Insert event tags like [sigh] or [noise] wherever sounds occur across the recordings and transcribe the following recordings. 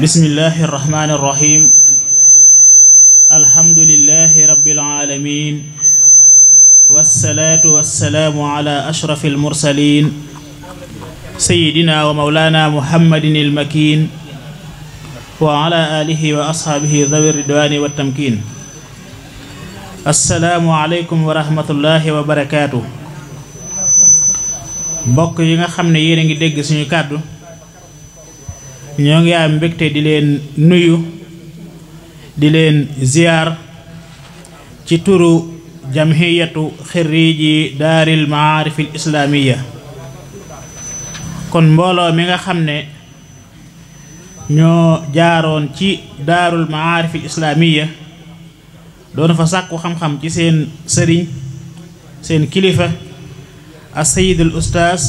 بسم الله الرحمن الرحيم الحمد لله رب العالمين والصلاة والسلام على أشرف المرسلين سيدنا ومولانا محمد المكين وعلى آله وأصحابه ذوي الردوان والتمكين السلام عليكم ورحمة الله وبركاته بقي ييغا خامني يينا ديغ كادو ñoo ngi am mbégte di leen nuyu di leen ziyaar ci turu jamhiyatu xirriji daaril maarifil islaamiya kon mbooloo mi nga xam ne ñoo jaaroon ci daarul maarifil islaamiya doon fa sàkku xam-xam ci seen sëriñ seen kilifa as sayidul ustaas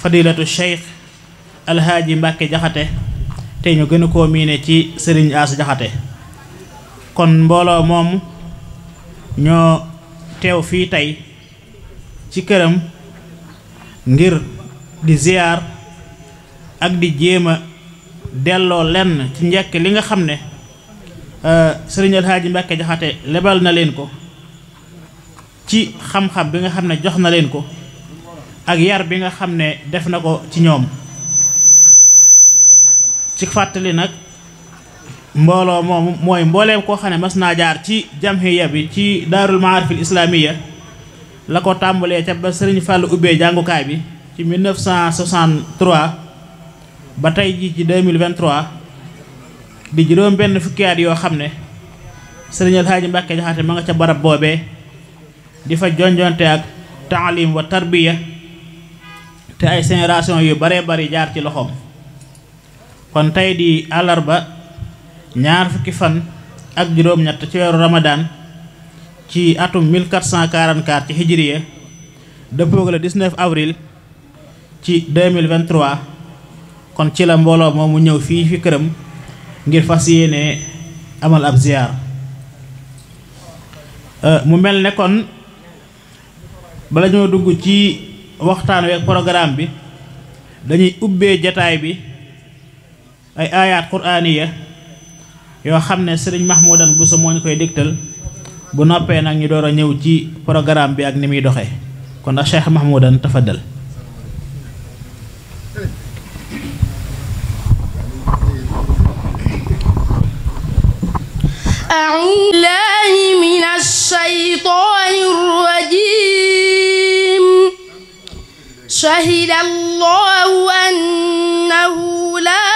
fadilatu cheikh alxaaji mbàkke jaxate te ñu gën koo miine ci sëriñ as jaxate kon mbooloo moom ñoo teew fii tey ci këram ngir di ziyaar ak di jéem a delloo lenn ci njekk li nga xam ne euh, sëriñ alxaaji mbàkke jaxate lebal na leen ko ci xam-xam bi nga xam ne jox na leen ko ak yar bi nga xam ne def na ko ci ñoom ci fàttali nag mbooloo moom mooy mbooleem koo xam ne mas naa jaar ci jamhiya bi ci daarul maarifil islaamiya la ko tàmbalee ca ba sëriñ Fàllu ubbee jàngukaay bi ci 1963 ba tey ji ci 2023 di juróom benn fukki at yoo xam ne sëriñ Alhaaji Mbàkke Jaxate ma nga ca barab boobee di fa jonjonte ak taalim wa tarbiya te ay génération yu baree bari jaar ci loxoom kon tay di Alarba ñaar fukki fan ak juroom ñatt ci wéru ramadan ci atum 1444 ci hijriya Depok le 19 avril ci 2023 kon ci la mbolo moomu fi kërëm ngir fasiyene amal ab ziar euh, mu melne kon bala ñoo dugg ci waxtaan wek programme bi dañuy ubbe jotaay bi ay ayat qur'aniya yo xamne serigne mahmoudan bu so moñ koy dégtal bu noppé nak ñu doora ñew ci programme bi ak ni muy doxee kon ak cheikh mahmoudan tafadal أعوذ minash من rajim shahidallahu annahu la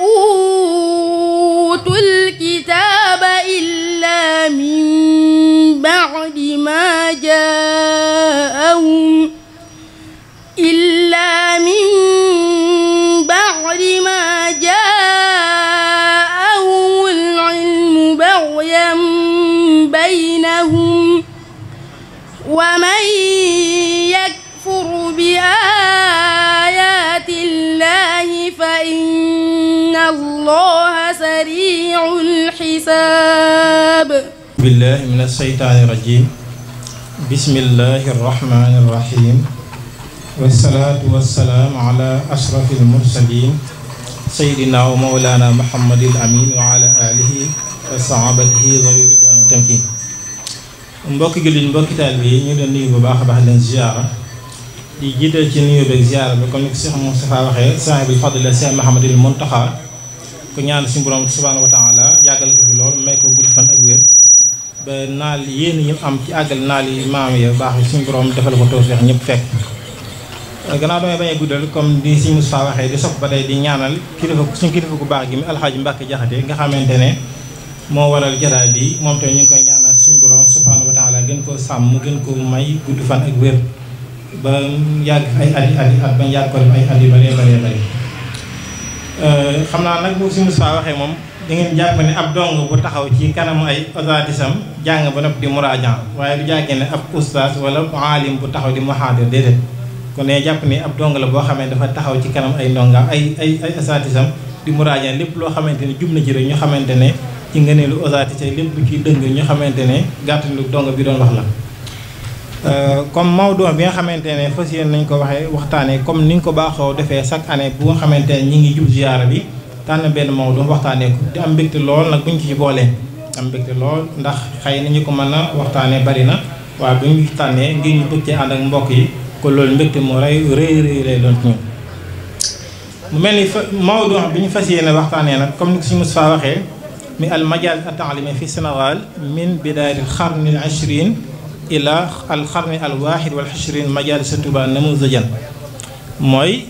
ooh حساب بالله من الشيطان الرجيم بسم الله الرحمن الرحيم والصلاة والسلام على أشرف المرسلين سيدنا ومولانا محمد الأمين وعلى آله وصحابته ذوي الرضوان والتمكين mbokki jullit mbokki taal bi ñu doon nuyu bu baax a baax leen ziara di jiital ci nuyu beeg ziara bi comme ni ko Cheikh Moustapha waxee saaxibul fadl la Cheikh Mahamadul Muntaxa ku ñaan suñu borom subhaanahu wa taala ba naal yéen yi am ci àggal naal yi maam ya baax yi suñu borom defal ko tawfeex ñëpp fekk gannaaw damay bañ a guddal comme di suñu Moustapha waxee di sopp ba tey di ñaanal kilifa suñu kilifa gu baax gi mi alxaaji Mbàkke Jaxate nga xamante ne moo waral jataay bi moom te ñu ngi koy ñaanal suñu borom subhaanahu wa taala gën sàmm gën koo may gudd fan ak wér ba yàgg ay at yi at yi at ko def ay at yu bëree bëree bëri waxee moom da jàpp ne ab dong bu taxaw ci kanam ay osatisam jàng ba noppi di muraajan waaye lu jàggee ne ab ustaas wala aalim bu taxaw di muhaadir déedéet kon ne jàpp ni ab dong la boo xamee dafa taxaw ci kanam ay ndonga ay ay ay osatisam di muraajan lépp loo xamante ne jub na ci rek ñu xamante ne ci ne osatis ay lépp ci dëng ñu xamante ne gàtt lu dong bi doon wax la euh, comme Maodo bi nga xamante ne fas yéen nañ ko waxee waxtaanee comme ni ñu ko baaxoo defee chaque année bu xamante ne ñi ngi jub ziyaara bi tànn benn Maodo waxtane ko di am bekti lol nak buñ ci bolé am bekti lol ndax xay na ñu ko mëna waxtane bari na wa buñ ci tane ngi ñu bëgg ànd ak mbokk yi ko lol mbekti mo ray rëy rëy lay lol ñu mu melni mawdu biñu Maodo bi ñu fas comme ni ko suñu Moustapha waxee mi al majal at taalimi fi Sénégal min bidayat al xarni al ashrin ila al xarni al waaxid wal ashrin majal sa Touba namuzajan moy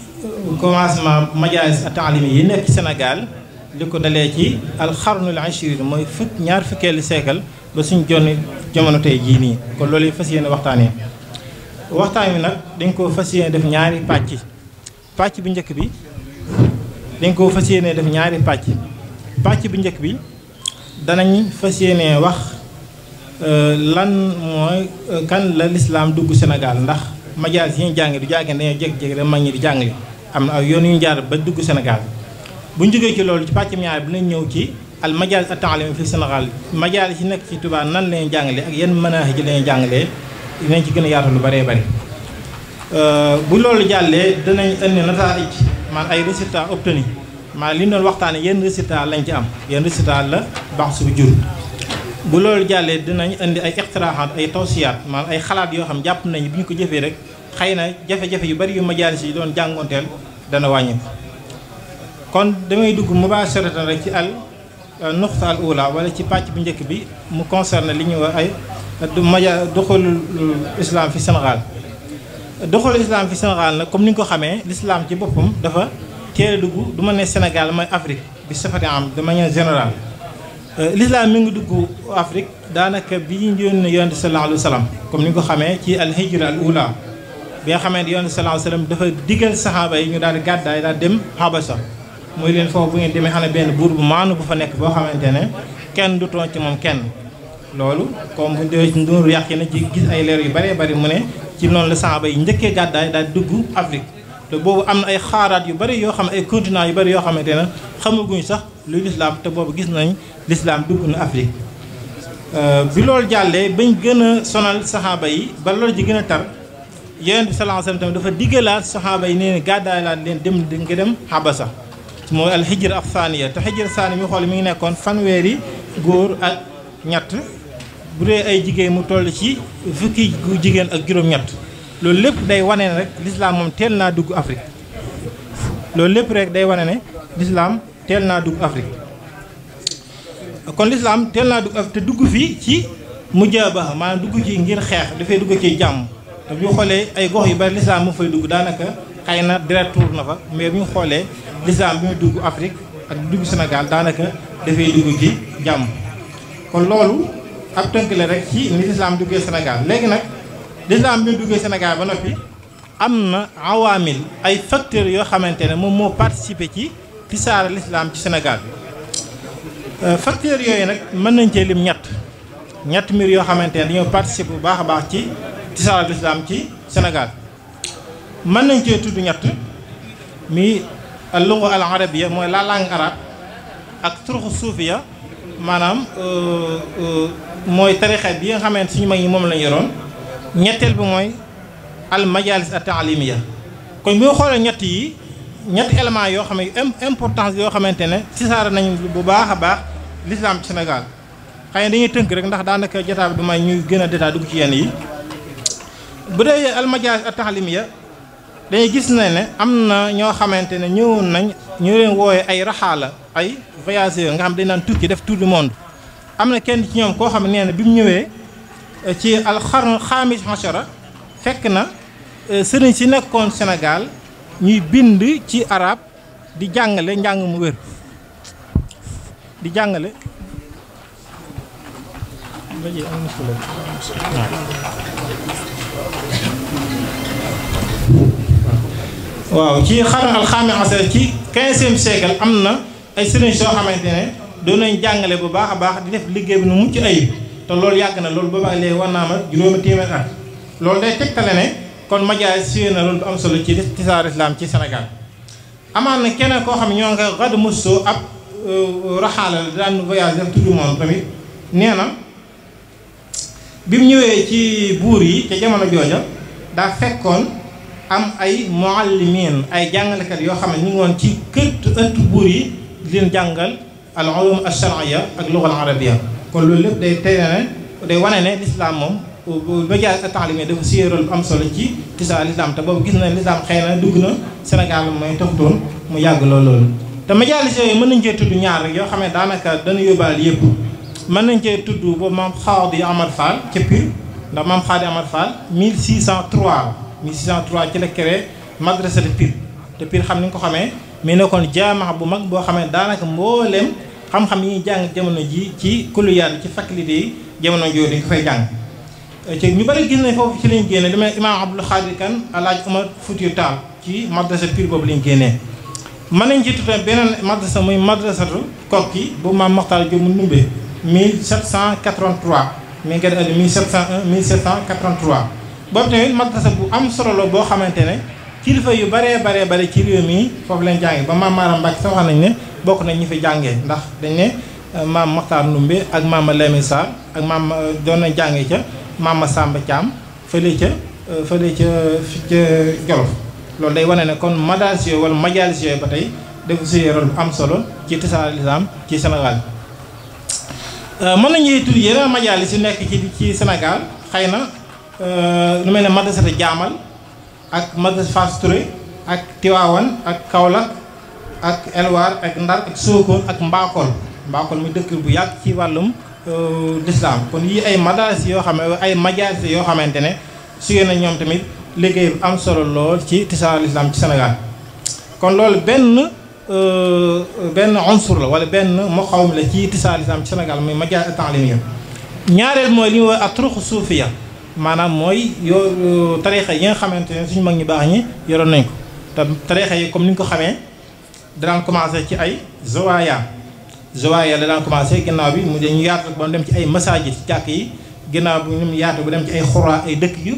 commencement majaalis taalimi yi nekk ci li ko dalee ci alxarnul ashirin mooy fukk ñaar fukkeelu seekal ba suñ jonni jomono tey jii nii kon loolu yi fas yéene waxtaanee waxtaan wi nag dañ koo fas yéene def ñaari pàcc pàcc bu njëkk bi dañ ko fas yéene def ñaari pàcc pàcc bu njëkk bi danañ fas yéene wax euh, lan mooy kan la lislaam dugg Sénégal ndax majaalis yi ñu jàng du jàngee dañoo jékki-jékki rek mag ñi di am na yoon yu ñu jaar ba dugg Sénégal bu ñu jógee ci loolu ci pàccum ñaar bi dinañ ñëw ci al majaalis at-taalimi fi Sénégal majaalis yi nekk ci Touba nan la ñuy jàngalee ak yan manhaj ji la ñuy jàngalee dinañ ci gën a yaatu lu bëree bëri. Euh, bu loolu jàllee danañ indi nataaj maanaam ay résultats obtenus maanaam li ñu waxtaanee yenn résultats lañ ci am yenn résultats la baax subu jur. bu loolu jàllee dinañ indi ay ixtiraaxaat ay tawsiyaat maanaam ay xalaat yoo xam jàpp nañu bu ñu ko jëfee rek xëy na jafe-jafe yu bari yu majaalis yi doon jàngoonteel dana wàññiku kon damay dugg mubasharatan rek ci al euh, nuxta al ula wala ci pàcc bu njëkk bi mu concerne li ñu wax ay maja doxalul islam fi Sénégal doxalul islam fi Sénégal na comme ni nga ko xamee l'islam ci boppam dafa teel dugg du ma ne Sénégal mooy Afrique bi safari am de manière générale euh, l'islam mi ngi dugg Afrique daanaka bi ñu yónnee yonent sallallahu alayhi wa sallam comme ni nga ko xamee ci al hijra al ula bi nga xamante yoon sallallahu alayhi wasallam dafa digal saxaaba yi ñu daal di gàddaay daal dem Habasa muy leen foofu bu ngeen demee xam ne benn buur bu maanu bu fa nekk boo xamante ne kenn du toon ci moom kenn loolu comme buñ demee yàq na ci gis ay leer yu bëree bëri mu ne ci noonu la saxaaba yi njëkkee gàddaay daal dugg Afrique te boobu am na ay xaaraat yu bëri yoo xam ay continent yu bëri yoo xamante ne xamaguñ sax luy lislaam te boobu gis nañ lislaam dugg na Afrique euh, bi loolu jàllee bañ gën a sonal saxaaba yi ba loolu ji gën a tar yonent bi sallallahu alayhi wa sallam tamit dafa diggalaat saxaaba yi nee na gàddaay laan leen dem di nga dem xabasa mooy alxijir ak saaniya te xijir saani mi xool mi ngi nekkoon fanweeri góor ak ñett bu dee ay jigéen mu toll ci fukki gu jigéen ak juróom-ñett loolu lépp day wane ne rek lislaam moom teel naa dugg Afrique loolu lépp rek day wane ne lislaam teel naa dugg Afrique kon lislaam teel naa dugg Afrique te dugg fii ci mujaabaha maanaam dugg ci ngir xeex dafay dugg ci jàmm te bu xoolee ay gox yu bari lislaam moo fay dugg daanaka xay na direct tour na fa mais bu ñu xoolee lislaam bi muy dugg Afrique ak dugg Sénégal daanaka dafay dugg ci jàmm kon loolu ab tënk la rek ci ni lislaam duggee Sénégal léegi nag lislaam bi muy duggee Sénégal ba noppi am na awaamil ay facteurs yoo xamante ne moom moo participé ci tisaara lislaam ci Sénégal euh, facteurs yooyu nag mën nañ cee lim ñett ñett mbir yoo xamante ne dañoo participer bu baax a baax ci tisaaru lislaam ci Sénégal mën nañ cee tudd ñett mi al lugha al arabiyya mooy la langue ak turuxu suufiya maanaam euh, euh, mooy tarixa bi nga xamante suñu mag ñi moom lañu yoroon ñetteel bi mooy al majalis at taalimiya kon boo xoolee ñett yi ñetti éléments yoo xam ne importance yoo xamante ne tisaara nañu bu baax a baax l'islam ci Sénégal xëy na dañuy tënk rek ndax daanaka jotaay bi du may ñuy gën a détaillé dugg ci yenn yi bu dee almajalis ak taxalimiya dañuy gis na ne am na ñoo xamante ne ñëwoon nañ ñu leen wooye ay raxaala ay voyageurs nga xam dañ naan tukki def tour du monde am na kenn ci ñoom koo xam ne bi mu ñëwee eh, ci alxarn xaamis hachara fekk na eh, sëriñ si nekkoon Sénégal ñuy bind ci arab di jàngale njàng mu wér di jàngale waaw ci xarnu alxaami asar ci quinzième siècle am na ay sëriñ soo xamante ne doon nañ jàngale bu baax a baax di def liggéey bi nu mucc ayib te loolu yàgg na loolu boobaa léegi war naa ma juróomi téeméer at loolu day tegtale ne kon majaay suy na loolu bu am solo ci tisar islam ci Sénégal amaan na ko koo xam ne ñoo nga rad musso ab raxaala dan daan voyage def tout le monde tamit nee na bi mu ñëwee ci buur yi ca jamono jooja daa fekkoon am ay muallimin ay jangal kat yo xamne ñu ngon ci kër ëtt buur yi di leen jàngal al ulum al shar'iyya ak lugha al arabiyya kon lool lépp day tey ne day wane ne l'islam mom bu jaay ta talimé dafa séeréer lu am solo ci tisaa l'islam ta bobu gis na l'islam xëy na dugg na Sénégal mooy taxutoon mu yag lool lool te majaalis yooyu mën nañ cee tudd ñaar yo xamne xam ne daanaka dana yëpp mën nañ cee tuddu bo mam khadi Amar Fall ci pir ndax mam khadi Amar Fall 1603 1603 ci la créé madrasatu Pire te Pire xam ni nga ko xamee mi nekkoon jaamax bu mag boo xamee daanaka mbooleem xam-xam yi ñuy jàng jamono ji ci kulliyaat ci faculté yi jamono jooju dañ ko fay jàng. ci ñu bëri gis nañ foofu ci lañ génne damay imaam Abdul Xaadir Kan alaaj Umar Fuutiyu Taal ci madrasa Pire boobu lañ génne mën nañ ci tuddee beneen madrasa muy madrasatu Kokki bu maam Moxtaar Jóob mu numbee 1783 mi ngi koy defal 1701 1783. boobu tamit madrasa bu am solo la boo xamante ne kilifa yu baree baree bare ci réew mi foofu lañ jàngee ba maam Maaram Mbàkke sax wax nañ ne bokk nañ ñu fi jàngee ndax dañ ne euh, maam Maxtaar Ndumbe ak maam Lamine Sarr ak maam euh, doon nañ jàngee ca maam Samba Thiam fële ca euh, fële ca Jolof loolu day wane ne kon madaris yooyu wala majalis yooyu ba tey dafa suyee rôle bu am solo ci tasaare ci senegal mën nañuy tudd yeneen majalis yu nekk ci ci Sénégal xëy na lu mel ne madrasata jaamal ak madrasa Fass Touré ak Tiwaawan ak Kaolack ak Elwaar ak Ndar ak Sokone ak Mbakol Mbakol mi dëkk bu yàgg ci wàllum lislaam kon yii ay madaris yoo xam ne ay majalis yoo xamante ne suyee na ñoom tamit liggéey bu am solo lool ci tisaarul islam ci Sénégal kon loolu benn benn unsur la wala benn muqawam la ci tisaarul islam ci Sénégal muy majalis taalim ya ñaareel mooy li ñuy wax atruq suufiya maanaam mooy yoo euh, tarixe yi nga xamante ne suñu mag ñu baax ñi yoroon nañ ko te tarixa yi comme ni ñu ko xamee danaan commencé ci ay zawaaya zawaaya la daan commencé ginnaaw bi mu dañu yaatu ba dem ci ay masajid ci jàkk yi ginnaaw bi yaatu bu dem ci ay xuraa ay dëkk yu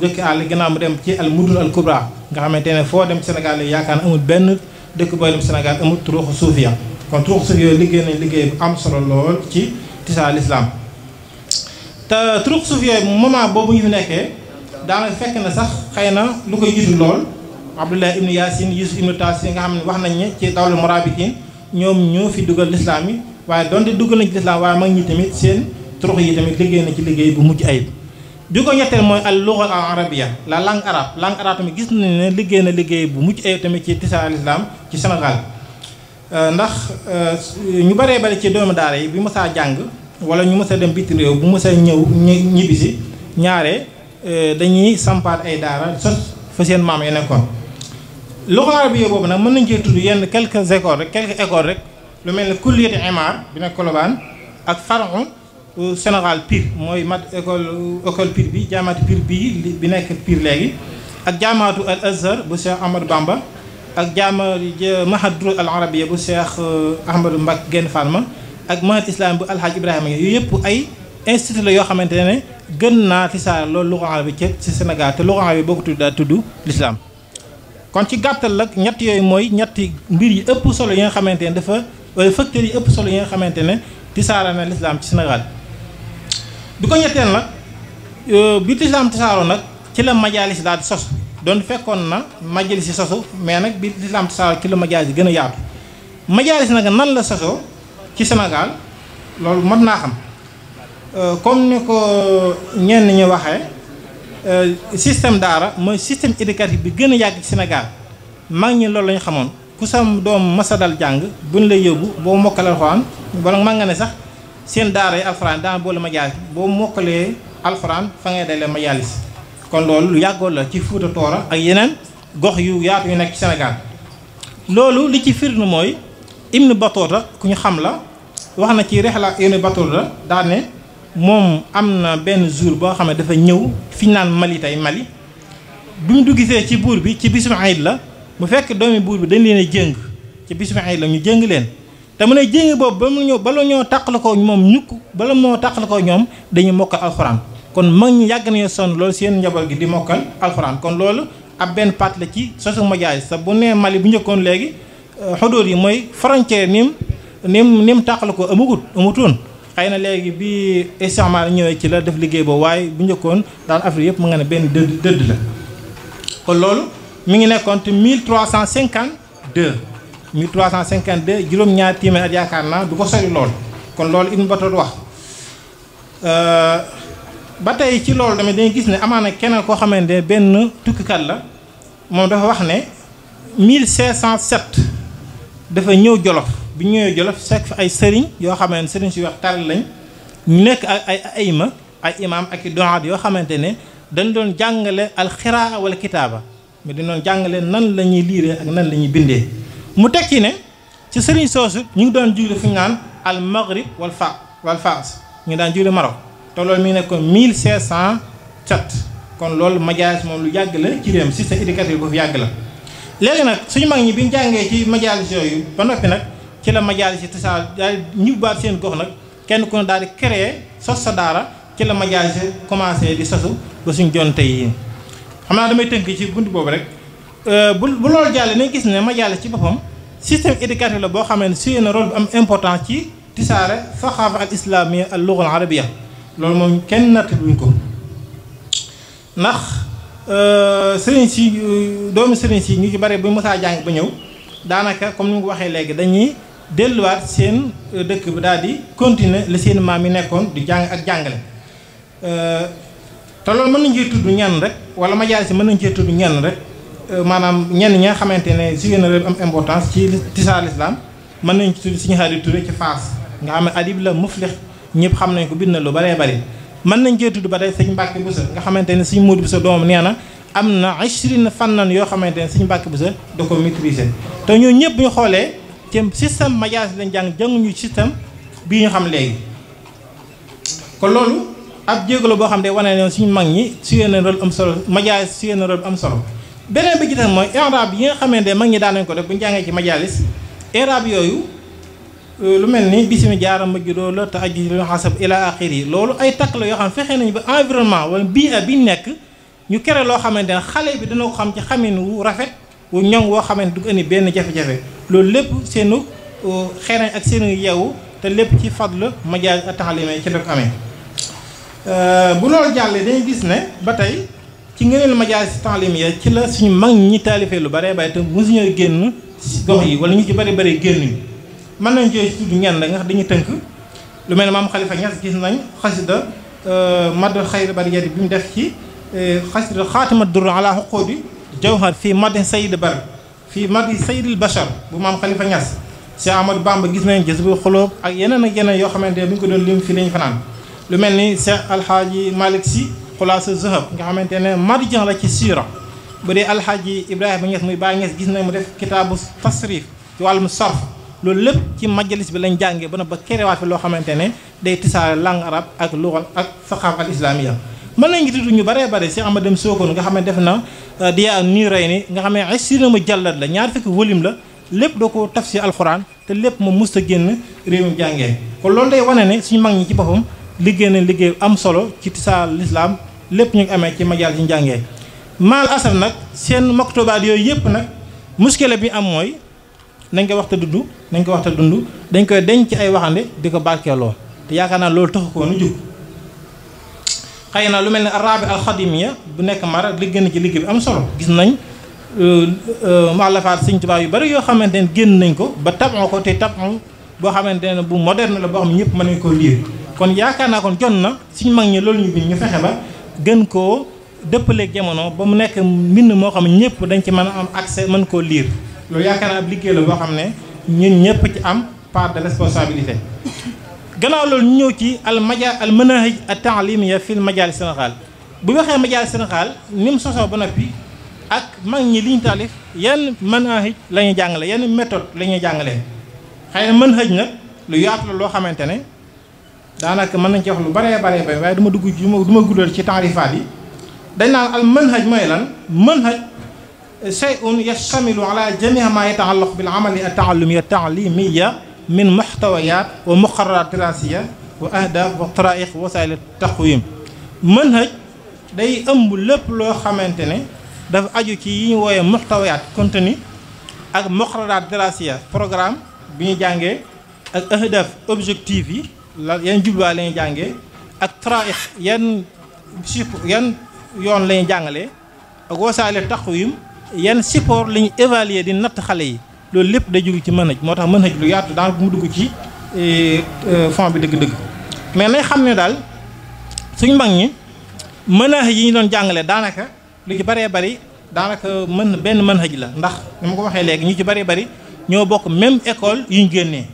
dëkk àll ginnaaw mu dem ci al mudul al kubra nga xamante ne foo dem Sénégal yi yaakaar na amut benn dëkk booy dem Sénégal amul turuuxu suufiya kon turuuxu suufiya yooyu liggéey nañ liggéey bu am solo lool ci tisaa lislaam te turuq suufiya moment boobu ñu fi nekkee daana fekk na sax xëy na lu koy jiitu lool abdullah ibnu yaasin yusuf ibnu taas nga xam ne wax nañ ne ci dawlu murabitin ñoom ñoo fi dugal lislaam yi waaye donte dugal nañ ci lislaam waaye mag ñi tamit seen turuq yi tamit liggéey na ci liggéey bu mujj ayib bi ko ñetteel mooy al lugha al arabia la langue arabe langue arabe tamit gis nañ ne liggéey na liggéey bu mujj ayib tamit ci tisaar al islam ci Sénégal euh, ndax euh, ñu baree bari ci doomu daara bi ma jàng wala ñu mës a dem bitim réew bu mës a ñëw ñibbisi ñaare euh, dañuy sampaat ay daara sos fa seen maam yi nekkoon loxo arabiya boobu nag mën nañ cee tudd yenn quelques écoles rek quelques écoles rek lu mel ne kulliyati imar bi nekk Colobane ak faron Sénégal Pire mooy mat école école Pire bi jaamaatu Pire bii bi nekk piir léegi ak jaamaatu al azhar bu Cheikh Ahmadou Bamba ak jaama mahadru al arabiya bu Cheikh mbag genn Gaïndé Fatma ak mënat islam bi alxaaj Ibrahima yooyu yëpp ay institut la yoo xamante ne gën naa tisaar loolu luxa bi ci ci Sénégal te luxa arab bi boo ko tudd daa tudd l'islam kon ci gàttal nag ñett yooyu mooy ñetti mbir yi ëpp solo yi nga xamante ne dafa wala facteurs yi ëpp solo yi nga xamante ne tisaara na l'islam ci Sénégal bi ko ñetteel nag euh, bi lislaam tisaaroo nag ci la majaalis daal di sosu doon fekkoon na majaalis yi sosu mais nag bi lislaam tisaaroo ci la majaalis yi gën a yaatu majaalis nag nan la sosoo ci Sénégal loolu mën naa xam euh, comme ni ko ñenn ñu waxee euh, système daara mooy système éducatif bi gën a yàgg ci Sénégal mag ñi loolu lañu xamoon ku sam doom masadal jàng buñ la yóbbu boo mokkale alxuraan wala mag nga ne sax seen daara yi alxuraan daan boole ma jaalis boo mokkalee alxuraan fa ngay dalee ma jaalis kon loolu lu yàggoo la ci Fuuta Tooro ak yeneen gox yu yaatu yu nekk ci Sénégal loolu li ci firnde mooy ibnu Batuta ku ñu xam la wax na ci rihla ibnu Batuta daal ne moom am na benn jour boo xam ne dafa ñëw fi ñu naan malit ay Mali duñ mu duggisee ci buur bi ci bisum ayit la mu fekk doomi buur bi dañ leen a jëng ci bisum ayit la ñu jëng leen te mu ne jëng boobu ba mu ñëw ba bala ñoo tàqal ko moom ñukk bala moo tàqal ko ñoom dañu mokkal alxuraan kon mag ñu yàgg nañu sonn loolu seen njaboot gi di mokkal alxuraan kon loolu ab benn pàtt la ci sosu majaay sax bu Mali bu njëkkoon léegi Euh, xudóor yi mooy frontière nim nim nim tàqal ko amagut amutoon xëy na léegi bi isticmaar ñëwee ci la def liggéey boobu waaye bu njëkkoon daan Afrique yëpp mu nga ne benn dëdd dëdd la kon loolu mi ngi nekkoon te 1352 1352 juróom-ñaar téeméer at yaakaar naa du ko sori lool kon loolu Ibn Battuta wax euh, ba tey ci loolu tamit dañuy gis ne amaana keneen koo xamante ne benn tukkikat la moom dafa wax ne 1507 dafa ñëw jolof bi ñëwee jolof fekk fa ay sëriñ yo xamante sëriñ ci wax tal lañ ñu nekk ak ay ayma ay imam ak i yo yoo dañ doon jàngale al alxiraa wal kitaba mi dañ doon jàngale nan lañuy lire ak nan lañuy bindé mu tek ci ne ci sëriñ soosu ñu ngi doon jugee fi naan al maghrib wal fa wal fas ñu daan jugee Maroc te loolu mi ngi nekkoon chat kon loolu majaas mom lu yàgg la ci réem système éducatif bu fi yàgg la. léegi nag suñu mag ñi bi ñu jàngee ci majaalis yooyu ba noppi nag ci la majaalis yi tasaar daal ñu baat seen gox nag kenn ku daal di créer sos sa daara ci la majaalis yi commencé di sosu ba suñ jon tey yi xam naa damay tënk ci bunt boobu rek euh, bu bu loolu jàllee nañ gis ne majaalis ci boppam système éducatif la boo xamee ne suyee na rôle bu am importance ci tisaare saxaafa al islamia al lughal arabia loolu moom kenn natt buñ ko Euh, sëriñ si euh, doomi sëriñ si ñu ci bare bu mësaa jàng ba ñëw daanaka comme ni nga ko waxee léegi dañuy delluwaat seen euh, dëkk bi daal di continuer la seen maam yi nekkoon di jàng ak jàngale te loolu mën nañ cee tudd ñenn rek wala ma mën nañ cee tudd ñenn rek maanaam ñenn ñi nga xamante ne si gën a am importance ci tisaal islam mën nañ ci tudd suñu xaali Touré ci Faas nga xam ne adib la muflix ñëpp xam nañ ko bind na lu baree bari mën nañ cee tudd ba tey sëñ Mbàkke Buso nga xamante ne sëñ Moodu Buso doomam nee na am na ashrina fannan yoo xamante ne sëñ bu Buso da ko maîtriser te ñoo ñëpp ñu xoolee ci système majaas lañ jàng jànguñu système bii ñu xam léegi kon loolu ab jéego la boo xam ne wane ne suñu mag ñi suyee na rôle am solo majaas suyee na rôle am solo beneen bi ci mooy i'raab yi nga xamante ne mag ñi daan nañ ko def bu ñu jàngee ci majaalis i'raab yooyu lu mel ni bisimi jaara mujj loolu la te aji lu xasab ila axir yi loolu ay takk la yoo xam fexe nañu ba environnement wala biira bi nekk ñu kere loo xamante ne xale bi dana ko xam ci xamin wu rafet wu ñoŋ woo xamante du ko indi benn jafe-jafe loolu lépp seenu xereñ ak seenu yeewu te lépp ci fadlu majaaj taalime ci la ko amee bu loolu jàllee dañuy gis ne ba tey ci ngëneel majaaj taalime ya ci la suñu mag ñi taalifee lu bare bare te mosuñoo génn gox yi wala ñu ci bare bare génn mën nañ cee tudd ñenn nga xam dañuy tënk lu mel ne maam Khalifa Niass gis nañ xasida mad xayri bariyati bi mu def ci xasida xaatima dur ala xuqudi jawhar fii mad sayid bar fii mad sayidil bachar bu maam Khalifa Niass si Amadou Bamba gis nañ gis bu xulóog ak yeneen ak yeneen yoo xamante ne bu ñu ko doon lim fii lañ fanaan lu mel ni Cheikh Alhaaji Malick Sy xulaasa zahab nga xamante ne mad jën la ci siira bu dee Alhaaji Ibrahima Niass muy Baay Niass gis nañ mu def kitaabu tasrif ci wàllum sarf loolu lépp ci majalis bi lañ jàngee ba na ba kerewaat fi loo xamante ne day tisaare langue arabe ak luxal ak saxaaf al islamiya mën nañ ngi tudd ñu baree bare si ama dem sookoon nga xam ne def na euh, diyaa nuy rey ni nga xam ne ay sirna mu jàllat la ñaar fekk volume la lépp doo ko taf si alxuraan te lépp moom mës a génn réewum jàngee kon loolu day wane ne suñu mag ñi ci boppam liggéey nañ liggéey am solo ci tisaar l'islam lépp ñu amee ci majalis yi njàngee maal asaf nag seen maktubaat yooyu yëpp nag muskile bi am mooy nañ ko wax te dudd nañ ko wax dund dañ koy denc ci ay waxande di ko barkeeloo te yaakaar naa loolu taxu koo nu jug xëy na lu mel ni arabi alxadimiya bu nekk mara li gën ci liggéey bi am solo gis nañ euh, euh, muallafaat sëñ Tuubaa yu bari yoo xamante ne génn nañ ko ba tabon ko te tabon boo xamante ne bu moderne la boo xam ne ñëpp mën nañ koo liir kon yaakaar naa kon jot na suñ mag ñi loolu ñu bind ñu fexe ba gën koo dëppaleeg jamono ba mu nekk mbind moo xam ne ñëpp dañ ci mën a am accès mën koo liir loolu yaakaar naa ab la boo xam ne ñun ñëpp ci am part de responsabilité gannaaw loolu ñu ñëw ci al maja al manahij at ya fil majaal Sénégal bu waxee majaal Sénégal ni mu sosoo ba noppi ak mag ñi li ñu taalif yan manahij la ñuy jàngale yan méthode la ñuy jàngalee xëy na manhaj nag lu yaatu la loo xamante ne daanaka mën nañ ci wax lu baree baree bay waaye du ma dugg du ma guddal ci taarifaat yi dañ naan al manhaj mooy lan manhaj شيء يشمل على جميع ما يتعلق بالعمل التعلمي التعليمية من محتويات ومقررات دراسية وأهداف وطرائق ووسائل التقويم منهج داي أمب لب لو خامنتيني دا اجو كي ني محتويات كونتوني اك مقررات دراسية بروغرام بي جانغي اك اهداف اوبجيكتيف يان جوبا لين جانغي اك طرائق يان يان يون لين جانغلي ak wasaale taxwim yan support li ñu évaluer di natt xale yi loolu lépp day jóg ci manhaj moo tax manhaj lu yaatu daanaka mu dugg ci eh, euh, fond bi dëgg-dëgg mais nay xam ne daal suñ mag ñi manhaj yi ñu doon jàngale daanaka lu ci baree bari daanaka mën benn manhaj la ndax ni ma ko waxee léegi ñu ci baree bari ñoo bokk même école yu ñu génnee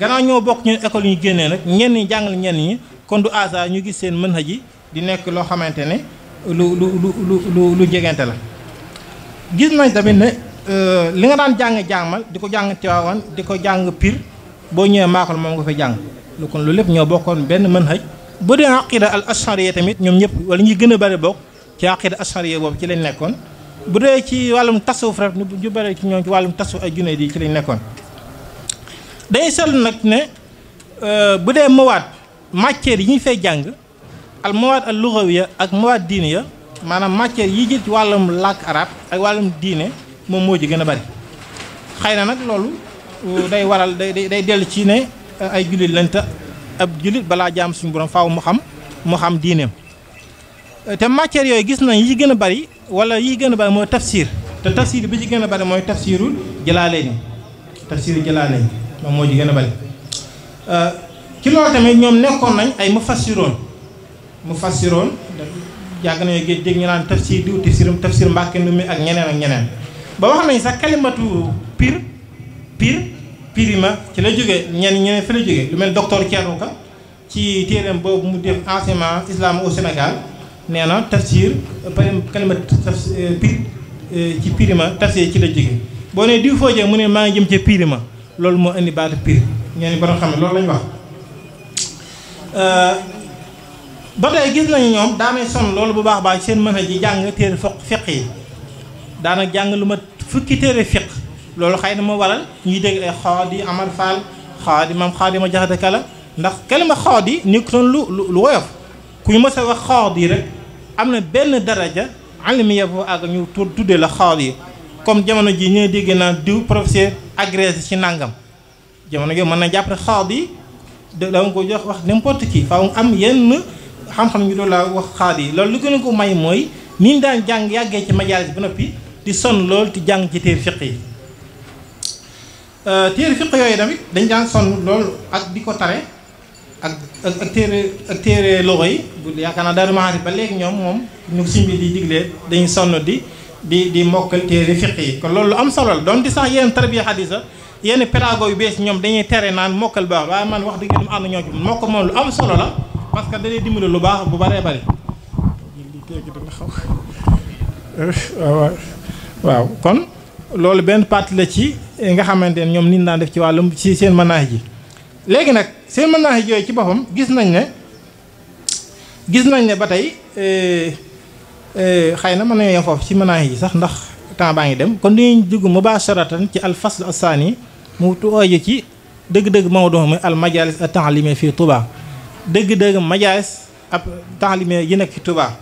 gannaaw ñoo bokk ñun école yu ñu génnee nag ñenn ñi jàngale ñenn ñi kon du hasard ñu gis seen manhaj yi di nekk loo xamante ne lu lu lu lu lu jegante la gis nañ tamit ne euh, li nga daan jàng jàngal di ko jàng Tiwaawan di ko jàng Pire boo ñëwee maakol moom nga fa jàng lu kon lu lépp ñoo bokkoon benn mën xëj bu dee aqida al ashariya tamit ñoom ñëpp wala ñuy gën a bëri bokk ci aqida ashariya boobu ci lañ nekkoon bu dee ci wàllum tasawuf rek ñu bëri ci ñoom ci wàllum tasu ay junne yi ci lañ nekkoon dañuy seetlu nag ne euh, bu dee mawaat matière yi ñu fay jàng al mawaat al lugawiya ak mawaat diiniya maanaam matière yi jël ci wàllum làkk arab ak wàllum diine moom moo ci gën a bari xëy na nag loolu uh, day waral day day dellu ci ne uh, ay jullit lañ te ab jullit balaa jaam suñu borom faw mu xam mu xam diineem uh, te matière yooyu gis nañ yi gën a bari wala yi gën a bari mooy tafsir te tafsir bi ci gën a bari mooy tafsirul Jalaalayn tafsiru Jalaalayn moom moo ji gën a bari ci loolu tamit ñoom nekkoon nañ ay mu fassiroon yàgg nañu géej dégg ñu naan tafsir diw tafsirum tafsir mbàkke ndumi ak ñeneen ak ñeneen ba wax nañ sax kalimatu pir pir ma ci la jóge ñenn ñeneen fi la jógee lu mel docteur Thierno ci téereem boobu mu def enseignement islam au senegal nee na tafsir parim kalimatu euh, pir euh, ci pirima tafsir ci la jógee boo nee diw foo jëm mu ne maa ngi jëm ca ma loolu moo indi baatu pir ñenn borom xam ne loolu lañ wax euh, ba tey gis ñom da may son loolu bu baax baax seen mëna ji jàng téere foq fiq yi daana jàng lu ma fukki téere fiq loolu xëy na ma waral ñuy dégg ay xaadi Amar Fall xaadi mam xaadi ma jaxate kala ndax kalima xaadi ko lu lu woyof ku ñu mës wax xaadi rek am na benn daraja ya bu ak ñu tuddé la xaadi comme jamono ji ñe dégg na du professeur agrégé ci nangam jamono ge mëna jàpp ne xaadi da nga ko jox wax n'importe qui faaw am yenn. xam-xam ñu loolu laa wax xaar yi loolu lu gën a ko may mooy ni daan jàng yàggee ci majaalis ba di sonn lool di jàng ci téere fiq yi euh, téere fiq yooyu tamit dañ daan sonn loolu ak di ko tare ak ak téere loxo yi bu yaakaar naa daal maari ba léegi ñoom moom ñu suñ di diglee dañu sonn di di di mokkal téere fiq yi kon loolu lu am solo la doon di sax yeneen tarbiya xadisa yenn pédago yu bees ñoom dañuy tere naan mokkal baax waaye man wax dëgg yàlla mu ànd ñoo ci mokk moom lu am solo la parce que dañuy dimbali lu baax bu bëree bëri. Ah, waaw waaw kon loolu benn partie ci nga xamante ne ñoom nit daan def ci wàllum ci seen manaax ji léegi nag seen manaax ji yooyu ci boppam gis nañ ne gis nañ ne ba tey eh, eh, xëy na ma nañoo yem foofu ci manaax ji sax ndax temps baa ngi dem kon dañuy baax mubasharatan ci al assaani mu aju ci dëgg-dëgg Maodo mooy al majalis at-ta'limi fii tubaa dégg dëgg majalis ab taalime yi nag ci Touba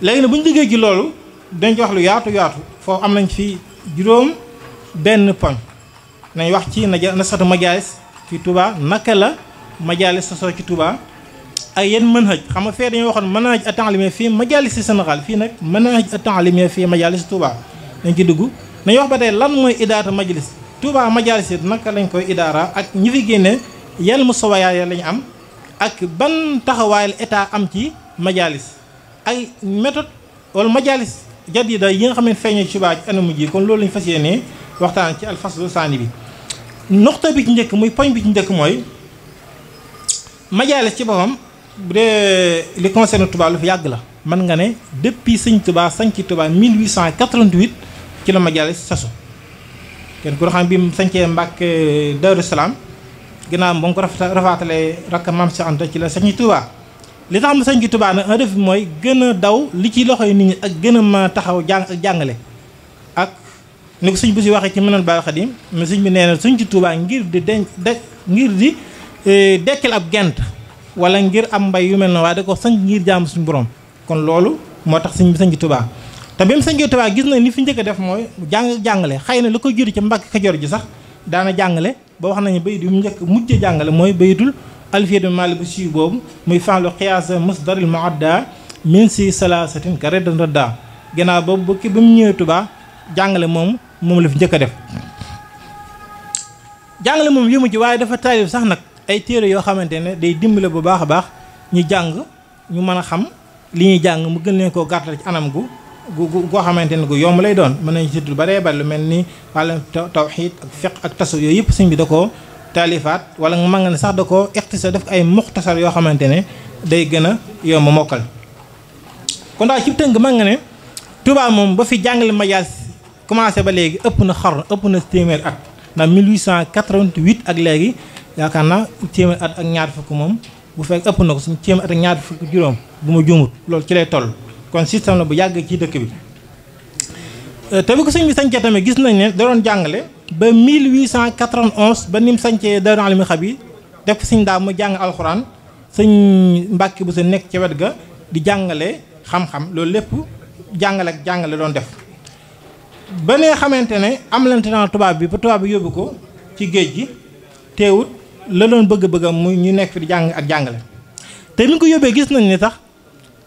léegi nag buñ ñu liggéey ci loolu dañ ci wax lu yaatu yaatu foo am nañ fi juróom benn poñ nañ wax ci nasatu majalis ci Touba naka la majalis sosoo ci Touba ak yenn manhaj xam nga fee dañoo waxoon mën manhaj at-taalime fii majalis Sénégal fii nag mën manhaj at-taalime fii majalis Touba dañ ci dugg nañ wax ba tey lan mooy idaata majalis Touba majalis yi naka lañ koy idaara ak ñi fi génne yan musawaaya lañ am ak ban taxawaay la état am ci majalis ay méthode wala majalis jadida yi nga xam ne feeñee ci baa anamu ji kon loolu lañu fas yéenee waxtaan ci alfaslu sani bi noxta bi ci njëkk muy poñ bi ci njëkk mooy majalis ci boppam bu dee li concerne Touba lu fi yàgg la mën nga ne depuis sëñ Touba sanc Touba 1888 ci la majalis sasu kenn ku xam bi mu sancee Mbàkke Daaru Salaam ginnaaw ba mu ko rafaatalee rakk maam Cheikh Anta ci la sëñ Touba li tax ma sëñ ci Touba nag def mooy gën a daw li ci loxo yi nit ñi ak gën a ma taxaw jàng jàngale ak ni ko sëñ bu si waxee ci mënal baax xadim mais sëñ bi nee na sëñ ci Touba ngir di denc de ngir di e, dekkil ab gent wala ngir am mbay yu mel na waaye da ko sañ ngir jaam suñu borom kon loolu moo tax sëñ bi sañ ci Touba te bi mu sëñ ci Touba gis na ni fi njëkk a def mooy jàng jàngale xëy na lu ko juri ci Mbàkke Kajoor ji sax daana jàngale ba wax nañu bayit yu mu njëkk mujj jàngale mooy bayitul alfiyatu maali bu siiw boobu muy fenlu xiyaasa masdaril muadda min si salaasatin ka reddan radda gannaaw boobu bukki ba mu ñëwee Tuubaa jàngale moom moom la fi njëkk a def jàngale moom yëmu ci waaye dafa taalif sax nag ay téere yoo xamante ne day dimbale bu baax a baax ñu jàng ñu mën a xam li ñuy jàng mu gën leen koo gàttale ci anam gu gu gu goo xamante gu yom lay doon man nañ ci lu bare bare lu melni ni tawhid ak fiqh ak tasawuf yooyu yëpp sëñ bi dako talifat wala nga mën sax dako koo ixtisar def ay muxtasar yo xamante day gëna yom mokal mokkal kon daal ci teung mën nga ne Touba moom ba fi jangal majaas commencé ba léegi ëpp na xar ëpp na témer at na 1888 ak léegi yaakaar naa téeméer at ak ñaar fukk mom bu fekk ëpp na ko suñu téeméer at ak ñaar fukk juroom buma ma juumut ci lay toll kon système la bu yàgg ci dëkk bi euh, te bi ko sëñ bi sañcee tamit gis nañ ne da doon jàngale ba 1891 ba ni mu sañcee Daaru Alimul Xabiir def ko sëñ daa mu jàng alxuraan sañ Mbàkke bu sa nekk ca wet ga di jàngale xam-xam loolu lépp jàngale ak jàngale doon def ba ne xamante ne am lante naa tubaab bi ba tubaab bi yóbbu ko ci géej gi teewut la doon bëgg-bëggam mu ñu nekk fi di jàng ak jàngale te mi ko yóbbee gis nañ ne sax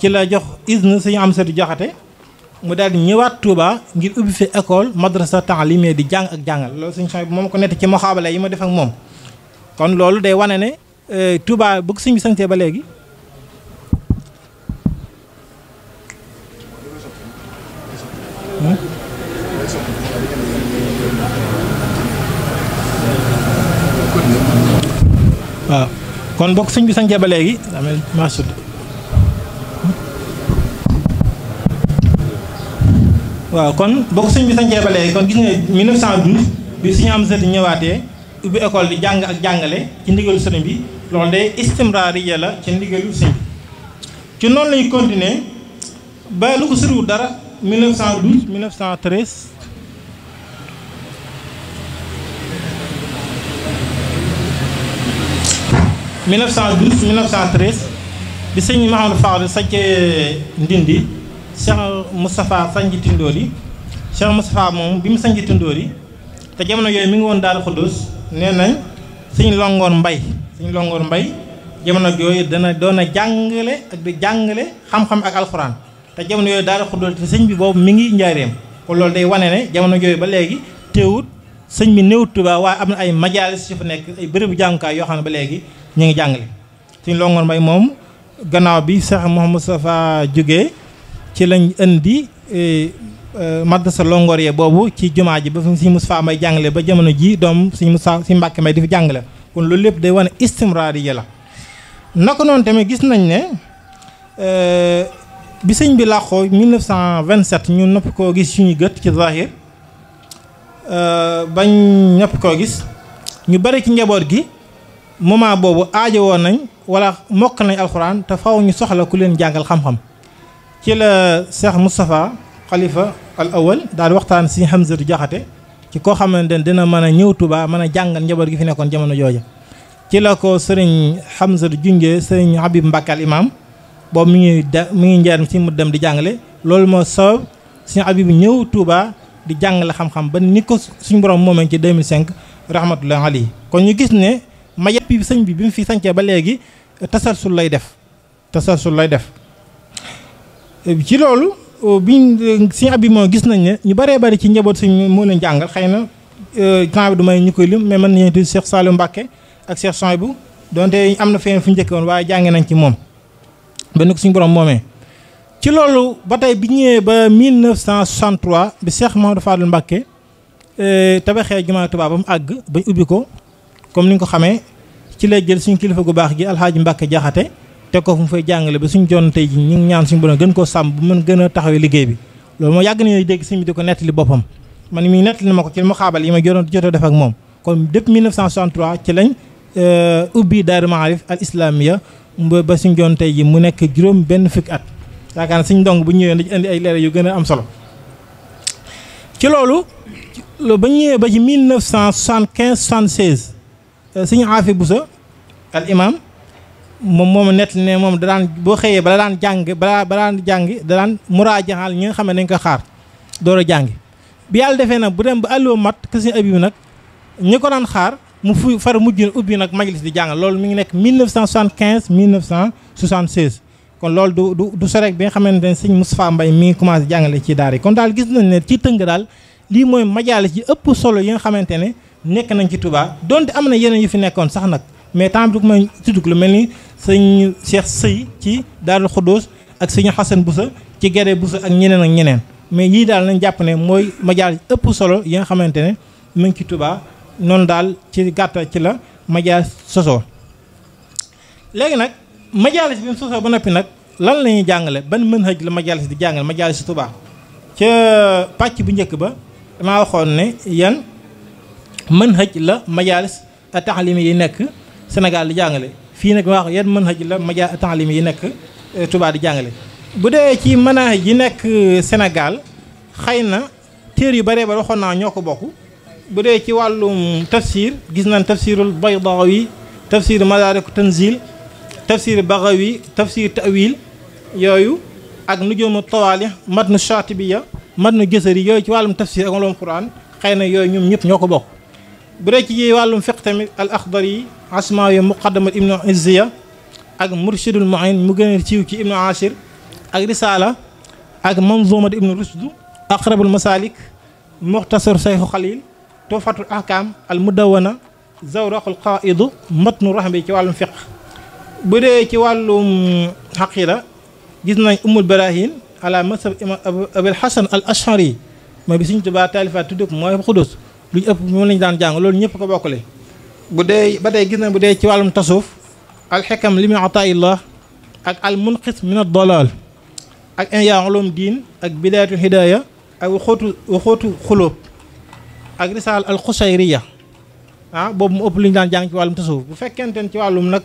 ci la jox izn suñu am setu joxate mu daal di ñëwaat Touba ngir ubbi fi école madrasa taalimee di jàng ak jàngal loolu suñu sang bi moom ko nett ci moxaabale yi ma def ak kon loolu day wane ne euh, Touba bëgg suñ bi santee ba léegi hmm? waaw kon bokk bi santee ba léegi waaw kon bokk sëñ bi sañcee ba léegi kon gis nga 1912 bi suñu am sëriñ ñëwaatee ubbi école di jàng ak jàngale ci ndigalu sëriñ bi loolu day istimraariya la ci ndigalu sëñ bi ci noonu lañu continuer ba lu ko bu dara 1912 1913 1912 1913 bi sëñ Mahamadou Fall sañcee Ndindi Cheikh Moustapha sanji Tindóori Cheikh Moustapha moom bi mu sanji Tindóori te jamono yooyu mi ngi woon Daaru Xuddus nee nañ suñ longoon mbay suñ longoor mbay jamono yooyu dana doon a jàngale ak jàngale xam ak alxuraan te jamono yooyu Daaru sëñ bi boobu mi ngi njaareem kon loolu day wane ne jamono yooyu ba léegi teewut sëñ bi néew Tuubaa waaye am na ay majaalis yu fa nekk ay bërëbu jàngukaay yoo xam ne ba léegi ñu ngi jàngale suñ longoor mbay ci lañ indi e, e, madrasa Longoria boobu ci jumaa ji ba fi Sëriñ Moustapha may jàngale ba jamono ji doom Sëriñ Moustapha si Mbàkke may di fi jàngale kon loolu lépp day wane istimraari ya la naka noonu tamit gis nañ ne e, bi sëñ bi làqoo 1927 ñu nopp koo gis suñu gët ci zahir bañ ñëpp koo gis ñu bari ci njaboot gi moment boobu aajo woon nañ wala mokk nañ alxuraan te faw ñu soxla ku leen jàngal xam-xam ci la Cheikh Moustapha Khalifa al awal daal waxtaan si du Jaxate ci koo xamante ne dina mën a ñëw Tuubaa mën a jàngal njaboot gi fi nekkoon jamono jooju ci la ko sëriñ Hamzatu junjee sëriñ Habib Mbàkke al imaam boobu mi ngi de mi ngi njëriñ si mu dem di jàngale loolu moo sabab suñu Habib ñëw Tuubaa di jàngale xam-xam ba ni ko suñu borom moomee ci 2005 rahmatullahi alayhi kon ñu gis ne ma yàppi sëñ bi bi mu fi sancee ba léegi tasalsul lay def tasalsul lay def ci loolu euh, biñ suñu bi moom gis nañ ne ñu baree bari ci njaboot suñ moo leen jàngal xëy na euh, temps bi du may ñu koy lim mais mën nañu tudd Cheikh Saliou Mbacke ak Cheikh Souhaïbou donte am na feneen fu njëkke woon waaye jànge nañ ci moom ba ni ko suñu borom moomee ci loolu ba tey bi ñëwee ba 1963 bi Cheikh Mamadou Fadel Mbacke euh, tabaxee jumaa Tuubaa ba mu àgg bañ ubbi ko comme ni nga ko xamee ci lay jël suñu kilifa gu baax gi alxaaji Mbacke Jaxate te ko fu mu fay jàngale ba suñu jonn tey ji ñu ngi ñaan suñu borom gën koo sàmm bu mën gën a taxawee liggéey bi loolu moo yàgg nañu dégg sëñ bi di ko nettali boppam man mii nettali ma ko ci ma xaabal yi ma jotoon jotoo def ak moom kon depuis 1963 ci lañ euh, ubbi daaru maarif al islamiya ba suñ jonn tey ji mu nekk juróom benn fukki at yaakaar suñ ndong bu ñëwee dañ indi ay leeral yu gën a am solo ci loolu ba ñëwee ba ci 1975 76 suñu aafi busa al imam moom moom nett ne moom dadaan boo xëyee bala daan jàng bala bala daan jàngi dadaan muraajaxal ñi nga xam ne dañ ko xaar door a jàngi bi yàlla defee nag bu dem ba àlloo mat ke siñu abibu nag ko daan xaar mu fu far mujj ubbi nag majlis di jàng loolu mi ngi nekk 1975 1976 kon loolu du du du sorek bi nga xamante ne sëñ Moustapha mbay mi ngi commencé jàngale ci daar yi kon daal gis nañ ne ci tënk daal lii mooy majalis yi ëpp solo yi nga xamante ne nekk nañ ci Touba donte am na yeneen yu fi nekkoon sax nag mais temps ni sëñ Cheikh Sëy ci Daarul Xuddoos ak sëñ Xasan Busa ci Gere Busa ak ñeneen ak ñeneen mais yii daal nañ jàpp ne mooy majaal ëpp solo yi nga xamante ne mu ngi ci Touba noonu daal ci gàttal ci la majaal sosoo léegi nag majaalis bi mu sosoo ba noppi nag lan la ñuy jàngale ban manhaj la majaalis di jàngale majaalis Touba ca pàcc bu njëkk ba damaa waxoon ne yan mën manhaj la majaalis taxalimi yi nekk senegal di jàngale fii nag waaw yan manhaj la maja taalim yi nekk Touba di jàngale bu dee ci manhaj yi nekk Sénégal xëy na téer yu baree bari waxoon naa ñoo bu dee ci wàllum tafsir gis nañ tafsirul Baydawi tafsir madaariku tanzil tafsir Baghawi tafsir tawil yoyu ak nujumu tawaali matnu Shaatibiya matnu Jazari yooyu ci wàllum tafsir ak wàllum Quraan xëy na yooyu ñoom ñëpp ñoo bu dee ci wàllum fiq tamit al akhdari asmaa yu muqaddamat ibnu izziya ak murshidul muin mu gën a ciiw ci ibnu ashir ak risaala ak manzumat ibnu rusdu aqrabul masalik muxtasar sayxu xalil toofatul ahkaam al mudawana zawraqul qaidu matnu rahbi ci wàllum fiq bu dee ci wàllum xaqida gis nañ umul barahin ala masab imam abul hasan al ashari ma bi suñ tubaa taalifaat tuddëk mooy xudus lu ñu ëpp moom lañu daan jàng loolu ñëpp ko bokkale بدي بدي جدا بدي كوال متصوف الحكم لمن يعطى الله أك المنقص من الضلال أك إن علوم دين أك بداية الهداية أو خوت وخوت خلوب أك رسالة القصيرية ها بوب مؤبلين دان جان كوال متصوف بفكين تن كوال منك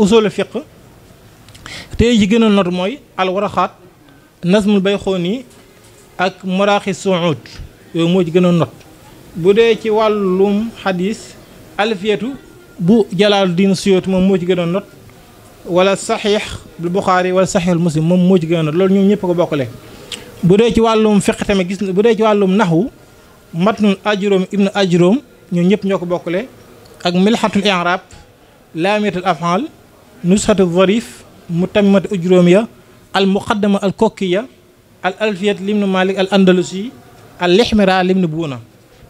أصول الفقه تي جينا نرموي الورقات نظم البيخوني أك مراخي الصعود يوموج جينا نرموي بودي كوال لوم حديث alfiyatu bu jalaaluddin suyuti moom moo ci gënoon not wala saxiix bu buxaari wala saxiixul muslim moom moo ci gënoon not loolu ñoom ñëpp ko bokkale bu dee ci wàllum fiq tamit gis bu dee ci wàllum naxwu matnul ajróom ibnu ajróom ñoom ñëpp ñoo bokkale ak milxatul i'raab laamiyatul afaal nusxatu zarif mutamimatu ujróomiya al muqaddama al kokkiya al alfiyat limnu malik al andalusi al lixmira limnu buuna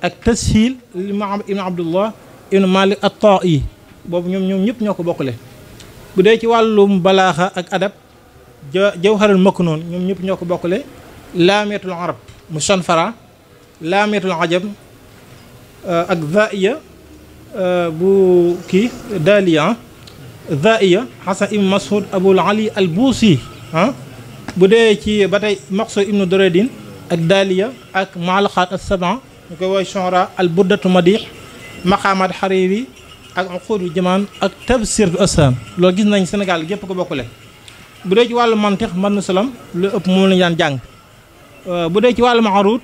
ak tashiil li maam ibnu abdullah ibnu malik at-ta'i boobu ñoom ñoom ñëpp ñoo ko bokkule bu dee ci wàllum balaaxa ak adab jawharul maknun ñoom ñëpp ñoo ko bokkule laamiyatul arab mu sanfara laamiyatul ajab ak zaiya bu kii daaliya zaiya xasan ibnu masud abul ali al buusi ah bu dee ci ba tey maqso ibnu doredin ak daaliya ak maalxaat as saba ñu koy woy sonra al buddatu madix maqaamaat xariri ak uqudu jamaan ak tabsiratu asaan loolu gis nañ Sénégal gépp ko bokkule bu dee ci wàllu mantiq man na salam lu ëpp moom lañu daan jàng bu dee ci wàllu maarut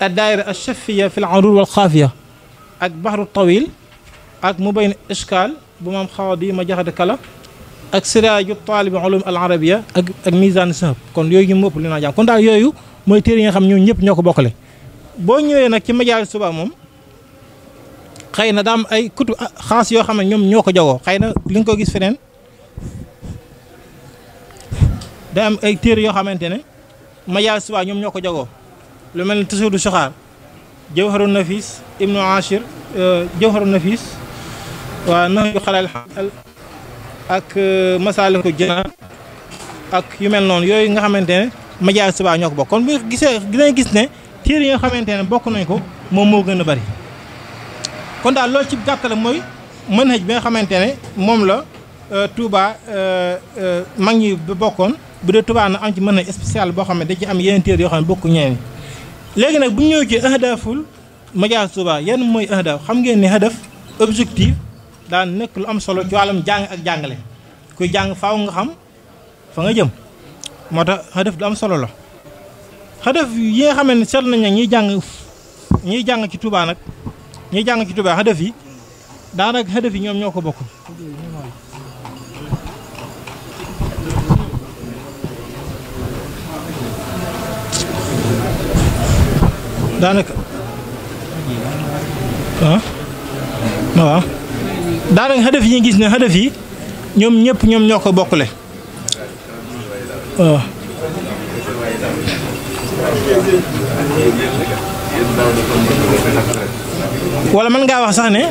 ad daaira achafiya fi l arur wal xaafiya ak baxru tawil ak mu bayn ishkaal bu maam xawadi ma jaxate kala ak siraaju taalibi ulum al arabia ak ak misaan sahab kon yooyu ñu mu li naa jàng kon daal yooyu mooy téere yi xam ñun ñëpp ñoo ko bokkale boo ñëwee ci majaal suba moom xëy na daam ay kutu ah, xaas yoo xam ne ñoom ñoo ko jagoo xëy na li nga ko gis feneen da am ay téere yoo xamante ne majalis subaa ñoom ñoo ko jagoo lu mel ne tasuur du soxaar jawharu nafis ibnu ashir euh, jawharu nafis waa nayu xalal ak euh, masaliku jinaan ak yu mel noonu yooyu nga xamante ne majalis subaa ñoo ko bokk kon bu gisee dinañ gis ne téere yoo xamante ne bokk nañ ko moom moo gën a bari kon daal loolu ci gàttal mooy manhaj bi nga xamante ne moom la euh, Touba euh, euh, mag ñi bokkoon bu dee Touba na am ci mën manhaj spécial boo xam ne dañ ci am yeneen téere yoo xam ne bokku ñeneen léegi nag bu ñu ñëw ci ahdaful majaas Touba yan mooy ahdaf xam ngeen ne hadaf objectif daan nekk lu am solo ci wàllum jàng ak jàngale kuy jàng faw nga xam fa nga jëm moo tax hadaf du am solo la hadaf yi nga xam ne seet nañ ñuy jàng ñuy jàng ci Touba nag ñuy jàng ci Tuubaa xadaf yi daanaka xadaf yi ñoom ñoo ko bokk daanaka ah waaw yi gis ne xadaf yi ñoom ñëpp ñoom ñoo ko bokkule waaw ah. wala mën ngaa wax sax ne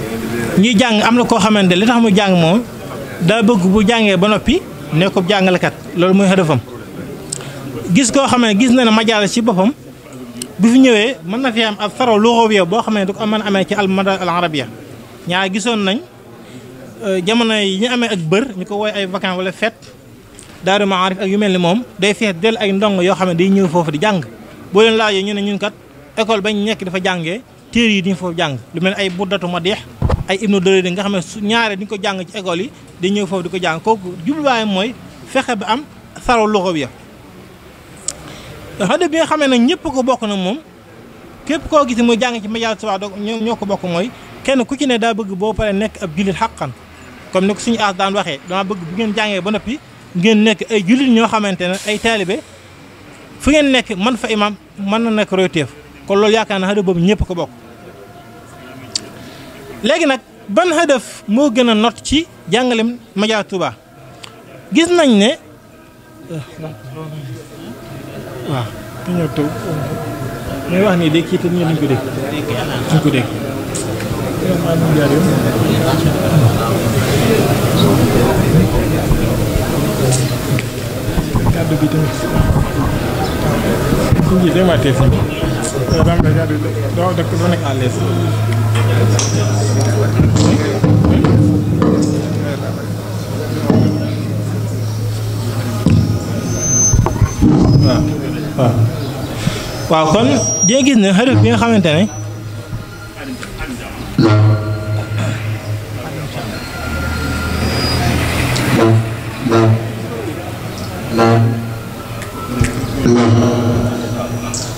ñuy jàng am na koo xamante li tax mu jàng moom daa bëgg bu jàngee ba noppi nekkub jàngalekat loolu mooy xëdëfam gis koo xam ne gis na ne majaale ci boppam bu fi ñëwee mën na fi am ab faro luxawiyya boo xam ne du ko mën a amee ci al madaar al arabiyya gisoon nañ euh, jamono yi ñu amee ak bër ñu ko woy ay vacances wala fête daaru maarif ak yu mel ni moom day fees dell ay ndongo yoo xam ne di ñëw foofu di jàng boo leen laajee ñu ne ñun kat école bañ nekk dafa jàngee téer yi dañu foofu jàng lu mel ne ay buddatu madih ay ibnu dërëri nga xam ne su ñaare di ko jàng ci école yi dañ ñëw foofu di ko jàng kooku jubluwaayam mooy fexe ba am saro loxo bi xadab bi nga xamee ne ñëpp ko bokk na moom képp koo gis muy jàng ci média subaa do ñoo ko bokk mooy kenn ku ci ne daa bëgg boo paree nekk ab jullit xaqan kon ni suñu aas daan waxee dama bëgg bu ngeen jàngee ba noppi ngeen nekk ay jullit ñoo xamante ne ay taalibe fu ngeen nekk man fa imam mën na nekk kon lool yaakaar na hadaf boobu ñëpp ko bokk léegi nag ban hadaf moo gën a not ci jàngalem Madiara Touba gis nañ ne waaw ku ñëw taw may wax nii dégg kii ñu ko dégg duñ ko dégg daam nga jaar doo dëkk doo nekk à l'aise waaw waaw waaw kon di nga gis ne xarit bi nga xamante ne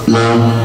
No.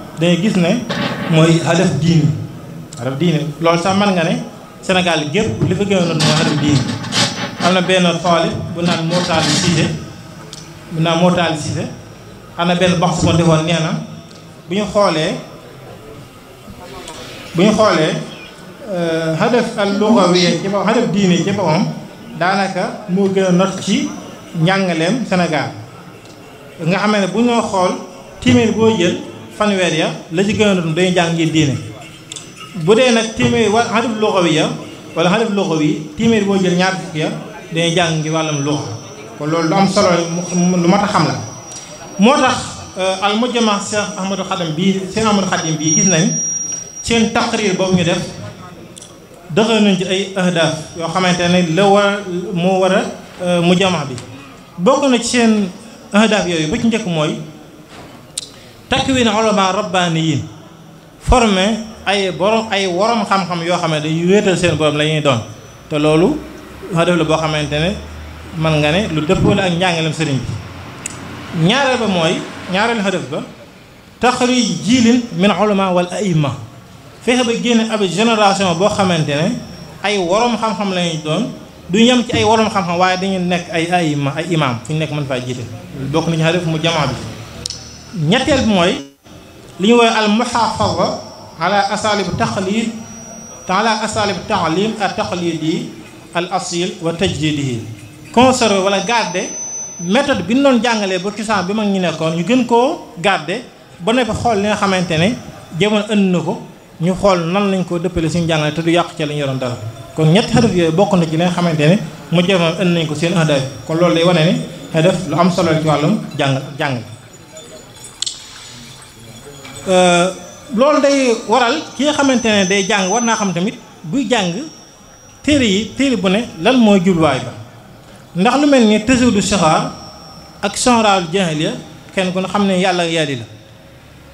day gis ne mooy hadaf diini hadaf diini loolu sax mën nga ne Sénégal gépp li fa gënoon mooy hadaf diini am na benn xooli bu naan Mortali Cissé bu naan Mortali Cissé am na benn box ko defoon nee na bu ñu xoolee bu ñu xoolee euh, hadaf al lugawiya ci boppam ci boppam daanaka moo gën a not ci njàngaleem Sénégal nga xam ne bu ñoo xool téeméer boo jël. fanweer ya la ci gën a jàng day njàng ngir diine bu dee nag téeméer wa xarif luxawi ya wala xarif luxawi téeméer boo jël ñaar fukk ya day jàng ngir wàllum luxa kon loolu lu am solo lu mat a xam na moo tax euh, al mujjama Cheikh Ahmadou Khadim bii Cheikh Ahmadou Khadim bii gis nañ seen taqrir boobu ñu def dëxal nañ ci ay ahdaf yoo xamante ne la war moo war mu euh, mujjama bi bokk na ci seen ahdaf yooyu ba ci njëkk mooy takwin ulama rabbaaniyin formé ay borom ay worom xam-xam yoo xam ne dañuy wéetal seen borom la ñuy doon te loolu hadaf la boo xamante ne mën nga ne lu dëppoo la ak njàngaleem sëriñ bi ñaareel ba mooy ñaareelu hadaf ba taxrij jiilin min ulama wal aima fexe ba génne ab génération boo xamante ne ay worom xam-xam la ñuy doon du ñam ci ay worom xam-xam waaye dañu nekk ay aima ay imam fu ñu nekk mën faa jiite bokk nañu hadaf mu jamaa bi ñettel moy li ñu woowee al muhafaza ala asalib takhlil ala asalib ta'lim at taxlid al asil wa tajdidih conserver wala garder méthode bi ñu doon jangalé bu cosaan bi ma ngi nekkoon ñu gën ko garder ba ne fa xol li nga xamantene jëmon jéemoon ënd na ñu xol nan lañ ko dëppale suñu jàngale te du yàq ci lañ yoron dara kon ñetti xaraf yoy bokku na ci li nga xamantene mu jéemoon ënd nañ ko seen hadaf kon loolu lay wone ni hadaf lu am solo ci walum jangal jangal Euh, loolu day waral ki nga xamante ne day jàng war naa xam tamit buy jàng téere yi téere bu ne lan mooy jubluwaay ba ndax lu mel ni tësiwdu saxaar ak sonraal ya kenn ku ne xam ne yàlla yàlli la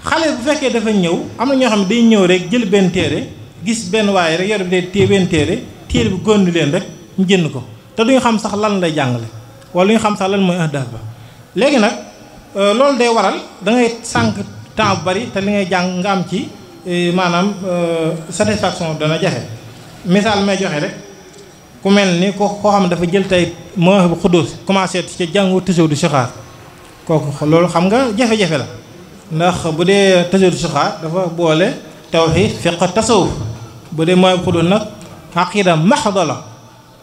xale bu fekkee dafa ñëw am na ñoo xam ne day ñëw rek jël benn téere gis benn waaye rek yor bu dee téye benn téere téere bi góndi leen rek ñu jënd ko te duñu xam sax lan lay jàngale wala lu ñu xam sax lan mooy ahdaf ba léegi nag euh, loolu day waral da ngay temps bu bari te li ngay jàng nga am ci eh, maanaam euh, satisfaction dana jafe misaal may joxe rek ku mel ni ko koo xam ne dafa jël tey mawaahibu xudduus commencé ci jàngu tëjoo du sixaar kooku loolu xam nga jafe-jafe la ndax bu dee tëjoo du sixaar dafa boole tawxiid fiq tasawuf bu dee mawaahibu xudduus nag aqiida maxda la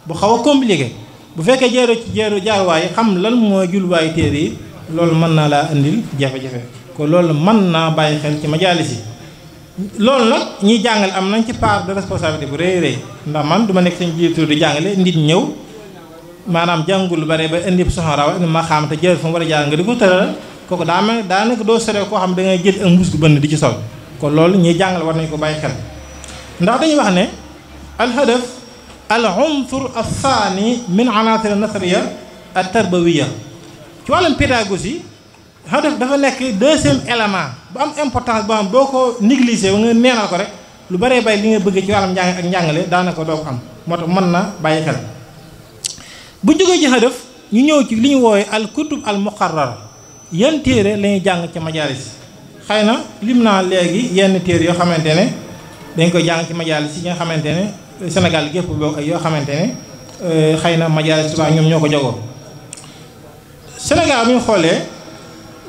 bu xaw a compliqué bu fekkee jeero ci jaar jaarwaay xam lan mooy julwaay téere yi loolu mën naa laa indil jafe-jafe kon loolu man naa bàyyi xel ci majaalis yi loolu nag ñiy jàngale am nañ ci part de responsabilité bu rëy rëy ndax man du ma nekk seen jiitu di jàngale nit ñëw maanaam jàngul lu bare ba indi soxoraw ma xam te jël fa mu war a jàng nga di ko tëral kooku daa mel daanaka doo soree koo xam da ngay jël ak mbuus gu bënn di ci sol kon loolu ñuy jàngale war nañ ko bàyyi xel ndax dañu wax ne alhadaf al unsur al thani min anatir nasariya at tarbawiya ci wàllum pédagogie hadaf dafa nekk deuxième élément bu am importance boo am boo ko négliger ba nga neenal ko rek lu bare bay li nga bëggee ci wàllam njàng ak njàngale daanaka doo ko am moo tax mën na bàyyi xel bu jógee ci hadaf ñu ñëw ci li ñu woowee al kutub al muqarrar yan téere la ñuy jàng ci majalis xëy na lim naa léegi yenn téere yoo xamante ne dañ koy jàng ci majalis yi nga xamante ne Sénégal gépp boog ay yoo xamante ne euh, xëy na majalis ñoom ñoo ko jagoo Sénégal bu ñu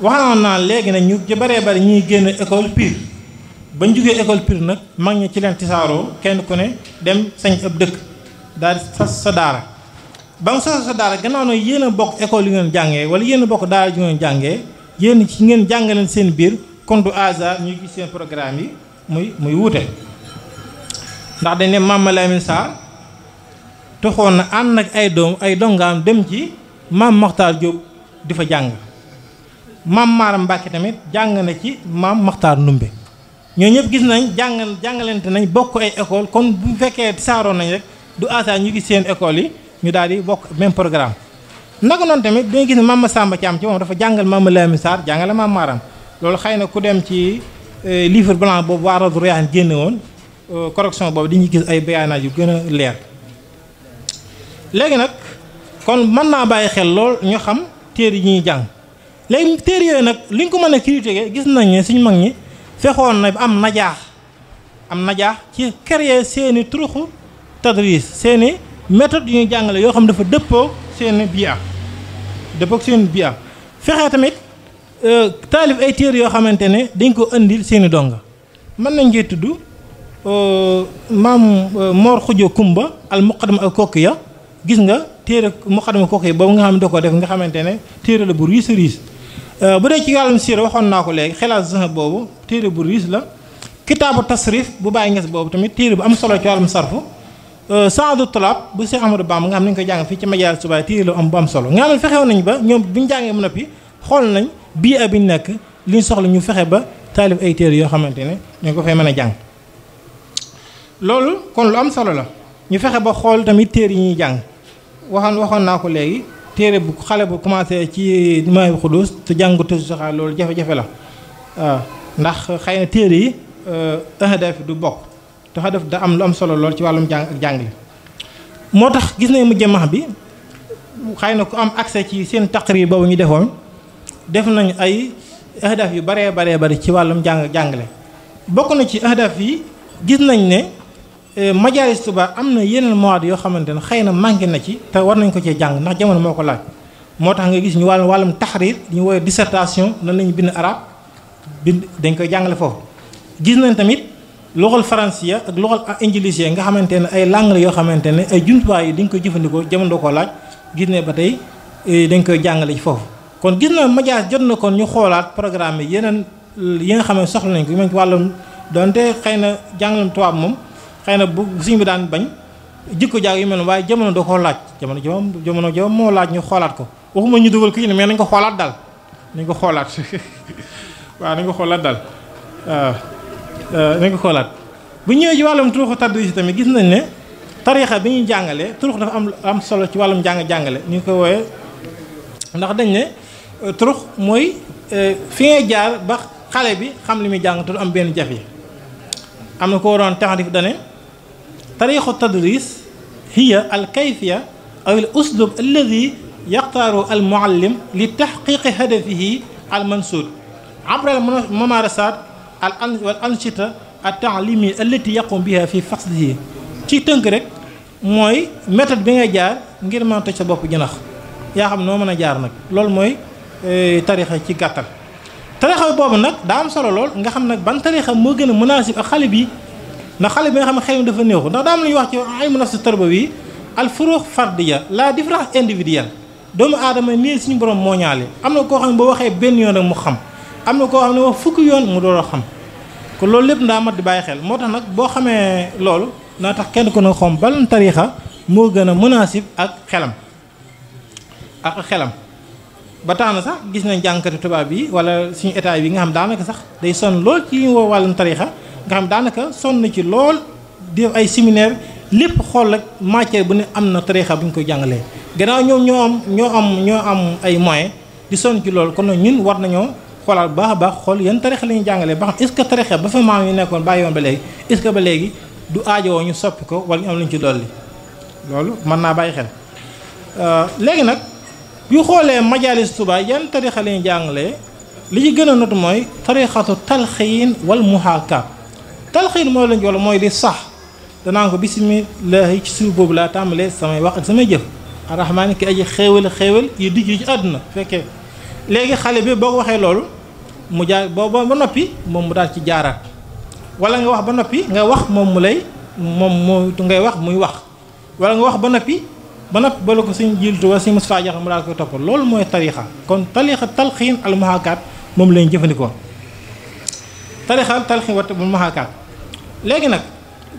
waxoon naa léegi nag ñu ci baree bari ñuy génn école Pire bañ jógee école Pire nag mag ñi ci leen tisaaroo kenn ku ne dem sañ ab dëkk daal sa daara ba nga sas sa daara gannaaw na yéen a bokk école yu ngeen jànge wala yéen a bokk daara yu ngeen jàngee yéen ci ngeen jàngaleen seen biir kon du hasard ñuy gis seen programme yi muy muy wuute ndax dañ ne Mame Lamine Sarr toxoon na ànd nag ay doom ay dongaam dem ci maam Makhtar Diop di fa jàng maam Maaram Mbàkke tamit jàng na ci maam Maxtaar Ndumbe ñoo ñëpp gis nañ jàng jàngalante nañ bokk ay école kon bu fekkee saaroo nañ rek du asa ñu gis seen école yi ñu daal di bokk même programme naka nan tamit dañuy gis ne maam Samba Thiam ci moom dafa jàngal maam Lamine Sarr jàngale maam Maaram loolu xëy na ku dem ci euh, livre blanc boobu waa Rawdu Rayaan génne woon euh, correction boobu dañuy gis ay bayaanaat yu gën leer léegi nag kon mën naa bàyyi xel lool ñu xam téere yi ñuy jàng léegi téere yooyu nag li ñu ko mën a critiquer gis nañ ne suñ mag ñi fexoon na am najaax am najaax ci créer seeni turuxu tadris seeni méthode yu jàngale yoo xam dafa dëppoo seen bi am dëppoo fexe tamit euh, taalif ay téere yoo xamante ne dañ ko indil seeni donga mën nañ cee tudd euh, maam euh, Mor Xujo Kumba al muqaddama ak kokki ya gis nga téere muqaddama kokki ya boobu nga xam ne doo ko def nga xamante ne téere la bu riis riis Euh, bu dee ci wàllum siira waxoon naa ko léegi xilaas zahab boobu téere bu riis la kitaabu tasrif bu bàyyi nges boobu tamit téere bu am solo ci wàllum sarfu euh, saadu tolaab bu Seex Ahmadu Bamba nga xam ne ñu ko jàng fii ci majaal subaay téere la am bu am solo nga xam ne fexew nañ ba ñoom bu ñu jàngee mu noppi xool nañ bii a bi nekk li soxla ñu fexe ba taalif ay téere yoo xamante ne ñu ko fee mën a jàng loolu kon lu am solo la ñu fexe ba xool tamit téere yi ñuy jàng waxoon waxoon naa ko léegi téere bu xale bu commencé ci may xudus te jàngu tësu saxaar loolu jafe-jafe la waaw ah, ndax xëy na téere yi ahadaf euh, du bokk te hadaf da am lu am solo lool ci wàllum jàng ak jàngale moo tax gis nañu mujj max bi xëy na ku am accès ci seen taqrir boobu ñu defoon def nañu ay ahdaf yu baree baree bari ci wàllum jàng jàngale bokk na ci ahdaf yi gis nañ ne Euh, majaalis Touba am na yeneen mois yoo xamante ne xëy na manqué na ci te war nañ ko cee jàng ndax jamono moo ko laaj moo tax nga gis ñu wàll wàllum taxriir ñu woowee dissertation nan lañu bind arab bind dañ koy jàngale foofu gis nañ tamit loxol faransiya ak loxol ingilis nga xamante ne ay langue la yoo xamante ne ay jumtuwaay yi dañ koy jëfandikoo jamono ko laaj gis ne ba tey euh, dañ koy jàngale ci foofu kon gis na majaas jot na kon ñu xoolaat programme yi yeneen yi nga xam ne soxla nañ ko yu mel wàllum donte xëy na jàngalam tubaab moom xeyna na bu suñ bi daan bañ jikko jaag yu mel way jamono do ko laaj jamono jamono jamono mo laaj ñu xolaat ko waxuma ñu duggal ko ñu ne nga xolaat dal ni nga xolaat [laughs] wa ni nga xolaat dal euh ni nga xolaat bu ñew ci wàllum turuxu ci tamit gis nañ ne tariixa bi ñu jàngale turux dafa am am solo ci wàllum jàng jàngale ni ko wooyee ndax dañ ne euh, turux mooy euh, fi ngay jaar ba xale bi xam li muy jàng am benn jafe am na ko waroon tax dif dane طريق التدريس هي الكيفية أو الأسلوب الذي يختار المعلم لتحقيق هدفه المنصور عبر الممارسات والأنشطة التعليمية التي يقوم بها في فصله تي تنك رك موي ميثود بيغا جار غير ما توتش بوب جناخ يا خم نو مانا جار نك لول موي تاريخ تي غاتال تاريخ بوب نك دا ام سولو لول nga xam nak ban tarikha mo geuna munasib ak xale ndax xale bi nga xam ne xëy dafa néew ndax daa am lu ñuy wax ci ilmu nafsi tarba bi al furuux fardiya la différence individuelle doomu aadama nii suñu borom moo ñaale am na koo xam ne boo waxee benn yoon rek mu xam am na koo xam ne wax fukki yoon mu door a xam kon loolu lépp ndaa mat di bàyyi xel moo tax nag boo xamee loolu naa tax kenn ku ne xom balan tariixa moo gën a munaasib ak xelam ak xelam ba tax na sax gis nañ jànkati tubaab yi wala suñu état bi nga xam daanaka sax day sonn lool ci wàllum tariixa nga xam daanaka sonn ci lool def ay séminaire lépp xool rek matière bu ne am na tariixa buñ ñu koy jàngalee. gannaaw ñoom ñoo am ñoo am ñoo am ay moyens di sonn ci lool kon nag ñun war nañoo xoolaat bu baax a baax xool yan tariixa la ñuy jàngalee ba xam est-ce que tariixa ba fa maam yu nekkoon bàyyi woon ba léegi est-ce que ba léegi du aajowoo ñu soppi ko wala ñu am lu ñu ci dolli loolu mën naa bàyyi xel euh, léegi nag yu xoolee majalis suba yan tariixa la ñuy jàngalee li ci gën a not mooy tariixatu talxiin wal muhaakaat talxiin mooy lañ wala mooy li sax danaa ko bisimilahi ci suuf boobu laa tàmbalee samay wax ak samay jëf arrahmaani ki aji xéewal xéewal yu dijj yi ci àdduna fekkee léegi xale bi boo ko waxee loolu mu jaar booba ba noppi moom mu daal ci jaaraat wala nga wax ba noppi nga wax moom mu lay moom mu ngay wax muy wax wala nga wax ba noppi ba noppi ba ko suñ jiltu wala suñ Mustafaa jax mu daal koy toppal loolu mooy tariixa kon tariixa talxiin al muhaakaat moom lañ jëfandikoo تاريخال تاريخ وات بو مهاكان لغي نك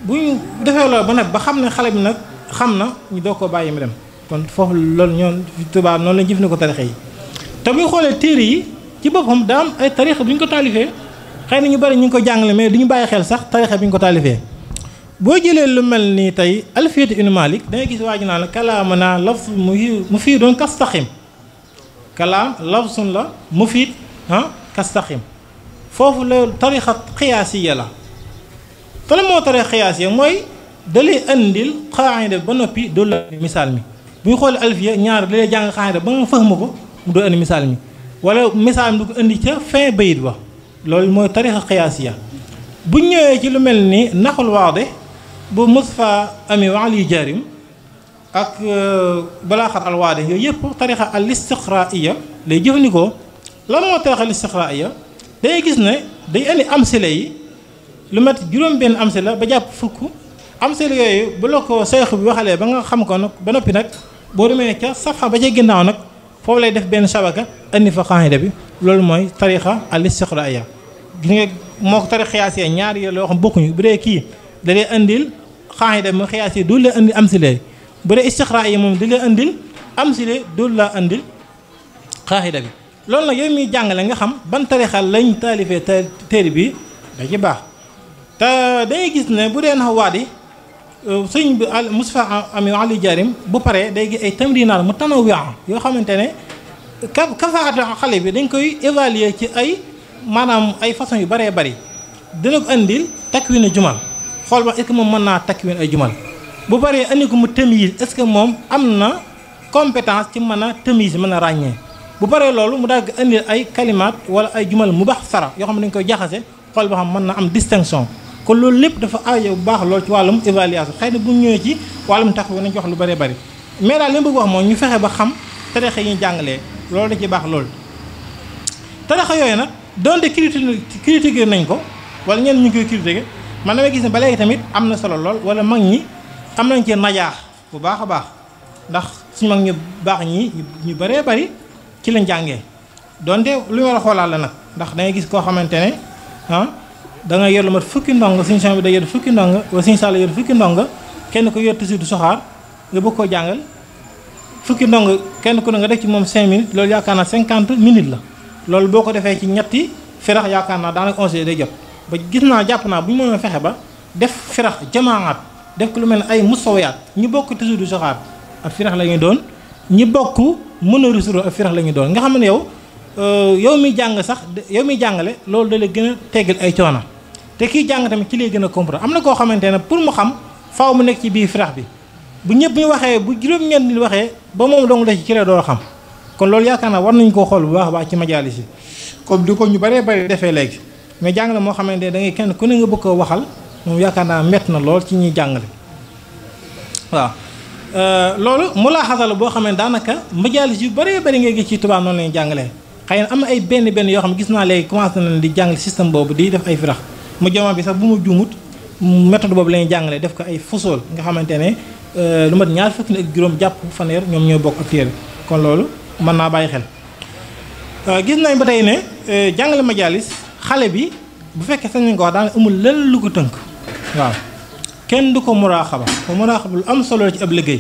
بو ديفال با نك با خامنا خالي بي نك خامنا ني دوكو باي ميم كون فوف لول نون في توبا نون لا جيف نكو تاريخ يي تامي خولي تيري تي بوبم دام اي تاريخ بو نكو تاليفه خاينا ني بار ني نكو جانغلي مي دي ني باي خيل صاح تاريخ بو نكو تاليفه بو جيلي لو ملني تاي الفيت ان مالك داي غيس واجنا كلامنا لفظ مفيد كاستخيم كلام لفظ لا مفيد ها كاستخيم فوف الطريقه القياسيه لا فلما طريقه قياسيه موي دلي انديل قاعده بنوبي دول مثال مي بو خول الفيه ñaar لي جان قاعده با فهمو بو دو اندي مثال مي ولا مثال دو اندي تا فين بيت با لول موي الطريقه القياسيه بو نيويي تي لو ملني نخل واضح بو مصفى امي وعلي جارم اك آه، بلاخر الواضح ييب طريقه الاستقرائيه لي جيفنيكو لا مو طريقه الاستقرائيه day gis ne day indi amsila yi lu mat juróom-benn amsila ba jàpp fukk amsila yooyu bu la ko sayx bi waxalee ba nga xam ko nag ba noppi nag boo demee ca safa ba ca ginnaaw nag foofu lay def benn sabaka indi fa xaayida bi loolu mooy tarixa al istiqraaya gis nga moo ko tarixa xiyaasee ñaar yo loo xam bokkuñu bu dee kii da lay indil xaayida mu xiyaasee du la indi amsila yi bu dee istiqraa moom da lay indil amsila du la indil xaayida bi loolu nag yow muy jàngale nga xam ban tarixa lañ taalifee téere bi da ci baax te dañuy gis ne bu dee nax waat yi euh, sëñ bi al Moustapha Ami Ali Jarim bu paree day gi ay tamrinaat mu tanawi yoo xamante ne ka kafaatu xale bi dañ koy évaluer ci ay maanaam ay façon yu bëree bari dina ko andil takwin jumal xool ba est moom mën naa takwin ay jumal bu paree andi ko mu tëmiis est-ce que moom am na compétence ci mën a tëmiis mën a ràññee bu paree loolu mu daal di indi ay kalimaat wala ay jumal mu baax sara yoo xam ne dañu koy jaxase xool boo xam mën na am distinction kon loolu lépp dafa aajo bu baax lool ci wàllum évaluation xëy na bu ñu ñëwee ci wàllum tax nañ ci wax lu bëree bëri mais daal li ma bëgg wax mooy ñu fexe ba xam tarixa yi ñu jàngalee loolu da ci baax loolu tarixa yooyu nag donte critiqué nañ ko wala ñenn ñu ngi koy critiqué man damay gis ne ba léegi tamit am na solo lool wala mag ñi am nañ ci najaax bu baax a baax ndax suñu mag ñu baax ñi ñu bëree bëri ci lañ jàngee donte lu wara xolal la nak ndax da dangay gis ko xamantene han ah, da nga yor lu mat fukki ndong suñu sang bi day yor fukki ndong wa suñu sala yor fukki ndong kenn ko yor ci du soxar nga bëkk ko jàngal fukki ndong kenn ko nga def ci mom 5 minutes loolu yakana 50 minutes la loolu boko defé ci ñetti firax yakana da daanaka 11 day jot ba gis na japp na bu mu ma fexé ba def firax jamaat def ko lu mel ay musawayaat ñu bokku tuddu soxar ak firax la ñuy doon ñi bokku mën a rusuroo ak firax la ñu doon nga xam ne yow euh, yow mi jàng sax yow mi jàngale loolu da la gën a teggal ay coono te kii jàng ci lay gën a comprendre am na koo xamante ne pour mu xam faaw mu nekk ci biir firax bi bu ñëpp ñu waxee bu juróom-ñeent ñu waxee ba moom dong la ci cire doo xam kon loolu yaakaar naa war nañu ko xool bu baax a ci majaalis yi comme di ko ñu baree bari defee léegi mais jàngale moo xamante ne da kenn ku ne nga bëgg ko waxal moom yaakaar naa mett na lool ci ñuy jàngale Euh, loolu mulaaxasa la boo xam ne daanaka majaalis yu bare bëri ngay gis ci tubaab noonu lañuy jàngalee xëy na am na ay benn benn yoo xam ne gis naa léegi commencé nañ di jàngale système boobu di def ay firax mu jamono bi sax mu juumut méthode boobu la ñuy jàngalee def ko ay fosool nga xamante ne euh, lu mat ñaar fukki ak juróom jàpp fanweer ñoom ñoo bokk ak téere kon loolu mën naa bàyyi xel euh, gis nañ ba tey ne jàngale majaalis xale bi bu fekkee sañ nañ ko wax daanaka amul lenn lu ko tënk waaw كين دوكو مراقبة ومراقبة الأم صلى الله عليه وسلم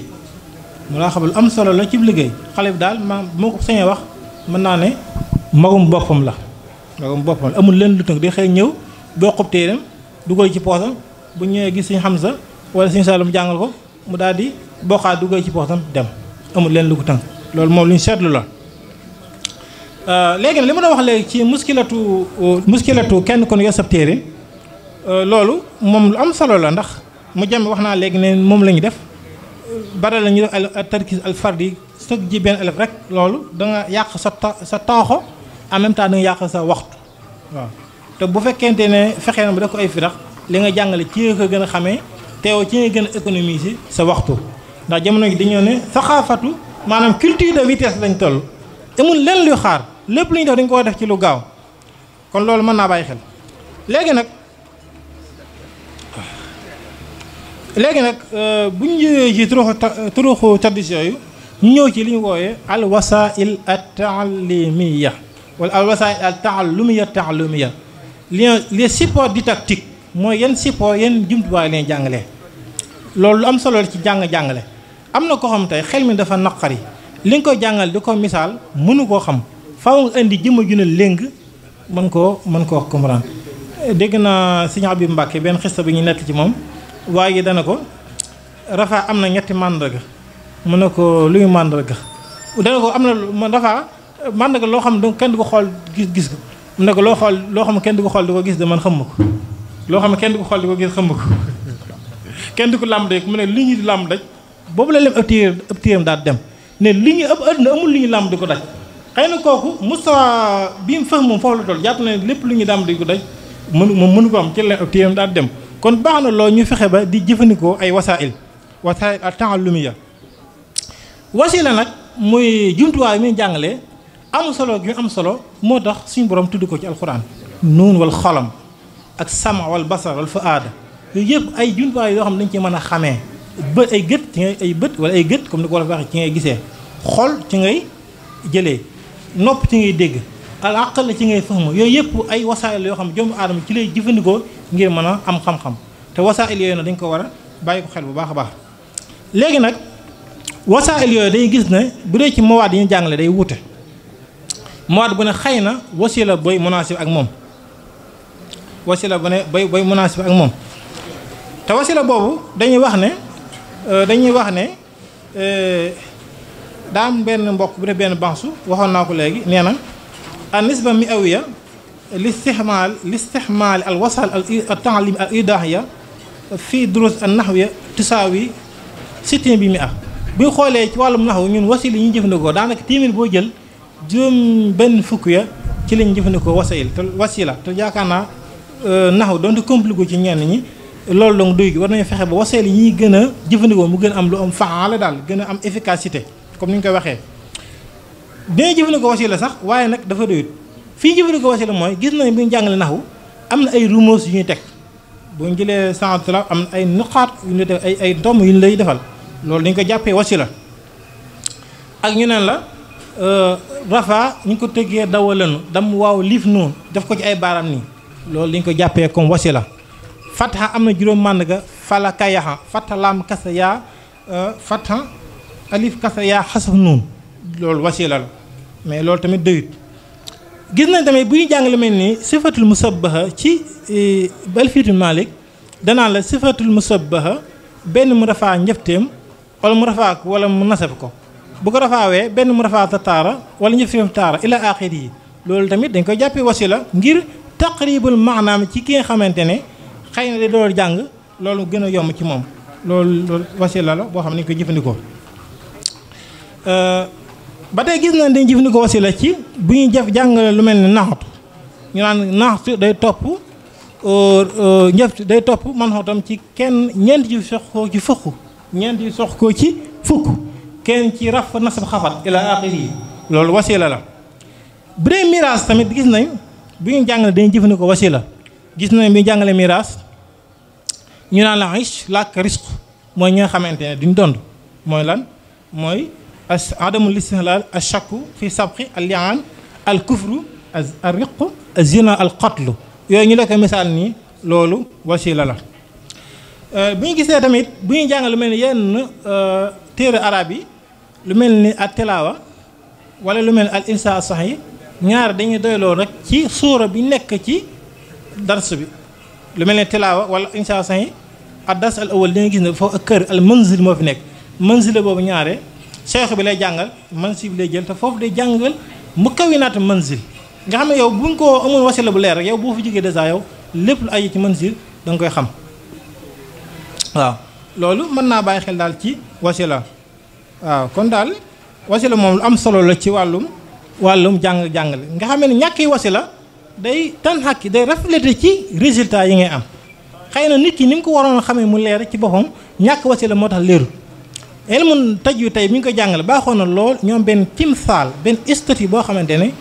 مراقبة الأم صلى الله عليه وسلم خليف دال ما موقف سيني وقت من ناني مغم بوفم لا مغم بوفم أمو لين لتن دي خي نيو بوقف تيرم دوكو يجي بوثم بنيو يجي سين حمزة ولا سين سالم جانغلو مدادي بوقع دوكو يجي بوثم دم أمو لين لتن لول مول نسيت لولا لكن لما نروح لكي مشكلة تو مشكلة تو كان كن تيرم تيرين لولو مم الأم صلى الله mu jàmm wax naa léegi ne moom la ñu def bare la ñu def al tarkis al fardi sëg ji benn élève rek loolu da nga yàq sa sa tooxo en même temps yàq sa waxtu waaw te bu fekkente ne fexee na bu def ko ay firax li nga jàngale ci nga ko gën a xamee teew ci nga gën a économiser sa waxtu ndax jamono ji dañoo ne saxaafatu maanaam culture de vitesse lañ toll amul lenn luy xaar lépp lu ñu def dañ koo def ci lu gaaw kon loolu mën naa bàyyi xel léegi nag léegi nag euh, bu ñu ñëwee ci turuxu turuxu taddis yooyu ñu ñëw ci li ñu wooyee al wasail al taalimiya wala al wasail al taalumiya taalumiya les les di didactiques mooy yan support yan jumtuwaay leen jàngalee loolu lu am solo ci jàng-jàngale am na ko xam tey xel mi dafa naqari li nga ko jàngal di ko misaal mënu koo xam faaw nga indi jëm ju ne léng mën koo mën koo comprendre dégg naa sëñ Abib Mbàkke benn xista bi ñu nekk ci moom waa ji dana ko rafaa am na ñetti màndarga mu ne ko luy màndarga dana ko am na ma rafaa màndarga loo xam ne kenn du ko xool gis gis ko loo xool loo xam kenn du ko xool gis de man xam ma ko loo xam kenn du ko xool di ko gis xam ma ko [laughs] kenn du ko làmb daj mu ne li ñu làmb daj boobu la lem ëpp téer ëpp téeram daal dem ne li ñu ëpp adduna amul li ñu làmb di ko daj xëy na kooku mustawa bi mu fëx moom foofu la toll jàpp ne lépp lu ñu làmb di ko daj mënu moom mënu ko am ci la ëpp téeram daal dem kon baxna lo ñu fexe ba di jëfandikoo ay wasail wasail al taallumiyya wasila nak muy way mi jàngale am solo gi am solo moo tax suñu borom tuddu ko ci alquran nun wal khalam ak sam wal basar wal fuad yooyu yëpp ay way yo xam dañ ci mëna xamé ba ay gëtt ci ay bëtt wala ay gëtt comme ni ko wax ci ngay gisé xol ci ngay jëlé nopp ci ngay dégg. alaqal la ci ngay fahmu yooyu yëpp ay wasaayil yoo xam joomu aadama ci lay jëfandikoo ngir mën a am xam-xam te wasaayil yooyu nag dañ ko war a bàyyi ko xel bu baax a baax léegi nag wasaayil yooyu day gis ne bu dee ci mawaat yi ñu jàngale day wuute mawaat bu ne xëy na wasila boy munaasib ak moom wasila bu ne boy boy munaasib ak moom te wasila boobu dañuy wax ne euh, dañuy wax ne euh, daam benn mbokk bu def benn bansu waxoon naa ko léegi nee na النسبة المئوية لاستحمال لاستحمال الوصل التعليم الإداهية في دروس النحوية تساوي 60 بمئة بيو خولي كوال منحو من وسيل ينجف نكو دانك تيمين بوجل جوم بن فكوية كل ينجف نكو وسيل وسيلة تجاك أنا آه، نحو دون تكمبلغو جنيان ني lol dong duy war nañu fexé ba wasel yi gëna jëfëndiko mu gëna am lu am faale dal gëna am efficacité comme niñ ko waxé dina jëfandikoo wasila sax waaye nag dafa doyut fii jëfandikoo wasila mooy gis nañu bu ñu jàngale naxu am na ay rumeurs yu ñuy teg boo jëlee sens la am na ay nuqaat yu ñu def ay ay doom yu lay defal loolu dañu ko jàppee wasila ak ñu la euh, rafa ñu ko tëggee dawalanu dam waaw liif noonu def ko ci ay baaraam nii loolu dañu ko jàppee comme wasila fataha am na juróom màndaga fala kayaha fata laam kasa yaa euh, fata alif kasa yaa xasaf noonu loolu wasila la mais loolu tamit deuyit gis nañ tamit bu ñu jàng lu mel ni sifatul musabbaha ci balfiitu malik dana la sifatul musabbaha benn mu rafa njëfteem wala mu rafa ko wala mu nasef ko bu ko rafaawee benn mu rafa ta taara wala njëfteem taara ila axir yi loolu tamit dañ koy jàppee wasila ngir taqribul maanaam ci ki nga xamante ne xëy na jàng loolu gën a yomb ci moom loolu loolu wasila la boo xam ne ñu jëfandikoo ba tey gis nañ dañ jëfandikoo wasila ci bu ñuy jëf jàngale lu mel ni naxatu ñu naan naxatu day topp euh, euh, njëf day topp man xootam ci kenn ñeent yu sox koo ci fukk ñeent yu sox koo ci fukk kenn ci raf nasab xafat ila axiri yi loolu wasila la bu dee miraas tamit gis nañ bu ñuy jàngale dañ jëfandikoo wasila gis nañ bi jàngale miraas ñu naan la riche làkk risque mooy ñi nga xamante ne duñ dond mooy lan mooy عدم الاستهلال الشك في سبق اللعان الكفر الرق الزنا القتل yooyu ñu la ko misaal nii loolu wasila la bu ñu gisee tamit bu ñuy jàng lu mel ni yenn téere arab yi lu mel ni al tilaawa wala lu mel ni al insa sax yi ñaar dañuy doyloo rek ci suura bi nekk ci dars bi lu mel ni tilaawa wala insa sax yi ak dars al awal dañuy gis ne foofu kër al manzil moo fi nekk manzil boobu ñaare seex bi lay jàngal mansib lay jël te foofu day jàngal mu kawinaat manzil nga xam ne yow bu ñu ko amoon wasila bu leer rek yow boo fa jógee dèjà yow lépp lu ay ci manzil da nga koy xam waaw loolu mën naa bàyyi xel daal ci wasila waaw kon daal wasila moom lu am solo la ci wàllum wàllum jàng jàngale nga xam ne ñàkk yi wasila day tan xàkki day reflété ci résultat yi ngay am xëy na nit ki ni mu ko waroon xamee mu leer ci boppam ñàkk wasila moo tax leerul ilmu taj yu tey mi ngi koy jàngale baaxoo na lool ñoom benn timsaal benn estati boo xamante ne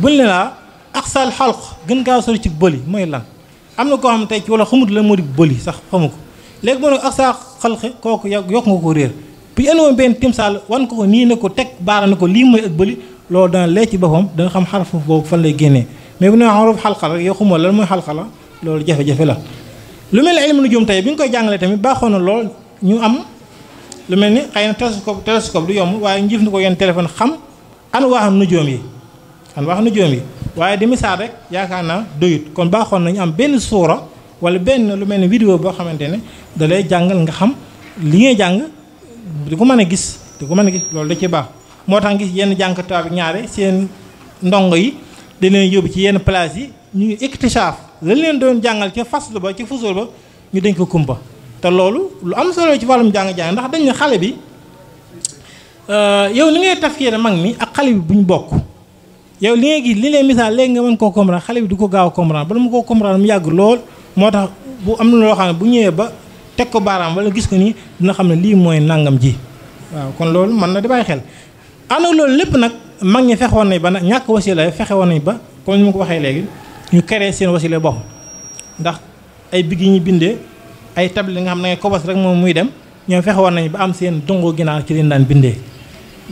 buñ ne laa aqsal xalq gën kaa sori ci bëli mooy lan am na koo xam tey ci wala xamut la moo di bëli sax xamu ko léegi moo ne ko aqsal xalq kooku yokk nga ko réer bu ñu andoon benn timsaal wan ko ko nii ne ko teg baara ne ko lii mooy ak bëli loolu dana lee ci boppam dana xam xar foofu boobu fan lay génnee mais bu ne xaraf xalqa rek yow xamoo lan mooy xalqa la loolu jafe-jafe la lu mel ne ilmu nujum tey bi nga koy jàngale tamit baaxoo na lool ñu am lu mel ni xëy na télescope télescope du yomb waaye njëf ni ko yenn téléphone xam an waax nu joom yi an wax nu yi waaye di misaal rek yaakaar naa doyut kon baaxoon nañu am benn suura wala benn lu mel ni vidéo boo xamante ne dalay jàngal nga xam li ngay jàng di ko mën a gis di mën a gis loolu da ci baax moo tax gis yenn jànkataa bi ñaare seen ndongo yi da leen yóbbu ci yenn place yi ñu ngi iktishaaf lañ leen doon jàngal ca faslu ba ci fusul ba ñu dañ ko kumpa te loolu lu am solo ci wàllum jàng-jàng ndax dañ ne xale bi euh, yow li ngay tafkiir mag mi ak xale bi bu ñu bokk yow li ngay gis li leen misaal léegi nga mën koo comprendre xale bi du ko gaaw a comprendre bala mu koo comprendre mu yàgg lool moo tax bu am loo xam ne bu ñëwee ba teg ko baaraam wala gis ko nii dina xam ne lii mooy nangam ji kon loolu mën na di bàyyi xel. ànd loolu lépp nag mag ñi fexoon nañ ba nag ñàkk wasila fexe woon nañ ba comme ni ma ko waxee léegi ñu créé seen wasila bopp ndax ay big yi ñu bindee. ay table yi nga xam ne kobos rek moom muy dem ñoom fexe woon nañu ba am seen dungu ginaar ci leen daan bindee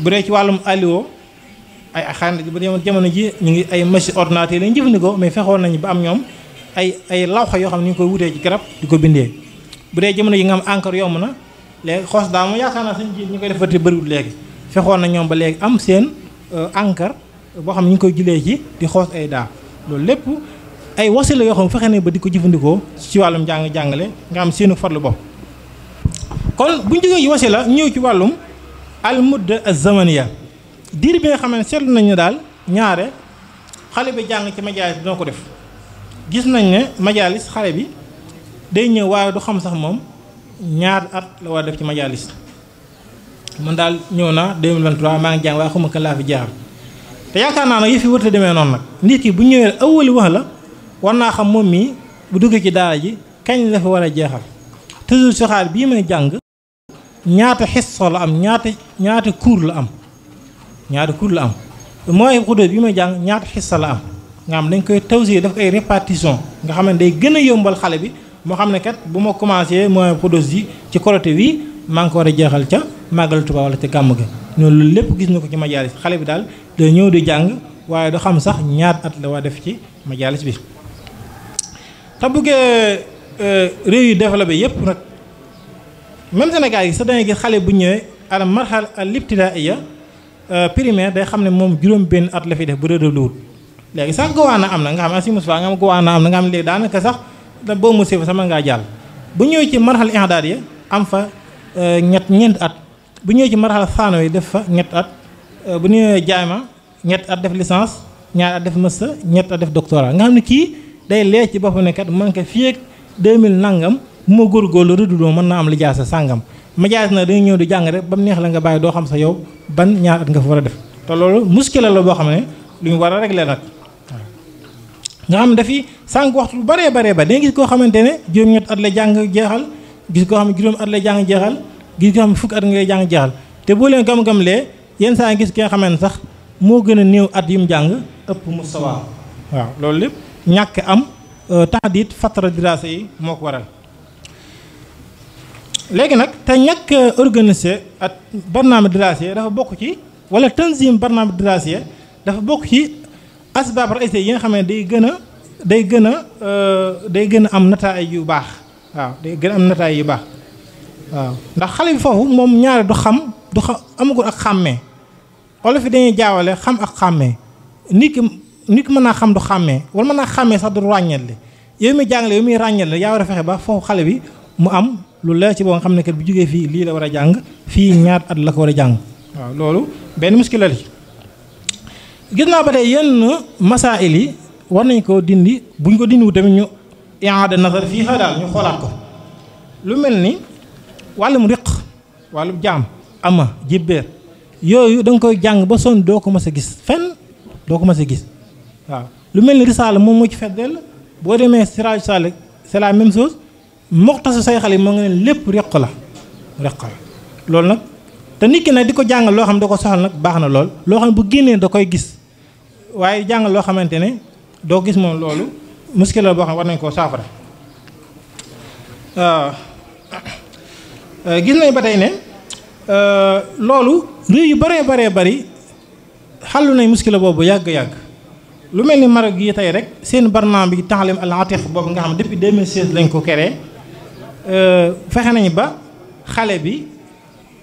bu dee ci wàllum alio ay xanaa bu dee jamono ji ñu ngi ay machine ordinater yi lañu jëfandikoo mais fexe woon nañu ba am ñoom ay ay lawxa yoo xam ne ñu ngi koy wutee ci garab di ko bindee bu dee jamono yi nga xam encre yomb na léegi xoos daa yaakaar naa suñ ji ñu koy defati bëriwul léegi fexoon na ñoom ba léegi am seen euh, encre boo xam ne ñu koy jëlee ci di xoos ay daa loolu lépp ay la yoo xam fexe nañ ba di ko jëfandikoo ci wàllum njàng jàngale nga am seenu farlu bopp kon bu ñu jógee ci wasila ñëw ci wàllum al mudda az zamaniya diir bi nga xam ne seetlu nañ ne daal ñaare xale bi jàng ci majaalis dina ko def gis nañ ne majaalis xale bi day ñëw waaye du xam sax moom ñaar at la war def ci majaalis man daal ñëw naa 2023 maa ngi jàng waaye xuma kan laa fi jaar te yaakaar naa nag yëf yi wërta demee noonu nag nit bu ñëwee awali wax la war naa xam moom mii bu duggee ci daara ji kañ la fi war a jeexal toujours si bii may jàng ñaata xisso la am ñaata ñaata cours la am ñaata cours la am mooy xudóot bi may jàng ñaata xissa la am nga xam dañ koy tawsir daf koy répartition nga xam ne day gën a yombal xale bi moo xam ne kat bu ma commencé mooy xudóot yi ci korote wii maa ngi ko war a jeexal ca màggal ko wala ca gàmm gi noonu loolu lépp gis na ko ci majaalis xale bi daal day ñëw di jàng waaye du xam sax ñaat at la waa def ci majaalis bi te buggee euh, réew yu développé yépp nag même Sénégal yi sax dangay gis xale bu ñëwee al marxal al ibtidaaiya euh, primaire day xam ne moom juróom-benn at la fi def bu réew wut léegi sax gowaan na am na nga xam ne asi mos nga am gowaan na am na nga xam ne léegi daanaka sax da boo mosee fa sama ngaa jàll bu ñëwee ci marxal i'daad ya am fa euh, ñett ñeent at bu ñëwee ci marxal saano yi def fa ñett at bu ñëwee jaama ñett at def licence ñaar at def master ñett at day leer ci boppam ne kat man ko fii ak 2000 nangam bu ma góorgóorlu rëddudoo mën naa am li sa sàngam ma jaas na dañu ñëw di jàng rek ba mu neex la nga bàyyi doo xam sa yow ban ñaar at nga fa war a def te loolu muskila la boo xam ne lu ñu war a régler nag nga xam dafi sànq waxtu bu baree baree ba da gis koo xamante ne juróom-ñett at la jàng jeexal gis koo xam ne juróom at la jàng jeexal gis koo xam ne fukki at te boo leen gam-gam lee yenn saa gis ki nga xamante sax moo gën a néew at yu jàng ëpp mu sawaa waaw loolu lépp ñàkk am euh, tahdid fatra dirasa yi moo ko waral léegi nag te ñàkk organiser ak barnaame dirasiye dafa bokk ci wala tanzim barnaame dirasiye dafa bokk ci asbaab raïsiya yi nga xam ne day gën a day gën a euh, day gën a am nataay yu baax waaw day gën a am nataay yu baax waaw ndax xale bi foofu moom ñaare du xam du xam amagul ak xàmmee olof yi dañuy jaawale xam ak xàmme nit ki nit ki mën naa xam du xàmmee wala mën naa xàmmee sax du ràññeele yow mi jàngale yow mi ràññeele yaa war a fexe ba foofu xale bi mu am lu leer ci boo nga xam ne kat bi jógee fii lii la war a jàng fii ñaar at la ko war a jàng waaw loolu benn muskila li gis naa ba tey yenn masaa'il yi war nañ ko dindi buñ ko dindi wu tamit ñu i'aada nazar fii xa daal ñu xoolaat ko lu mel ni mu riq wàllum jaam ama jibbeer yooyu da koy jàng ba sonn doo ko mës a gis fenn doo ko mës a gis waaw lu mel ni risaala moom moo ci fees dell boo demee siraaj saalik c'est la même chose moxtasu say xale yi moo ngi lépp req la req loolu nag te nit ki nag di ko jàngal loo xam ne da ko soxal nag baax na lool loo xam ne bu génnee da koy gis waaye jàngal loo xamante ne doo gis moom loolu muskil la boo xam ne war nañ koo saafara euh, [coughs] euh, gis nañ ba tey ne euh, loolu réew yu baree baree bari xàllu nañ muskil la boobu yàgg-yàgg lu mel ni Maroc gii tey rek seen barnaam bi taalim al atiq boobu nga xam depuis 2016 lañ ko créé euh, fexe nañ ba xale bi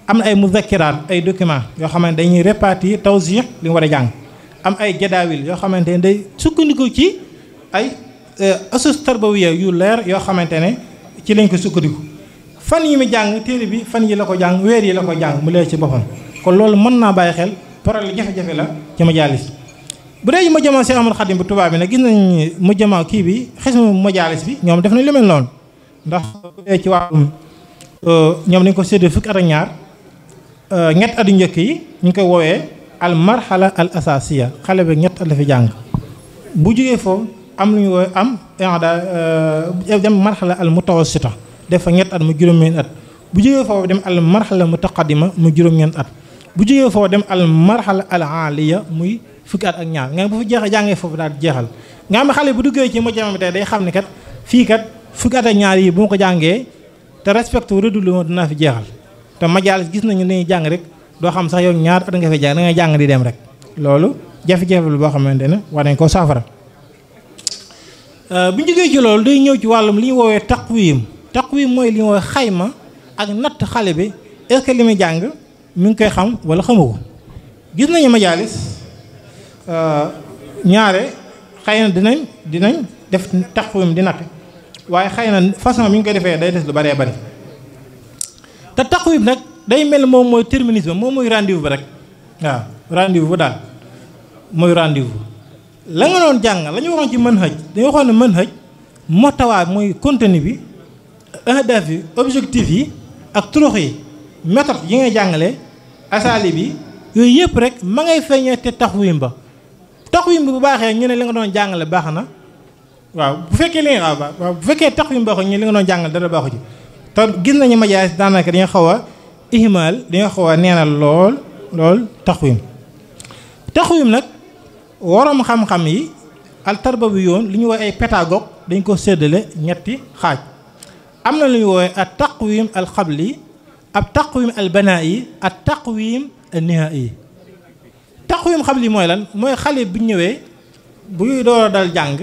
am na ay muzakiraat ay documents yoo xamante dañuy répartir tawsih li mu war a jàng am ay jadaawil yoo xamante ne day sukkandiku ci ay euh, asus tarbawiya yu leer yoo xamante ne ci lañ ko sukkandiku fan yi mu jàng téere bi fan yi la ko jàng weer yi la ko jàng mu leer ci boppam kon loolu mën naa bàyyi xel problème jafe-jafe la ci majalis bu dee mu jamono Cheikh Ahmadou Khadim bu tubaab bi nag gis nañ mu jamono kii bi xismu majaalis bi ñoom def nañ lu noonu ndax ci wàllum euh, ñoom dañ ko séddee fukki at ak ñaar euh, ñett at njëkk yi ñu koy woowee al marhala al asasiya xale bi ñett at la fi jàng bu jógee foofu am lu ñu woowee am daa euh, dem marhala al mutawasita def fa ñett at mu juróom-ñeent at bu jógee foofu dem al marhala mutaqadima mu juróom at bu jógee foofu dem al marhala al muy fukki at ak ñaar nga bu fi jeexee jàngee foofu daal jeexal nga xam ne xale bu duggee ci mu jëmam tey day xam ne kat fii kat fukki at ak ñaar yi bu ma ko jàngee te respecte wu redoublé ma dinaa fi jeexal te majaalis gis nañu ne jàng rek doo xam sax yoon ñaar at nga fi jàng da jàng di dem rek loolu jafe-jafe la boo xamante ne war nañ koo saafara euh, bu ñu jógee ci loolu day ñëw ci wàllum li ñu woowee taqwiim taqwiim mooy li ñu woowee xayma ak natt xale bi est jàng mu ngi koy xam wala xamu ko gis nañu majaalis Euh, ñaare xay na dinañ dinañ def taxawum di natt waaye xëy na façon bi ñu koy defee day des lu bëree bëri te taxawum nag day mel moom mooy terminus ba moom mooy rendez-vous ba rek waaw rendez-vous ba daal mooy rendez-vous. la nga doon jàng la ñu waxoon ci mën xëj dañu waxoon na mën xëj motawaay mooy contenu bi ahdaf yi objectif yi ak turux yi yi ngay jàngale asali bi yooyu yëpp rek ma ngay feeñee te taxawim ba. taxawim bi bu baaxee ñu ne li nga doon jàngale baax na waaw bu fekkee li nga waaw bu fekkee taxawim baaxul ñu li nga doon jàngale dara baaxu ci te gis nañu majaas daanaka dañu xaw a ihmal dañu xaw a neenal lool lool taxawim taxawim nag waroom xam-xam yi altarbawiyyoon li ñu woowee ay pédagogue dañ ko séddale ñetti xaaj am na lu ñu woowee at taqwim al qabli ab taqwim al banaa'i at taqwim an nihaa'i taxawim xam li mooy lan mooy xale bu ñëwee bu door a dal jàng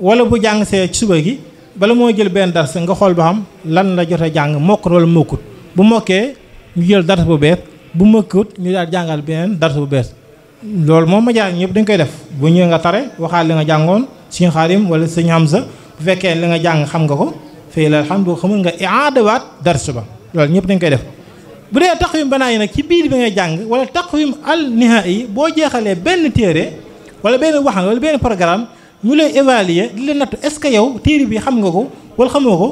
wala bu jàng see ci suba gi bala moo jël benn dars nga xool ba xam lan la jot a jàng mokkut wala mokkut bu mokkee ñu jël dars bu bees bu mëkkut ñu daal jàngal beneen dars bu bees loolu moom ma jaar ñëpp dañ koy def bu ñëwee nga tare waxaat li nga jàngoon sëñ Xaadim wala sëñ Hamza bu fekkee li nga jàng xam nga ko fii la alhamdulilah xamul nga iaadawaat dars ba loolu ñëpp dañ koy def بري التقويم بناينا كبير بين جانج ولا التقويم النهائي بوجي خلي بين تيري ولا بين وحن ولا بين برنامج نولي إيفالية دل نت إسكيو تيري بيخم غو ولا خم غو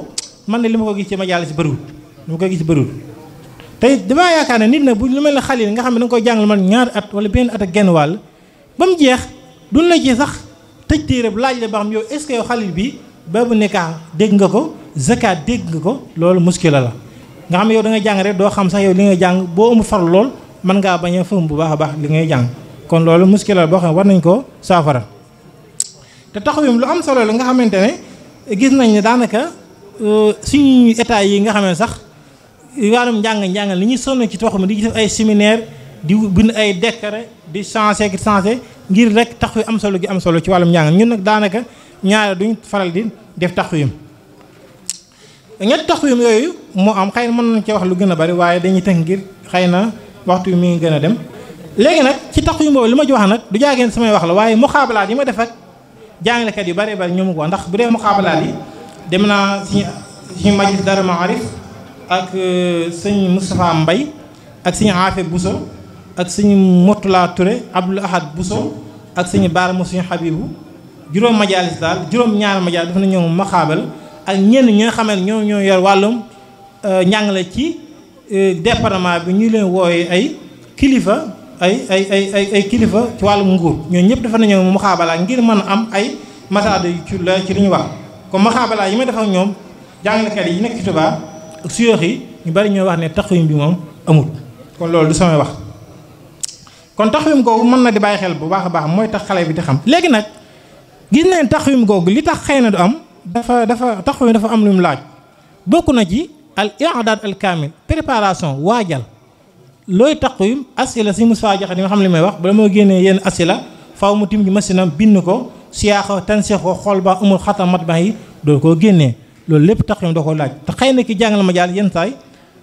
ما نلي مكو كيس ما جالس برو مكو كيس برو تي دما يا كان نيد نبود لما نخلي نعها من كو جانج لما نيار أت ولا بين أت جنوال بام جيخ دون لا جيزخ تي تيري بلاج لبام يو إسكيو خلي بي باب نكا دينغو زكاة دينغو لول مشكلة لا nga xam ne yow dangay ngay jàng rek doo xam sax yow li ngay jàng boo amul farlu lool mën ngaa bañ a bu baax a baax li ngay jàng kon loolu muskil la boo xam ne war nañ koo saafara te taxawim lu am solo la nga xamante ne gis nañ ne daanaka euh, suñu état yi nga xam ne sax wàllum njàng njàng li ñuy sonn ci taxawim di def ay séminaire di bind ay décret di changé di changé ngir rek taxawim am solo gi am solo ci wàllum njàng ñun nag daanaka ñaare duñ faral di def taxawim ñetti taxwiim yooyu moo am xëy na mën nañ wax lu gën a bari waaye dañuy tënk ngir xëy na waxtu yi mi ngi gën a dem léegi nag ci taxwiim boobu li ma ci wax nag du jaageen samay wax la waaye muxaabalaat ma def ak yu bari bari ñoomu ko ndax bu dee muxaabalaat yi dem naa suñu suñu majlis dara maarif ak euh, sëñ Moustapha Mbay ak sëñ Afe Bousso ak sëñ Motula Touré Abdoul Ahad Bousso ak suñu Baara mo suñu Habibu juróom majaalis daal juróom ñaar majaalis daf na ñëw maxaabal ak ñenn ñi nga xam ne ñoo ñoo yor wàllum euh, njàngale ci euh, département bi ñu leen wooyee ay kilifa ay ay ay ay ay kilifa ci wàllum nguur ñooñu ñëpp dafa nañu mu xaabalaa ngir mën a am ay masaada yu ci la ci li ñu wax comme maxaabalaa yi ma def ñoom jàngalekat yi nekk ci Tuubaa suyoox yi ñu bari ñoo wax ne taxawim bi moom amul kon loolu du samay wax kon taxawim googu mën na di bàyyi xel bu baax a baax mooy tax xale bi di xam léegi nag gis tax taxawim googu li tax xëy na du am dafa dafa taxawee dafa am lu mu laaj bokk na ci al i'dad al kaamil préparation waajal looy taqwim asila si Moussa Diakhaté nga xam li may wax bala moo génnee yenn asila faaw mu tim ji masinam bind ko siyaaxa tanseex ko xool ba amul xatam mat ba yi doo koo génnee loolu lépp taqwim doo ko laaj te xëy na ki jàngal ma jàll yenn saay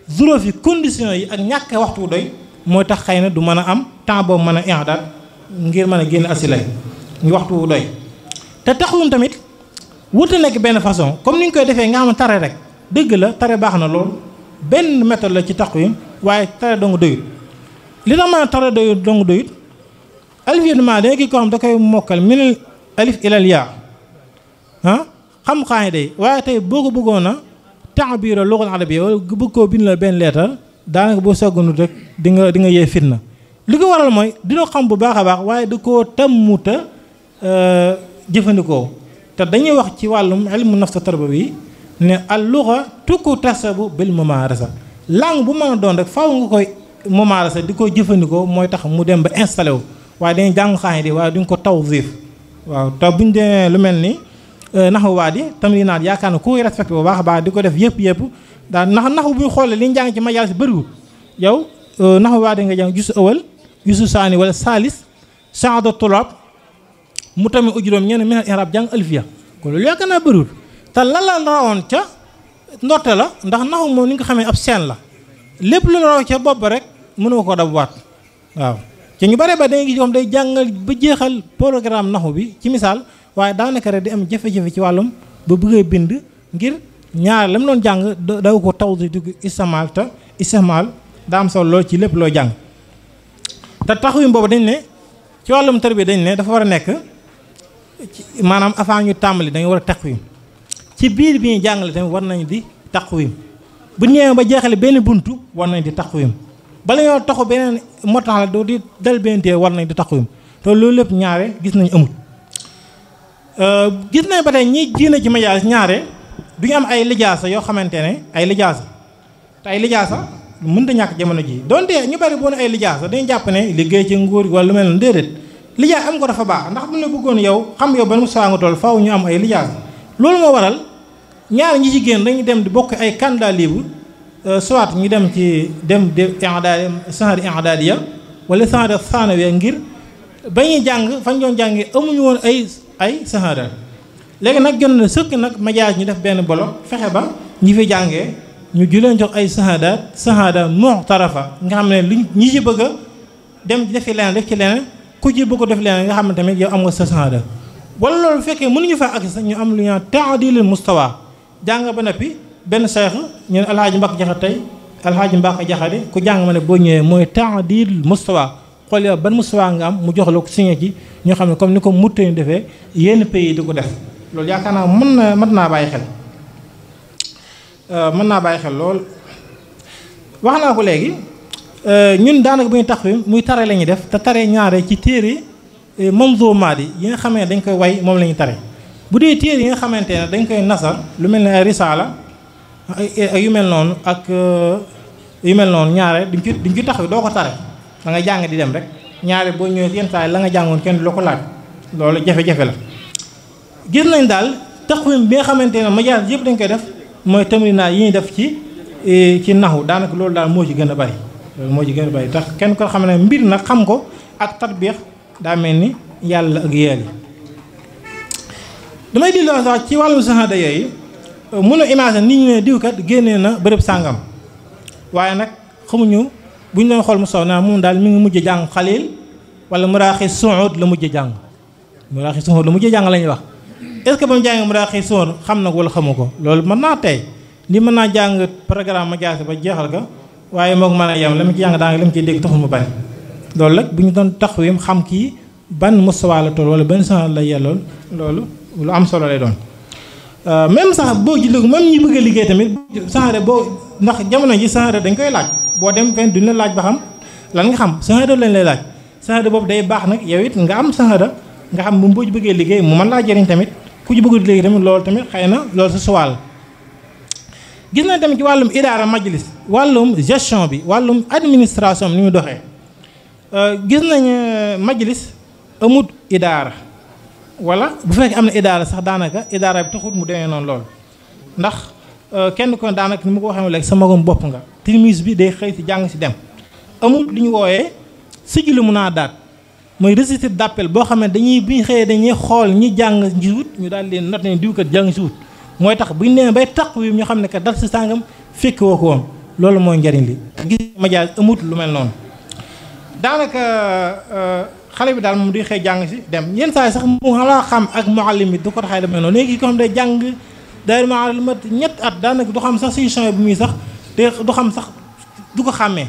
zorof yi condition yi ak ñàkk waxtu doy mooy tax xëy na du mën a am temps boobu mën a i'dad ngir mën a génn asila yi waxtu doy te taqwim tamit wut nekk benn façon comme ni nga koy defee nga xam tare rek dëgg la tare baax na lool benn méthode la ci tax yi waaye tare dong doyut li tax ma tare doyut dong doyut alif yédment danga kii koo xam da koy mokkal minal alif ilal yaa ah xam xaani day waaye tey boo ko bëggoon a ta'bira lughal arabiyya wala bëgg koo bind la benn leetar daanaka boo sagganut rek di nga di nga yee fitna li ko waral mooy dina xam bu baax a baax waaye da koo tàmmuta euh, jëfandikoo te dañuy wax ci wàllum ilmu nafs tarbawi ne al luga tukku tasabu bil mumaarasa langue bu mën a doon rek faaw nga koy mumaarasa di koy jëfandikoo mooy tax mu dem ba installé wu waaye dañuy jàng xaani di waaye duñ ko taw tawsiif waaw te buñ demee lu mel ni euh, naxu waat yi tamit naat yaakaar na ku koy respecté bu baax a baax di ko def yëpp yëpp daal ndax naxu buy xoolee li ñu jàng ci majalis bëriwul yow euh, naxu waat yi nga jàng jusu ëwal jusu saani wala saalis chande tulaab mu tamit ujuróom ñene min i'rab jang alfiya ko lu yaakaar naa bëriwul ta la la ndawon ca ndorte la ndax naxu mo ni nga xamee ab sen la lepp lu raw ca bopp rek mënu ko dab wat waaw ci ñu bare ba day gi jom day jangal ba jeexal programme naxu bi ci waye da naka rek di am jafe-jafe ci walum bu bëggee bind ngir ñaar lam non jang da ko taw dug istimal ta istimal da am solo ci lepp lo jang ta taxuy mbob dañ ne ci walum terbi dañ ne dafa wara nek ci maanaam avant ngi tàmbali dañu war a tax taqwim ci biir bi ñuy jàngale tamit war nañu di taqwim bu ñëwee ba jeexale benn buntu war nañ di taqwim bala ñoo taxu beneen moo tax la doo di dal war nañ di taqwim te loolu lépp ñaare gis nañu amul. Euh, gis nañ ba tey ñi jiina ci majaas ñaare du ñu am ay lijaasa yoo xamante ne ay lijaasa te ay lijaasa mënut a ñàkk jamono ji donte ñu bari boo ay lijaasa dañu jàpp ne liggéey ci nguur wala mel noonu déedéet. lijaas am ko dafa baax ndax bu ne bëggoon yow xam yow ban Moustapha nga toll faw ñu am ay lijaas loolu moo waral ñaar ñi ci génn dañuy dem di bokk ay candidat libre euh, soit ñu dem ci dem de i'dad sanad i'dadiya wala sanad sanawiya ngir ba ñuy jàng fañ doon jàngee amuñu woon ay ay sanada léegi nag jot na sëkk nag majaas ñu def benn bolo fexe ba ñi fi jànge ñu juleen jox ay sahada moo muxtarafa nga xam ne lu ñi ci bëgg a dem defi leneen def ci le ku ci bëgg ko def leen nga xam ne tamit yow am nga sa sens wala loolu fekkee mënuñu fa ak sax ñu am lu ñaa taadilul mustawa jàng ba noppi benn seex ñu ne alhaaji mbàkk jaxate tey alhaaji mbàkk jaxate ku jàng ma ne boo ñëwee mooy taadil mustawa xool yow ban mustawa nga am mu jox la ko signé ci ñoo xam ne comme ni ko murtani defee yenn yi di ko def loolu yaakaar naa mën na mën naa bàyyi xel euh, mën naa bàyyi xel lool wax naa ko léegi Euh, ñun daanaka bu ñu tax muy tare la def te tare ñaare ci téere moom euh, manzumaat yi nga xam ne dañ koy way moom la ñuy tare bu dee téere yi nga xamante ne dañ koy nasar lu mel ne ay risaala ak yu mel noonu ak euh, yu mel noonu ñaare duñ ci duñ ci doo ko tare da nga jàng di dem rek ñaare boo ñëwee yenn saa la nga jàngoon kenn du la ko laaj loolu jafe-jafe la gis nañ daal taxawim bi nga xamante ne majaas yëpp dañ koy def mooy tamrinaat yi ñuy def ci ci naxu daanaka loolu daal moo ci gën a bari loolu moo ci gën a bari kenn ko xam ne mbir nag xam ko ak tatbiix daa mel ni yàlla ak yeel yi damay delloo sax ci wàllum saxaada yooyu mun a imaginer nit ñu ne diwkat génnee na bërëb sàngam waaye nag xamuñu bu ñu doon xool mu sow naa moom daal mi ngi mujj jàng xalil wala muraaxi suud la mujj jàng muraaxi suud la mujj jàng la wax est-ce ba mu jàngee muraaxi suud xam na ko xamu ko loolu mën naa tey li mën naa jàng programme ma ba jeexal ka waaye moo ko mën a yem la mu ci jàng daanaka la mu ciy dégg taxul mu bari loolu nag bu ñu doon taxawim xam kii ban mustawa la toll wala ban la yellool loolu lu am solo lay doon. Euh, même sax boo ji léegi même ñu liggéey tamit genre boo ndax jamono ji genre dañ koy laaj boo dem fenn duñ la laaj ba xam lan nga xam genre lañ lay laaj genre boobu day baax nag yow it nga am genre nga xam bu boo ci bëggee liggéey mu mën laa jariñ tamit ku ci bëgg liggéey tamit loolu tamit xëy na loolu sa suwaal gis nañ dem ci wàllum idaara majlis wàllum gestion bi wàllum administration bi ni muy doxee euh, gis nañ euh, majlis amut idaara wala bu fekkee am na idaara sax daanaka idaara bi taxut mu demee noonu lool ndax euh, kenn kon daanaka ni mu ko waxee léegi sa magum bopp nga tilmis bi day xëy si jàng si dem amul lu ñu wooyee sijilu mun naa daat mooy registre d'appel boo xam ne dañuy bu xëyee dañuy xool ñi jàng si wut ñu daal leen not ne diw kat jàng si wut mooy tax bu ñu nee bay taq wi ñu xam ne que dal si sàngam fekk woo ko woon loolu mooy njariñ li gis majaas amut lu mel noonu daanaka euh, xale bi daal moom di xëy jàng si dem yenn saa yi sax xam ak muallim bi du ko taxay demee noonu léegi ko xam day jàng day ma mat at daanaka du xam sax suñu champs bu muy sax te du xam sax du ko xàmmee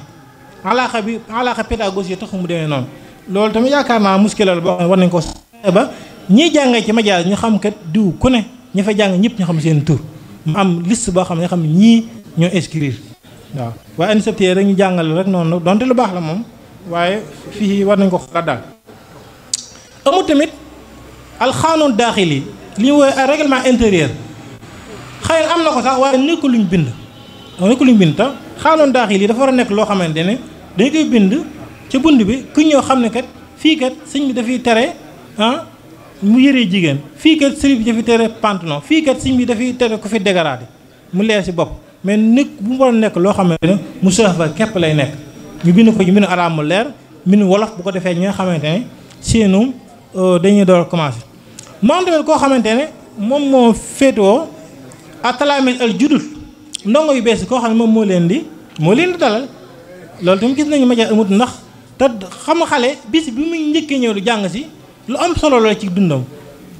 alaaxa bi alaaxa pédagogie taxu mu demee noonu. loolu tamit yaakaar naa muskil la boo xam ne war nañu ko ba ñiy jàngee ci médias ñu xam kat diw ku ne. ñi fa jang ñep ñu xam seen tour am liste bo xamne xam ñi ñoo inscrire waaw waaye INSEP rek ñu jangal rek noonu donte lu bax la mom waye fi war nañ ko xoolaat daal amul tamit al khanun dakhili li ñu woowee règlement intérieur xëy am nako sax waye nekku luñ bind nekku luñ bind ta khanun dakhili dafa wara nek lo xamantene xamante dañ koy bind ci bund bi ku ñoo xamne kat fi kat señ bi dafay téré han ah, mu yëree jigéen fii kat sëriñ bi dafi tere pantalon fii kat sëriñ bi dafay tere ku fi dégradé mu leer si bopp mais nit bu mu war nekk loo xamante ne mu saafa képp lay nekk ñu bind ko ci mbind araab mu leer mbind wolof bu ko defee ñi nga xamante ne seenu euh, dañuy door commencé mu am koo xamante ne moom moo féetewoo ak talaamel al ndongo yu bees koo xam ne moom moo leen di moo leen di dalal loolu tamit gis nañu ma amut ndax te xam xale bis bi muy njëkkee ñëw di jàng si lu am solo la ci dundam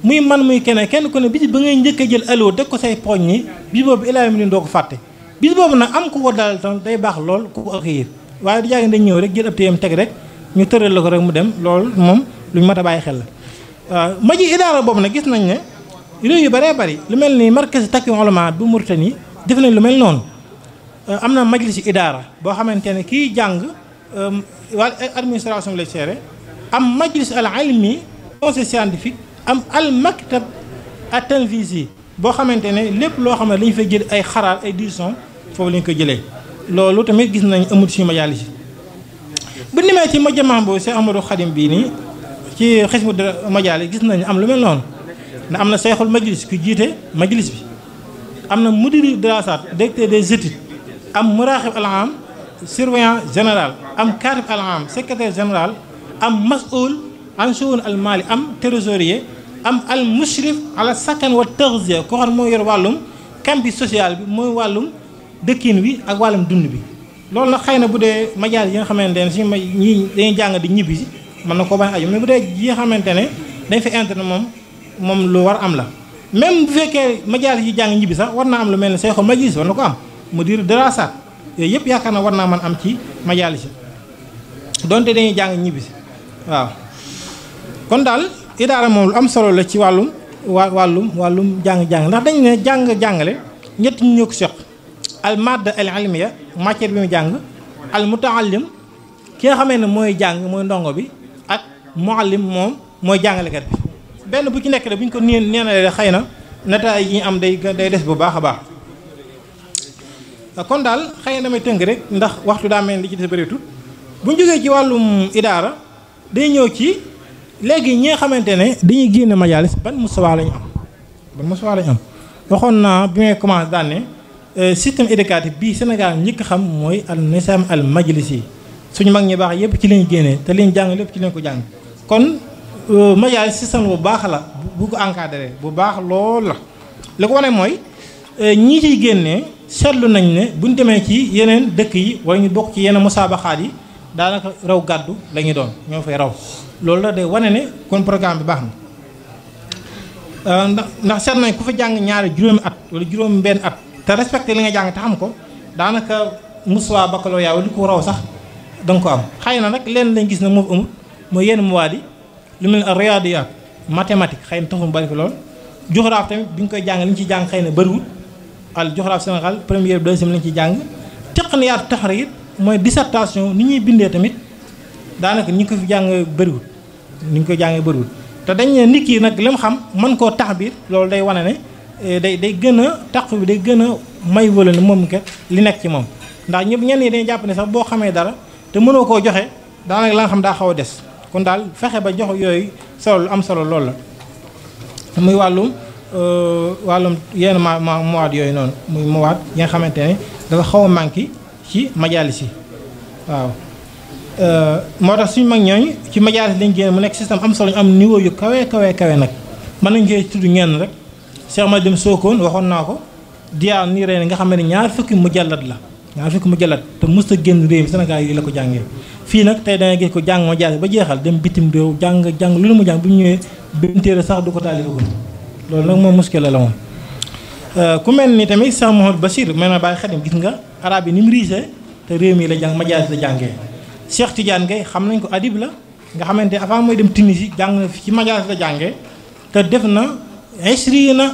muy man muy keneen kenn ku ne bis ba ngay njëkk a jël aloo de ko say poñ ni bis boobu ilaa mi ni doo ko fàtte bis boobu nag am ku ko dalal tam day baax lool ku ko accueillir waaye du jàggi dañ ñëw rek jël ab téyam teg rek ñu tëral la ko rek mu dem lool moom luñ mat a bàyyi xel la ma ji idaara boobu nag gis nañ ne réew yi baree bari lu mel ni markasi takki ulama bu Mauritanie def nañ lu mel noonu am na majlisi idaara boo xamante ne kii jàng euh, wàll administration lay seere am majlis al ilmi conseil scientifique am al maktab at-tanfiisi boo xamante lépp lo xam lañ fay jël ay xaraal ay dison foofu lañ ko jëlé loolu tamit gis nañ amul suñu majalis yi bu nimé ci majamam boobu Cheikh Amadou Khadim bi ni ci xismu majalis gis nañ am lu mel non na amna cheikhul majlis ku jité majlis bi am na mudiri dirasaat directeur des études am muraaxib al am surveillant général am kaatib al am secrétaire général am masoul anshuun al mali am trésorier am al mushrif ala sakan wa taxziya koo xam mooy yor wàllum campus social bi mooy wàllum dëkkin wi ak wàllum dund bi loolu nag xëy na bu dee majaal yi nga xamante ne ma ñi dañuy jàng di ñibbi si mën na koo bañ aju mais bu dee yi nga xamante ne dañ fi internet moom moom lu war am la même bu fekkee majaal yi jàng ñibbi sax war naa am lu mel ne seexul majlis war na ko am mu dir darasaat yooyu yëpp yaakaar na war naa mën am ci majaal yi donte dañuy jàng ñibbi si waaw kon idara idara mom am solo la ci walum, walum walum jang. jang ndax dañ ne jang jangale ñet ñu ko al madda al ilmiya matière bi mu jang. al mutaallim ki nga xamene moy jang, moy ndongo bi ak muallim moy jangale kat bi ben bu ci nek de buñ ko nee neenalee xëy yi am day day def bu baax baax kon dal xeyna may teung rek ndax waxtu da mel li ci des bari tut buñ joge ci walum idara day ñew ci léegi ñi nga xamante ne dañuy génne majalis ban musawa lañu am ban musawa waxoon naa bi may commencé daan ne euh, système éducatif bii Sénégal njëkk xam mooy al nisam al majlis yi suñu mag ñi baax yépp ci lañ génnee te leen jàng lépp ci lañ ko jàng kon euh, majalis système bu baax la bu ko encadré bu baax lool la li ko wane mooy euh, ñii ciy génne seetlu nañ ne buñ demee ci yeneen dëkk yi wala ñu bokk ci yenn musaabaxaat yi daanaka raw gàddu la doon ñoo fay raw loolu la day wane ne kon programme bi baax na euh, ndax ndax seet nañ ku fa jàng ñaari juróomi at wala juróomi benn at te respecté li nga jàng te xam ko daanaka musuwaa baccalauréat wala li ko raw sax danga am xëy na nag leen lañ gis ne moo amul mooy yenn muwaat yi lu mel ne riyaadiyaat mathématique xëy na taxul mu bari ko lool bi ñu koy jàng ci ñu ciy jàng xëy na bëriwul al joxraaf Sénégal deuxième la ciy jàng teqniyaat taxriir mooy dissertation ni ñuy bindee tamit daanaka ñi ko fi jàng bëriwul ni ñu koy jàngee bëriwul te dañ ne nit nag li xam man koo tax biir loolu day wane ne eh, day day gën a taqu bi day gën a may wala ne moom kat li nekk ci moom ndax ñëpp ñenn yi dañuy jàpp ne sax boo xamee dara te mënoo koo joxe daanaka la xam daa xaw a des kon daal fexe ba jox yooyu solo lu am solo loolu la muy wàllum euh, wàllum yenn ma ma muwaat yooyu noonu muy mowaat yi nga xamante ne dafa xaw a manqué ci majalis yi waaw Euh, moo tax suñu mag ñooñu ci majalis lañ génn mu nekk système am solo ñu am niveau yu kawee kawe kawe nag mën nañ cee tudd ñenn rek Cheikh ma dem Sokone waxoon naa ko diyaar nii reen nga xam ne ñaar fukki mujallat la ñaar fukki mujallat te mës a génn réew mi la ko jàngee fii nag tey dangay gis ko jàng majalis ba jeexal dem bitim réew jàng jàng lu mu jàng bu ñu ñëwee benn téere sax du ko taalifagul loolu nag moom muskil la la moom euh, ku mel ni tamit Cheikh Mouhamed Bachir mel na bàyyi xadim gis nga arab yi ni mu riisee te réew mi la jàng majalis la jàngee Cheikh Tidiane ngay xam nañ ko adib la nga xamante avant mooy dem Tunisie jàng na ci Majalis la jàngee te def na inscrit na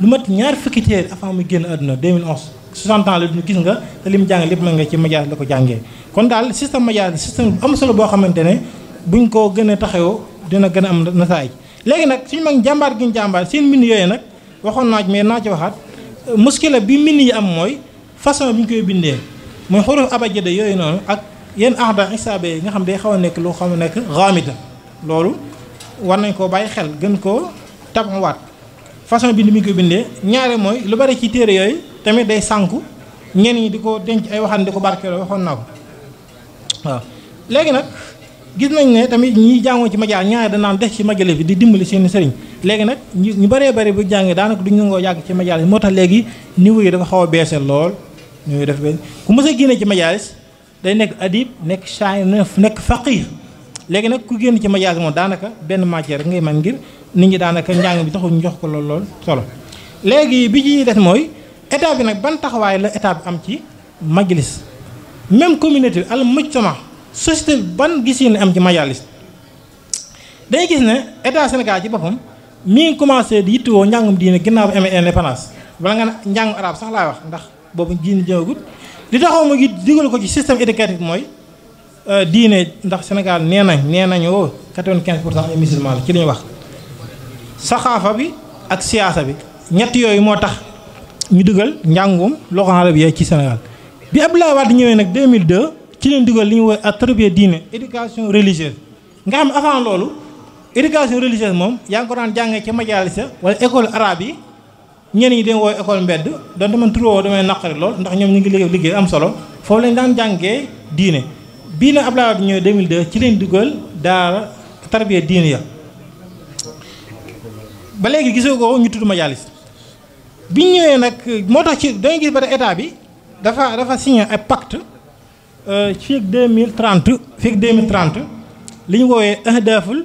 lu mat ñaari fukki téere avant muy génn àdduna 2011 60 ans la gis nga li mu jàng lépp la nga ci Majalis la ko jàngee kon daal système Majalis système bu am solo boo xamante ne buñ ko gën a taxawoo dina gën a am nasaay léegi nag suñu mag jàmbaar gi ñu jàmbaar seen mbind yooyu nag waxoon naaj mais naa ci waxaat muskila bi mbind yi am mooy façon bi ñu koy bindee mooy a abajada yooyu noonu ak yenn ahda isaabe yi nga xam day xaw a nekk lu xam nekk raamita loolu war nañ koo bàyyi xel gën koo tabaxuwaat façon bind mi ko bindee ñaare mooy lu bare ci téere yooyu tamit day sànku ñenn ñi di ko denc ay waxan di ko barkeeloo waxoon naa ko waaw léegi nag gis nañ ne tamit ñi jàngoo ci majaal ñaare danaan def ci majale bi di dimbali seeni sëriñ léegi nag ñu baree bëri bu jàngee daanaka duñ nangoo yàgg ci majaal yi moo tax léegi niveau yi dafa xaw a beesal lool niveau yi dafa ku mës a ci majaalis day nekk adib nekk shaayir nekk faqih léegi nag ku génn ci majaas moom daanaka benn matière rek ngay man ngir nit ñi daanaka njàng bi taxul njox ko lool lool solo léegi bi ci des mooy état bi nag ban taxawaay la état bi am ci majlis même communauté bi al mujtama ban gis ne am ci majalis day gis ne état Sénégal ci boppam mi ngi commencé di yittewoo njàngum diine ginnaaw bi amee indépendance wala nga njàngum arab sax laay wax ndax boobu diine jëwagut li taxaw ma ngi digal ko ci système éducatif mooy euh, diine ndax Sénégal nee nañ nee nañoo 95 pour cent ay musulman la ci li ñu wax. saxaafa bi ak siyaasa bi ñett yooyu moo tax ñu digal njàngum loxo arabiya ci Sénégal bi Abdoulaye Wade ñëwee nag 2002 ci leen digal li ñu woowee attribué diine éducation religieuse nga xam avant loolu éducation religieuse moom yaa ngi ko daan jàngee ca majalis wala école arabe yi. ñenn ñi dañ wooy école mbedd donte man turoo damay naqari lool ndax ñoom ñu ngi liggéey liggéey am solo foofu lañu daan jànge diine bii nag Abdoulaye Wade ñëw 2002 ci lañ dugal daara tarbiya diine ya ba léegi gisoo ko ñu tudd majalis bi ñu ñëwee nag moo tax ci dangay gis ba tey état bi dafa dafa signé ay pacte euh, fii ak 2030 fii ak 2030 li ñu woowee ahdaful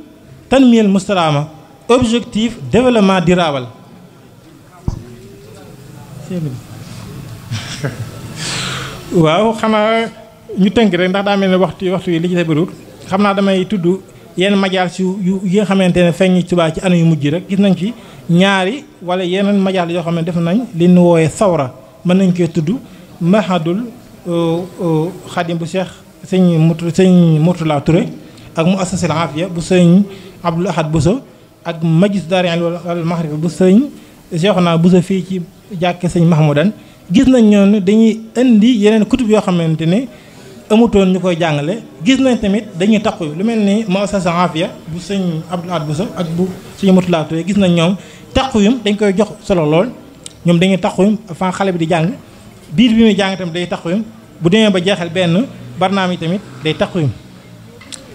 tanmiyal mustahdama objectif développement durable waaw xanaa ñu tënk rek ndax daa mel ne waxtu waxtu yi li ci des xam naa damay tudd yenn majaas yu yu yi nga xamante ne feeñ Tuubaa ci anam yu mujj rek gis nañ ci ñaari wala yeneen majaas yoo xam ne def nañ li nu wooye sawra mën nañ koy tudd mahadul euh, euh, xadim bu Cheikh sëñ Mut sëñ Murtala Touré ak mu assasil afiya bu sëñ Abdul Ahad Bousso ak majlis daarin wal maxrifa bu sëñ Cheikhouna Bousso fii ci. jàkke sëñ Mahmoudan gis nañ ñoon dañuy indi yeneen kutub yoo xamante ne amutoon ñu koy jàngale gis nañ tamit dañuy taqu lu mel ni Muassasa Afia bu sëñ Abdoul Ahad Bousso ak bu sëñ Moutalla Touré gis nañ ñoom taquyum dañ koy jox solo lool ñoom dañuy taquyum fan xale bi di jàng biir bi muy jàng tamit day taquyum bu demee ba jeexal benn barnaam yi tamit day taquyum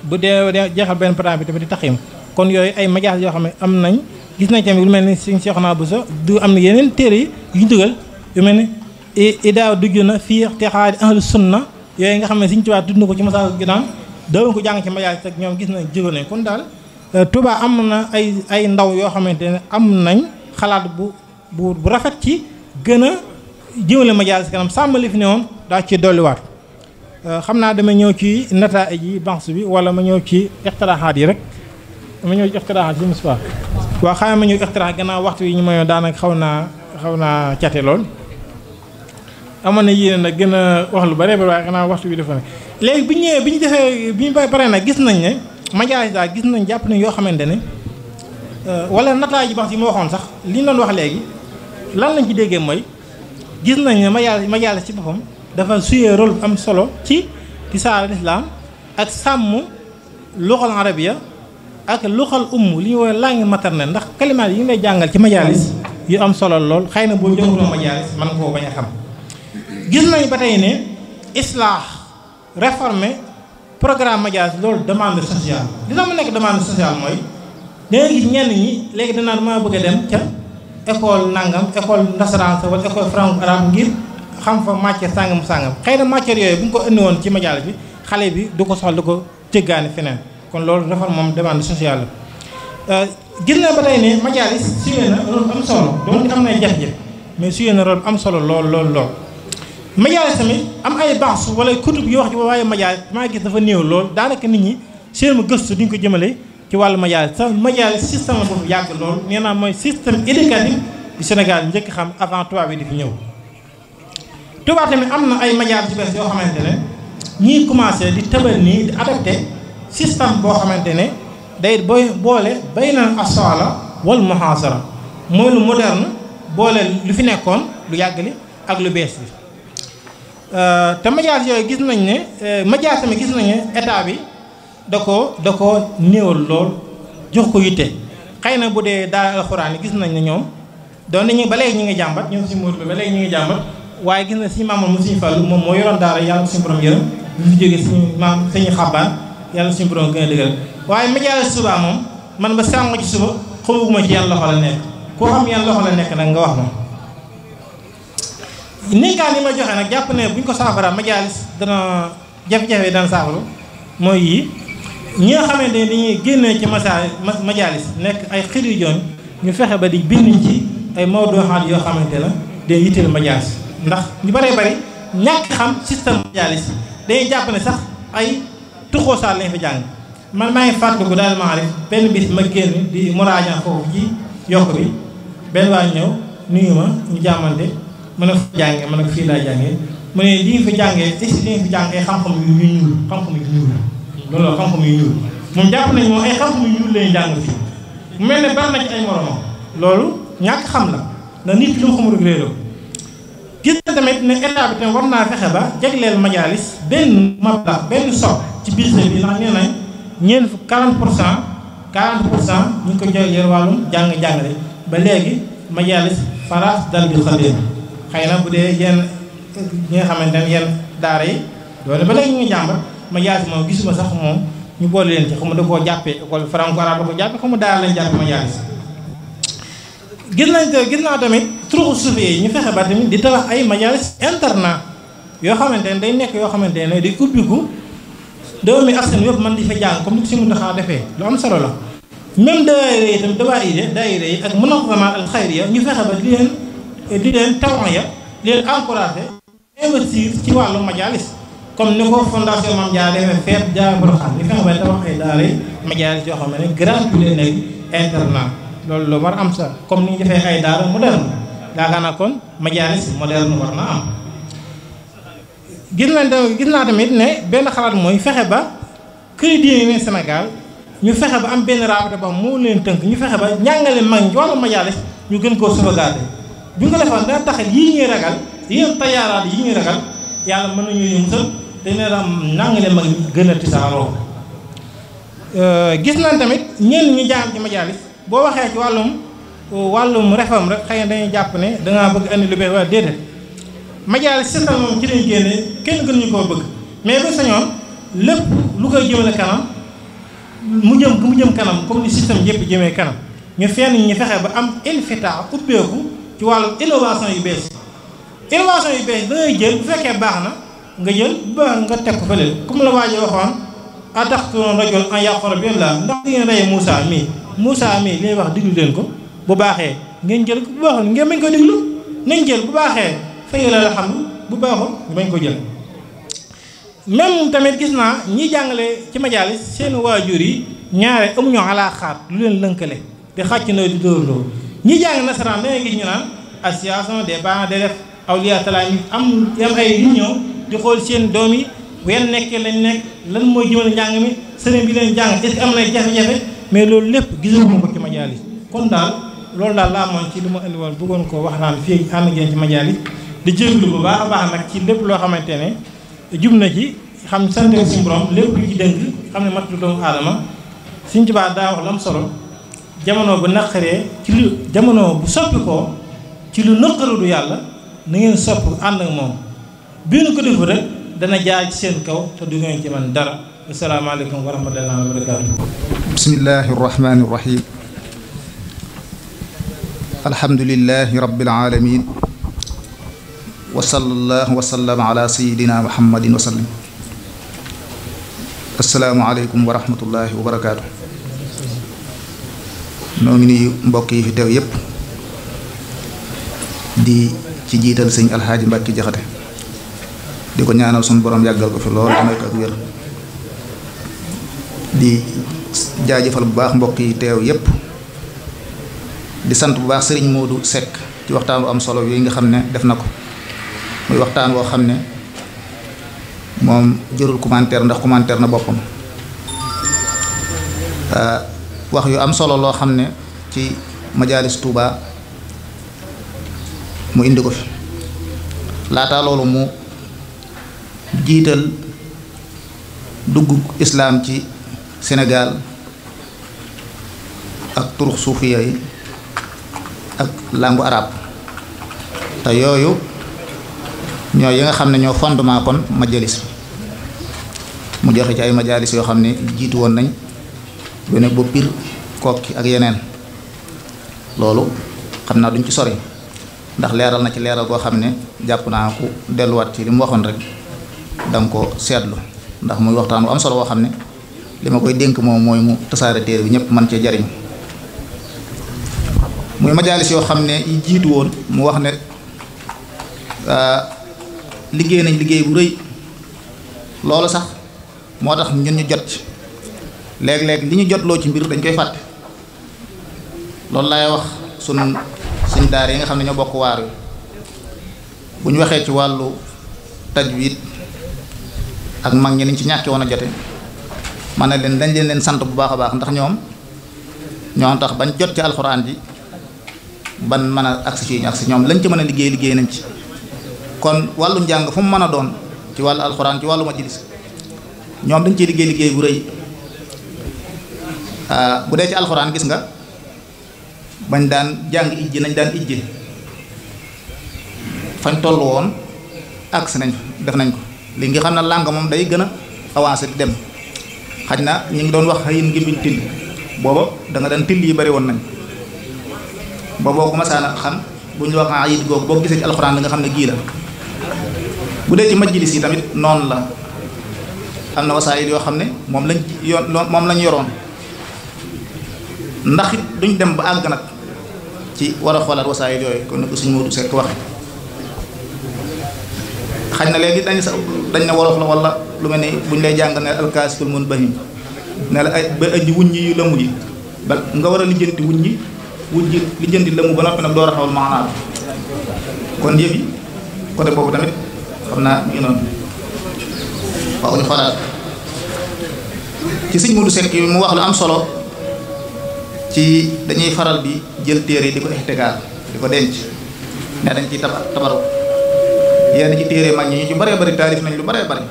bu dee ba jeexal benn barnaam bi tamit di taquyum kon yooyu ay majaas yoo xam ne am nañ gis nañ tamit lu mel ni suñ Seexuna Buso du am na yeneen téere yi yu ñu dugal yu mel ni idaaw dugg na fii texaari ahlu na yooyu nga xam ne Sëriñ Tuubaa du na ko ci masaa ginnaaw dawon ko jàng ci majalis rek ñoom gis nañ jógal kon daal euh, Tuubaa am na ay ay ndaw yoo xamante ne am nañ xalaat bu bu bu rafet ci gën a jëmale majalis kanam sàmmali fi ne woon daa ci dolliwaat euh, xam naa dama ñëw ci nataa ji banque bi wala ma ñëw ci ixtiraaxaat yi rek ma ñëw ci ixtiraaxaat yi waaw xaaral ma ñu extra gannaaw waxtu yi ñu mayoon daanaka xaw naa xaw naa cate lool amoon na yéene nag gën a wax lu bare bare waaye xanaa waxtu bi dafa ne léegi bi ñu bi ñu defee bi ñu bare nag gis nañ ne majalis gis nañ jàpp nañ yoo xamante ne euh, wala nataay ji bax yi ma waxoon sax li ñu doon wax léegi lan lañ ci déggee mooy gis nañ ne majalis majalis ci boppam dafa suyee rol am solo ci tisaare lislaam ak sàmm luxal arabiya ak luxal umm li ñu woowee langue maternelle ndax kalimaat yi ñu lay jàngal ci majaalis yu am solo lool xëy na boo jëmuloo majaalis man koo bañ a xam gis nañ ba tey ne islaax réformer programme majaalis loolu demande sociale di tax nekk demande sociale mooy danga gis ñenn ñi léegi danaa dama bëgg bëggee dem ca école nangam école nasaraan wala école franco arabe ngir xam fa matière sàngam sàngam xëy na matière yooyu bu ñu ko indi woon ci majaalis bi xale bi du ko soxla ko jëggaani feneen kon loolu réforme moom demande sociale la euh, gis na ba tey ne majaalis suyee na rôle am solo doon am na jafe-jafe mais suyee na rôle am solo lool lool lool. majaalis tamit am ay baax wala kutub yu wax ci waaye majaalis maa gis dafa néew lool daanaka nit ñi seen mu gëstu duñ ko jëmale ci wàllu majaalis sax majaalis système boobu yàgg lool nee naa mooy système éducatif bu Sénégal njëkk xam avant tubaab yi di fi ñëw. tubaab tamit am na ay majaalis yu yo yoo xamante commencé di tëbal nii di système boo xamante ne day boy boole baynal asala wal muhaasara mooy lu moderne boole lu fi nekkoon lu yàgg li ak lu bees bi euh, te médias yooyu gis nañ ne euh, médias tamit gis nañ ne bi da ko da ko néewal lool jox ko yitte xëy na bu dee daara alxuraan yi gis nañ ne ñoom doon nañu ba léegi ñu ngi jàmbat ñoom suñu muur bi ba léegi ñu ngi jàmbat waaye gis na suñu maamoon mu suñu fàllu moom moo yoroon daara yàlla suñu borom yërëm bi fi jógee suñu maam suñu xabaan yàlla suñu borom gën a waaye médias suba moom man ba sàmm ci suba xamuguma ci yan loxo la nekk koo xam yan loxo la nekk nag nga wax moom ninkaan yi ma joxe nag jàpp ne bu ñu ko saafara majaalis dana jafe-jafe dana saafaru mooy yii ñi nga xamante dañuy génne ci masa majaalis nekk ay xir joon ñu fexe ba di bind ci ay mawdu xaal yoo xamante la day yitteel majaalis ndax ñu bare bëri ñàkk xam système majaalis dañuy jàpp ne sax tuxoo saar lañ fa jàng man maa ngi fàttaliku daal maa rek benn bis ma génn di muraaja foofu ci yokk bi benn waa ñëw nuyu ma ñu jàmmante mën a fa jànge mën a fii laa jànge mu ne li nga fi jàngee est-ce li nga fi jàngee xam-xam yu ñuul xam-xam yu ñuul loolu xam-xam xam yu ñuul lañu jàng fii mu mel ne bari na ay moromam loolu ñàkk xam la ndax nit lu mu xamul rek gis na tamit ne état bi tam war naa fexe ba jagleel majalis benn mabla benn sob ci biir sëy bi ndax nee nañ ñeent fu 40 pour cent 40 pour cent ñu ko jox yor wàllum jàng jàngale ba léegi majalis faras dal bi xadir xëy na bu dee yenn ñi nga xamante ne yenn daara yi loolu ba léegi ñu ngi jàmbat majalis moom gisuma sax moom ñu boole leen ci xamu da koo jàppee école franco arabe da ko jàppee xamu daara lañ jàpp majalis gis nañ ko gis naa tamit turuxu suufi yi ñu fexe ba tamit di tabax ay majalis internat yoo xamante ne day nekk yoo xamante ne day ubbiku doomi askan yëpp man di fa jàng comme ni ko si Muntaxa defee lu am solo la même daayira yi itam daayira daayira yi ak munazzamaat al xayriya ñu fexe ba di leen di ya di leen encouragé investir ci wàllu majalis comme ni ko fondation Mame Diarra defee feet jaar Porokhane ñu fexe ba tabax ay daara majalis yoo xam ne gratuit la nekk internat loolu lu war am sa comme ni ñu defee ay daara moderne yaakaar naa kon majalis moderne war na am gis nañ gis naa tamit benn xalaat mooy fexe ba crédit yi ñu fexe ba am benn rapport ba moo leen tënk ñu fexe ba njàngale mag ñi wàllu majaalis ñu gën koo sauvegarder bu ñu ko defoon dana yii ñuy ragal yéen tayaaraat mën nañu yéen sën dina am njàngale mag ñi gën a euh, gis nañ tamit ñenn ñu jàng ci majaalis boo waxee ci wàllum wàllum réforme rek xëy na dañuy jàpp ne dangaa bëgg indi lu bees déedéet. majaal setal moom ci lañ génnee kenn gënuñu koo bëgg mais ba sañoon lépp lu koy jëmale kanam mu jëm mu jëm kanam comme ni système yëpp jëmee kanam ñu fenn ñu fexe ba am infita ubbeeku ci wàllu innovation yu bees innovation yu bees da jël bu fekkee baax na nga jël ba nga teg ko fële comme la waajo waxoon ataxturuuna rajulan an yaqula bi la ndax di ngeen rey Moussa mii Moussa mii li wax diglu leen ko bu baaxee ngeen jël ko bu baaxoon ngeen mañ ko diglu nañ jël bu baaxee tey la xam bu baaxul ñu bañ ko jël même tamit gis naa ñi jàngale ci majaalis seen waajur yi ñaare amuñu alaaxaat lu leen lënkale di xàcc na di dóorloo ñi jàng nasaraan dangay gis ñu naan association des parents d'élèves aw talaami am am ay nit ñëw di xool seen doom yi wenn nekkee lañ nekk lan mooy jëmal njàng mi sëriñ bi leen jàng est-ce am na jafe-jafe mais loolu lépp gisaguma ko ci majaalis kon daal loolu daal laa amoon ci li ma indi woon koo wax naan fii ànd ngeen di jëglu bu baax a baax nag ci lépp loo xamante ne jub na ci xam sante suñu borom lépp lu ci dënk xam ne matu doomu aadama suñ ci baax daa wax lam solo jamono bu naqaree ci lu jamono bu soppi ko ci lu naqaru du yàlla na ngeen sopp ànd ak moom bi nu ko defu rek dana jaar ci seen kaw te du ngeen ci man dara asalaamaaleykum wa rahmatullahi wa barakaatu bismillahi rahmaani rahim alhamdulillahi rabbil alamin وصلى الله وسلم على سيدنا محمد وسلم السلام عليكم ورحمه الله وبركاته نوميني مباكي في داو ييب دي سي جيتال سيغ الحاج مباكي جخاتي ديكو نيانال سون بوروم ياغال كو في لول داي كات وير دي جاجي فال بو باخ مباكي تيو ييب دي سانت بو باخ سيرين مودو سيك تي وقتام ام سولو ييغا خامني ديف muy waxtaan woo xam ne moom jërul commentaire ndax commentaire na boppam euh, wax yu am solo loo xam ci majalis Touba mu indi ko fi laataa loolu mu jiital dugg islam ci Sénégal ak turux suufiya yi ak langue arabe te yooyu ñooy yi nga xam ne ñoo fondement kon majalis mu joxe ci ay majalis yoo xam ne jiitu woon nañ lu ne ba pir kokki ak yeneen loolu xam naa duñ ci sori ndax leeral na ci leeral goo xam ne jàpp naa ko delluwaat ci li mu waxoon rek danga ko seetlu ndax muy waxtaan bu am solo boo xam ne li ma koy dénk moom mooy mu tasaare téere bi ñëpp man cee jariñ muy majalis yoo xam ne yi jiitu woon mu wax ne euh, liggéey nañ liggéey bu rëy loolu sax moo tax ñun ñu jot léeg-léeg li ñu jotloo ci mbir dañ koy fàtte loolu laay wax sun suñ daar yi nga xam ne ñoo bokk waar bu ñu waxee ci wàllu tajwid ak mag ñi niñ ci ñàkke woon a jote man ne leen dañ leen leen sant bu baax a baax ndax ñoom ñoo tax bañ jot ci alxuraan ji ban mën a agsi fii ñu agsi ñoom lañ ci mën a liggéey liggéey nañ ci kon walu jang fu meuna don ci wàllu alquran ci walu majlis ñom dañ ci liggéey liggéey bu rëy ah, bu dee ci alquran gis nga bañ daan jang ijji nañ daan ijji fañ toll woon agsi nañ def nañ ko li nga xamna lang mom day gëna avancé di dem xajna ñi ngi doon wax hayin gi min til bobo da nga daan til yi bari won nañ bobo ko ma sala xam bu wax ayit gog bo gisé ci alquran nga xam gi la bu ci majlis yi tamit non la amna na wasaayil yoo xam ne lañ mom lañ yoron ndax it duñ dem ba ag nak ci wara xolal xoolaat wasaayil yooyu kon ne ko suñu modou Sekk wax xañ na léegi dañ sa dañ na wolof la wala lu melni buñ lay jàng ne alkaasikul mun bahim ne la ay ba aji wuñ yi yu lëmu yi ba nga wara a lijjanti wuñ yi wuñ yi lijjanti lëmu ba noppi nag door a xawal kon yebi yi côté bobu tamit xam naa ñu ngi noonu waaw ñu ci Modou mu wax lu am solo ci dañuy faral di jël téere yi di ko ixtikaar di ko denc ne dañ ciy tabar tabaru yenn ci téere mag ñi ñu ci bëree bëri taarif nañ lu bëree bëri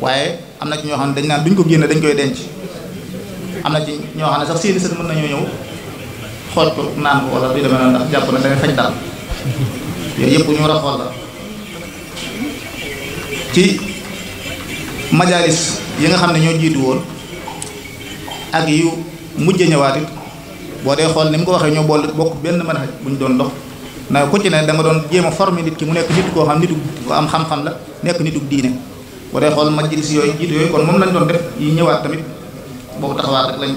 waaye am na ci ñoo xam ne dañ naan duñ ko génne dañ koy denc am na ci ñoo xam ne sax seeni sët mën nañoo ñëw xool ko ko wala ndax na ñu la ci majalis yi nga xamne ñoo jitu won ak yu mujj ñëwaatit boo dee xool ni mu ko waxee ñoo bol bokk benn mën xaj bu doon dox na ko ci ne da nga doon jéem a nit ki mu nekk nit ko xam nit ko am xam-xam la nekk nitu diine bo dee xol majalis yoy jitu yoy kon mom lañ doon def yi ñëwaat tamit boobu taxawaat rek lañ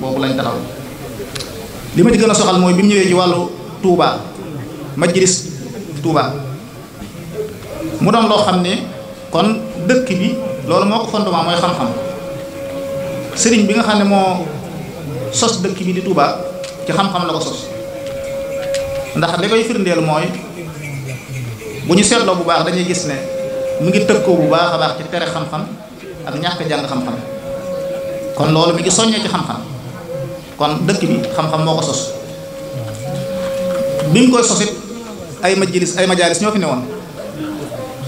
boobu lañ taxaw lima ci gëna soxal moy bimu mu ci walu Touba majlis Touba mu doon lo xam kon dëkk bi loolu moo ko fondement mooy xam-xam sëriñ bi nga xam ne moo sos dëkk bi di Touba ci xam-xam la ko sos ndax li koy firndeel mooy bu ñu seetloo bu baax dañuy gis ne mu ngi tëkkoo bu baax a baax ci tere xam-xam ak ñàkk jàng xam-xam kon loolu mi ngi soññee ci xam-xam kon dëkk bi xam-xam moo ko sos bi ñu koy sosit ay majalis ay majalis ñoo fi ne woon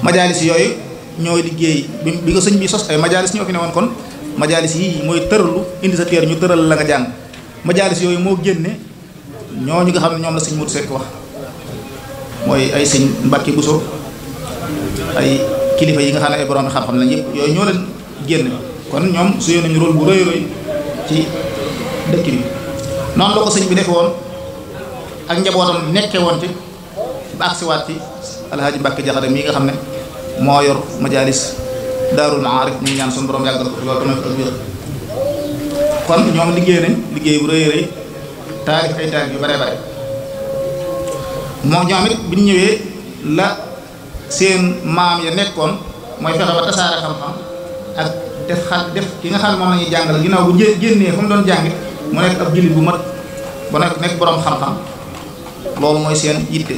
majalis yooyu ñooy liggéey bi ko sëñ bi sos ay majalis ñoo fi ne woon kon majalis yi mooy tërlu indi sa téere ñu tëral la nga jàng majalis yooyu moo génne ñooñu nga xam ne ñoom la sëñ Modou Seck wax mooy ay sëñ Mbacke Bousso ay kilifa yi nga xam ne ay borom xam-xam lañ yëpp yooyu ñoo leen génne kon ñoom su nañu rool bu rëy rëy ci dëkk bi noonu la ko sëñ bi defe woon ak njabootam nekke woon ci ba agsiwaat ci alhaaji Mbacke Jaxate mii nga xam ne moyor majalis darul maarif ñu ñaan sun borom yagal ko fi loolu tamit ak kon ñom liggéey nañ liggéey bu reey reey taarif ay taarif yu bare bare mo ñamit bu bi la seen maam ya nekkon moy fexe ba tassara xam-xam ak def xal def ki nga xam mom lañu jangal ginaaw bu génnee fu mu doon jàngit mu nekk ab jilit bu mat bu nekk nekk borom xam-xam loolu moy seen yitté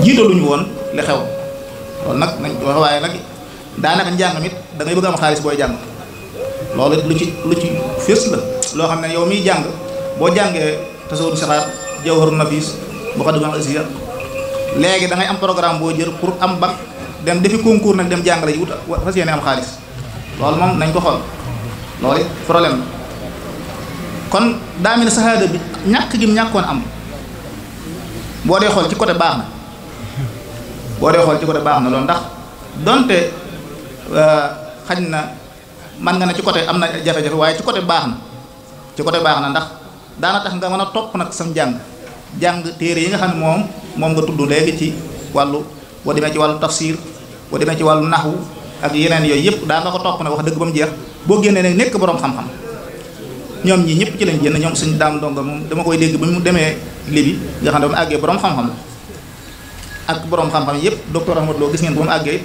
jiitaluñu won li xew loolu nag nañ wax nak da naka jang nit da ngay bëgg am xaaliss boy jang loolu lu ci lu ci fess la lo xamne ne yow miy jàng boo jàngee tasawur sixaar jawharu nafis bu xa dugal asiya légui da ngay am programme bo jël pour am bac dem defi concours nak dem jang la ji fasiyene am xaaliss loolu mom nañ ko xol loolu problème kon daa mel ne bi ñak gi ñakoon am bo dé xol ci côté baax boo dee xool ci côté baax na loolu ndax donte euh, xañ na mën nga ne ci côté am na jafe-jafe waaye ci côté baax na ci côté baax na ndax daana tax nga mën a topp nag sam jàng jàng téere yi nga xam ne moom moom nga tudd léegi ci wàllu boo demee ci wàllu tafsir boo demee ci wàllu naxwu ak yeneen yooyu yëpp daa nga ko topp nag wax dëgg ba mu jeex boo génnee ne nekk boroom xam-xam ñoom ñii ñëpp ci lañ génn ñoom suñu daam ndongo moom dama koy dégg ba mu demee libi nga xam ne ba mu àggee boroom xam-xam la ak borom xam-xam yëpp docteur loo gis ngeen bu mu àggee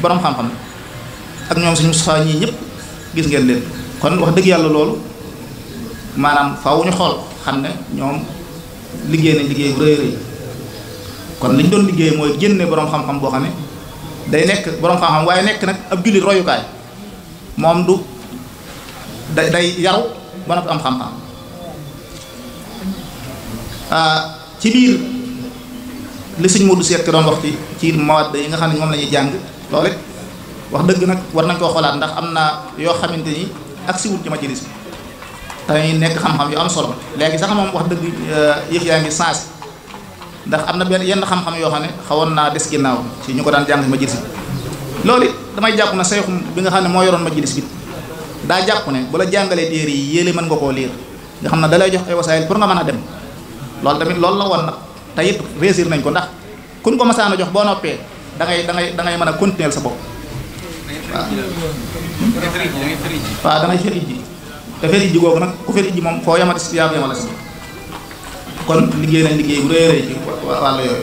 borom xam-xam ak ñoom suñu Moustapha ñii ñëpp gis ngeen leen kon wax dëgg yàlla loolu maanaam faaw ñu xool xam ne ñoom liggéey nañ liggéey bu rëy rëy kon li ñu doon liggéey mooy génne boroom xam-xam boo xam ne day nekk borom xam-xam waaye nekk nag ab jullit royukaay moom du day day yaru ba noppi am xam-xam ah, ci biir. li sëñ Modou Seck doon wax ci ci mawadd yi nga xam ne moom la jàng loolu rek wax dëgg nag war nañ koo xoolaat ndax am na yoo xamante ni ak siwut ci majalis bi dañuy nekk xam-xam yu am solo léegi sax moom wax dëgg euh, yëf yaa ngi sens ndax am na benn yenn xam yoo xam ne xawoon naa des ginnaaw ci ñu ko daan jàng ma majalis bi loolu it damay jàpp na sayxum bi nga xam ne moo yoroon majalis bi daa jàpp ne bu la jàngalee téere yi yéele mën nga koo liir nga xam ne da lay jox ay wasaayil pour nga mën a dem loolu tamit tayit réussir nañ ko ndax kun ko masaana jox bo noppé da ngay da ngay da ngay mëna continuer sa bop fa da ngay xéri ji da xéri ji googu nak ku xéri ji mom fo yamati si yaabu yamala si kon liggéey nañ liggéey bu rëy rëy ci yoy yooyu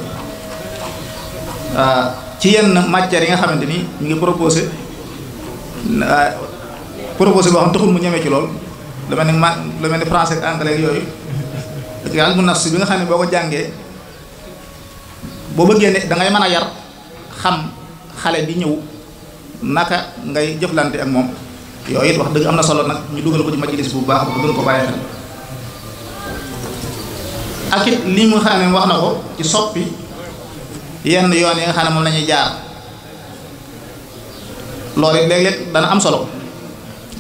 ci yenn matière yi nga xamanteni ni ngi proposer proposé ah, proposer bo xam taxul mu ñëmé ci lool lu ni ma lu melni français ak anglais yoy ak yàlla mu nafsi bi nga xamni boko boo bo beugé né da ngay mëna yar xam xalé bi ñëw naka ngay jëflanté ak mom yoy it wax dëgg amna solo nak ñu duggal ko ci majlis bu baax bu gën ko bàyyi xel ak it li mu xamé wax nako ci soppi yenn yoon yi nga xamé mom lañuy jaar loolu it léeg-léeg dana am solo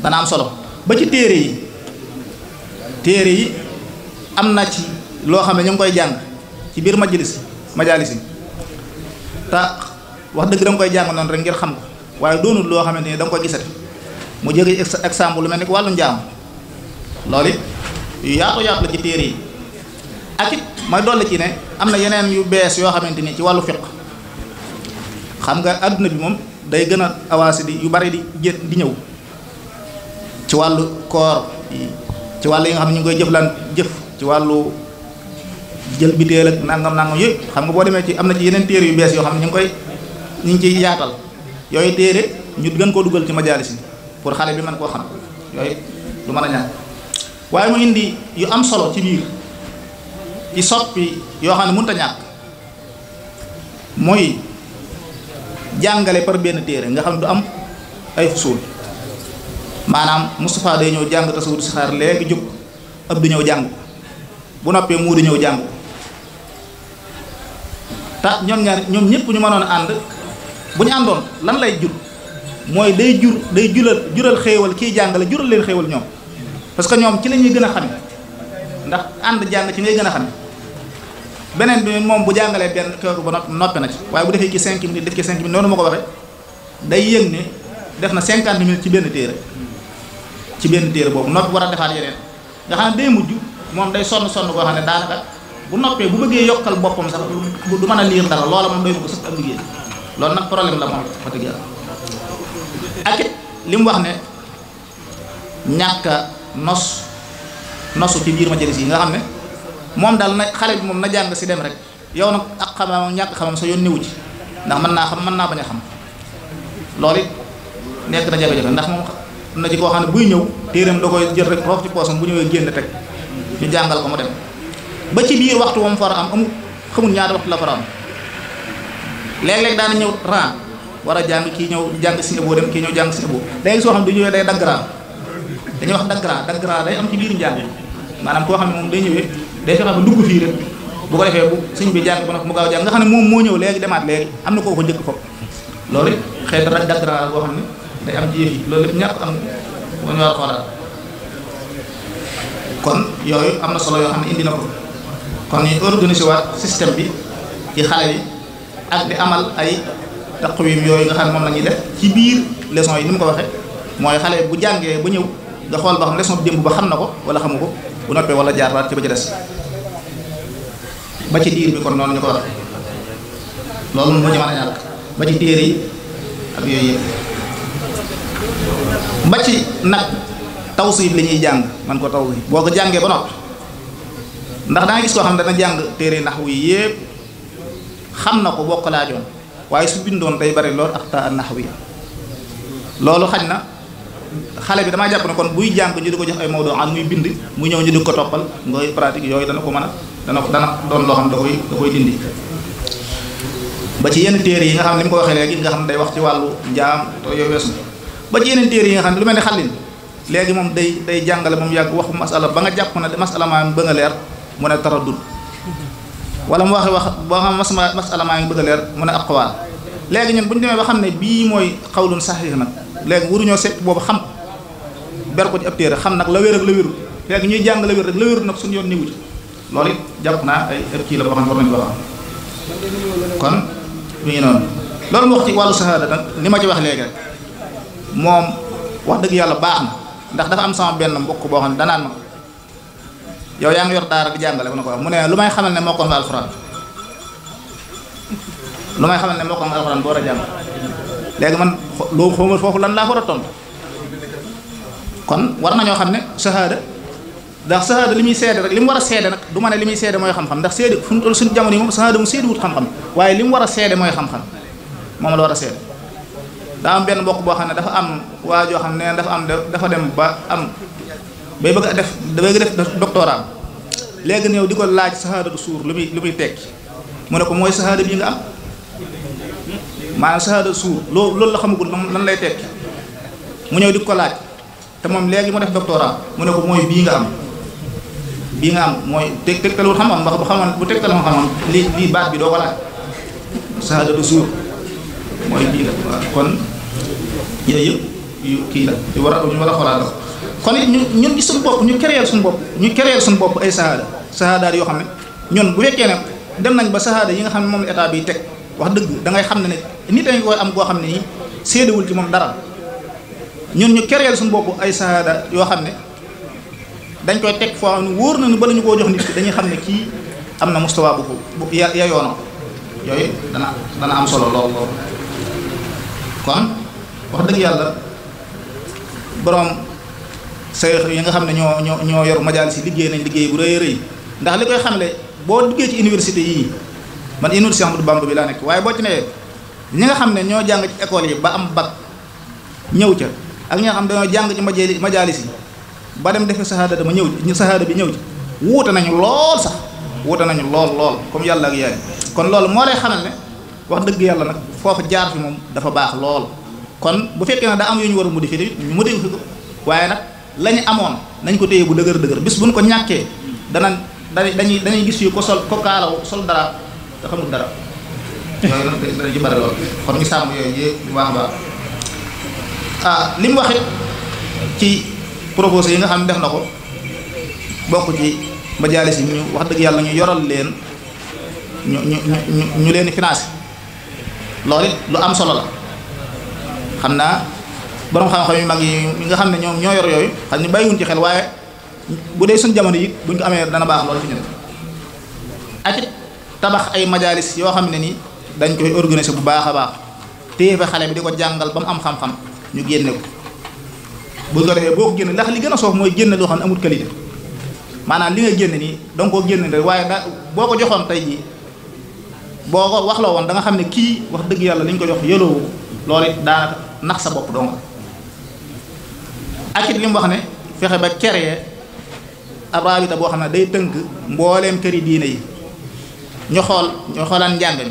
dana am solo ba ci téré yi téré yi amna ci lo xam ñu ngi koy jang ci biir majalis majalisi ta te wax deug dang koy jang non rek ngir xam ko waye doonul lo xamanteni dang koy gisate mu jóge exemple lu melni ko walu njaam loolu ya ko yaatu la ci téere yi ak it may dolli ci ne amna yenen yu bes yo xamanteni ci walu fiqh xam nga aduna bi mom day gëna awasi di yu bari di jë di ñew ci walu koor ci walu yi nga xamni ne ngi koy jëflan jëf ci walu jël biteel ak nangam nangam yoy xam nga bo démé ci am na ci yenen téré yu bëss yo xam ne ñu ngi koy ñu ngi ci yaatal yoy téré ñu gën ko duggal ci majalis yi pour xalé bi man ko xam yoy du mëna ñaan waye mu indi yu am solo ci biir ci soppi yo xam ne mënut a ñàkk mooy jàngale par ben téré nga xam du am ay fusul manam mustafa day ñew jang tasawur si xaar légui juk ab du ñew jang bu noppé mu di ñew jang te ñoom ñaar ñoom ñëpp ñu mënoon a ànd bu ñu àndoon lan lay jur mooy day jur day jural jural xéewal kii jàngale jural leen xewal ñoom parce que ñoom ci lañuy gën a xame ndax ànd jàng ci ngay gën a xame beneen bi moom bu jàngalee benn kër ba noppi na ci waaye bu defee ci cinq minutes def ki cinq minutes noonu ma ko waxee day yëg ne def na cinquante minutes ci benn téere ci benn téere boobu noppi war a defaat yeneen nga xam ne day mujj moom day sonn sonn koo xam ne daanaka. bu noppé bu bëggé yokkal bopam sax du mën a liir dara loolu moom doy ko sax am liggéey loolu nak problème la mom fa dëgg ak lim wax né ñàkk nos nosu ci biir majalis yi nga xamné mom dal na xalé mom na jang ci dem rek yow nak ak xamam ñak xamam sa yonni wu ci ndax mën na xam mën na baña xam loolu nek na jafe-jafe ndax mom na ci ko xamne buy ñew téeram da koy jël rek roof ci poosam bu ñewé génn tek ñu jangal ko mu dem ba ci biir waxtu wam far am amul xamul ñaata waxtu la far am léeg-léeg daana ñëw ran war a jàng kii ñëw jàng si ebo dem kii ñëw jàng si ebo léegi soo xam du ñëwee day dagg ran dañuy wax dagg ran dagg day am ci biir njàng maanaam koo xam ne moom day ñëwee day fexe ba dugg fii rek ko defee bu sëñ bi jàng ba noppi mu gaaw jàng nga xam ne moom moo ñëw léegi demaat léegi am na koo ko njëkk foofu loolu xëy na dagg ran boo xam ne day am ci yëf yi loolu lépp ñàkk am moo ñu war a kon yooyu am na solo yoo xam ne indi na ko kon ñu organiser waat système bi ci xale yi ak di amal ay taqwim yooyu nga xam ne moom lañuy ñuy def ci biir leson yi ni mu ko waxee mooy xale bu jàngee ba ñëw nga xool ba xam bi démb ba xam na ko wala xamu ko bu noppee wala jaaraat ci ba ci des ba ci diir bi kon noonu ñu ko waxee loolu moo ci mën a ñàkk ba ci téere yi ak yooyu yëpp ba ci nag tawsiif li ñuy jàng man ko tawsiif boo ko jàngee ba noppi. ndax da nga gis ko xam dana jàng téere naxwu yépp xam na ko bokk la joon waye su bindon day bari lool akta ta naxwi loolu xañ na bi dama japp ne kon buy jang ñu diko jox ay mawdu an muy bind muy ñew ñu diko topal ngoy pratique yoy dana ko mëna dana ko dana doon lo xam da koy da koy dindi ba ci yeen téré yi nga xam lim ko waxee léegi nga xam day wax ci walu njaam to yo wess ba ci yeen téré yi nga xam lu melni xalin xallin mom day day jangale mom yag waxu masala ba nga japp na masala ma ba nga leer mu ne taraddud wala mu waxe wax bo xam masma masala ma ngi bëgg leer mu ne aqwaal léegi ñun buñu ñu ba xam bi moy qawlun sahih nak legi léegi ñoo seet bobu xam ber ko ci ab téré xam nak la wër ak la wër legi ñuy jang la wër rek la wër nak suñu yoon niwu ci loolu japp na ay ep ki la boo xam war nañ ko xam kon mi ngi noonu loolu mu wax ci walu sahada nak li ma ci wax legi rek moom wax deug yalla baax na ndax dafa am sama benn mbokk bo xam ne danaan yow yang ngi yor daara bi jangale ko nako ne lu may xamal ne mokkoon alquran lumay xamal ne mokkoon alquran bo ra jang legi man lo xawma fofu lan la ko raton kon war nañu xamne shahada ndax shahada limi muy rek li wara war nak seede du ma ne hamham, muy seede xam-xam ndax seede fu mu jamono mom shahada mu wut xam-xam waye wara moy xam-xam mom la wara da am ben mbokk bo xamne dafa am wa jo xamne dafa am dafa dem ba am bay bëgg a def bay bëgg a def doctorat léegi ñëw di ko laaj saxaada du suur lu muy lu muy tekki mu ne ko mooy sahaada bi nga am maanaam sahaadatu suur loo loolu la xamagul lan lay tekki mu ñëw di ko laaj te moom léegi mu def doctorat mu ne ko mooy bii nga am bii nga am mooy teg tegtalul xam-xam ndax bu xamoon bu tegtal ma xamoon lii lii baat bi doo ko laaj sahaadatu suur mooy bii nga kon yooyu yëpp yu kii la yu war a ñu war a xoolaat la kon nit ñun ci suñu bop ñu créer suñu bop ñu créer suñu bop ay sahada sahada yo xamne ñun bu fekkee nak dem nañ ba sahada yi nga xamne mom état bi tek wax deug da ngay xamne ne nit ay ngi am go xamne ni nii ci mom dara ñun ñu créer suñu bop ay sahada yo xamne dañ koy tek fo xamne woor nañu ba ni ko jox nit dañuy xamne ki amna mustawa bu ko ya yono ya yoy dana dana am solo lool kon wax deug yalla borom sayx yi nga xam ne ñoo ñoo ñoo yor majaalis yi liggéey nañ liggéey bu rëy rëy ndax li koy xam xamle boo duggee ci université yii man université Amadou Bamba bi laa nekk waaye boo ci nee ñi nga xam ne ñoo jàng ci école yi ba am bac ñëw ca ak ñi nga xam dañoo jàng ci majaali majaalis yi ba dem defee sahaada dama ñëw sahaada bi ñëw ci wuute nañu lool sax wuute nañu lool lool comme yàlla ak yaay kon loolu moo lay xamal ne wax dëgg yàlla nag foofu jaar fi moom dafa baax lool kon bu fekkee ne daa am yu ñu war a modifier ñu modifier ko nag lañ amone nañ ko téye bu dëgër dëgër bis buñ ko ñaké da nañ dañuy dañuy gis yu ko sol ko kala sol dara da xamul dara kon ñu sam yoy yëpp bu baax ba ah lim waxe ci proposé yi nga xam def nako bokku ci majalis yi ñu wax deug yalla ñu yoral leen ñu ñu ñu leen financer lolit lu am solo la xamna borom xam-xam yu mag yi nga xamne ne ñoom ñoo yor yoy xani ne bàyyiwuñ ci xel waye bu dee suñ jamono yi buñ ko amé dana baax loolu fi ñu ak tabax ay majalis yo xamne ni dañ koy organiser bu baaxa baax téye fa xale bi diko jangal bam am xam-xam ñu génne ko bu do defee boo ko ndax li gëna sox moy mooy lo xamne xam amul qualité manam li nga génne ni da ko koo génne rek waaye da boo ko joxoon tey wax la won da nga xamne ki wax deug yalla li ñu ko jox yelo lolé da daanaka nax sa do nga ak it li mu wax ne fexe ba créer ab raabita boo xam ne day tënk mbooleem këri diine yi ñu xool ñu xoolaan njàng mi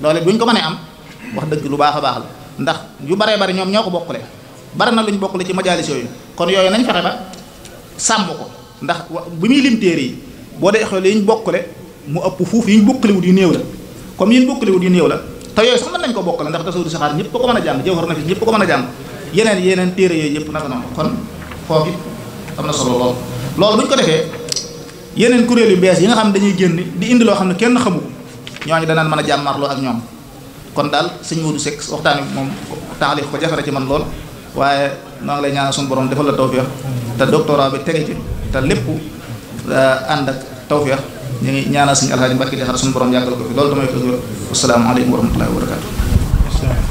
loole bu ñu ko mënee am wax dëgg lu baax a baax la ndax yu baree bari ñoom ñoo ko bokkule bari na lu ñu bokkule ci majaalis yooyu kon yooyu nañ fexe ba sàmm ko ndax bu muy lim téere yi boo dee xool yi ñu bokkule mu ëpp fuuf yi ñu bokkaliwut yu néew la comme yi ñu bokkaliwut yu néew la te yooyu sax mën nañ ko bokkale ndax tasawudu saxaar ñëpp ko ko mën a jàng ko mën a yenen yeneen téere yooyu yëpp naka noonu kon foofu it solo lol lol buñ ko defee yenen kuréel yu bees yi nga xam dañuy genn di indi lo xamne kenn xamu ko ñooñu danaan mëna a ak ñom kon dal sëñ Modou sek waxtaan mom moom ko jafe ci man lol waye maa lay ñaanal sun borom defal la tawfiq ta doctorat bi tege ci ta lepp euh, ak ngi ñaanal borom yagal ko fi lol damay assalamu alaykum wa rahmatullahi wa barakatuh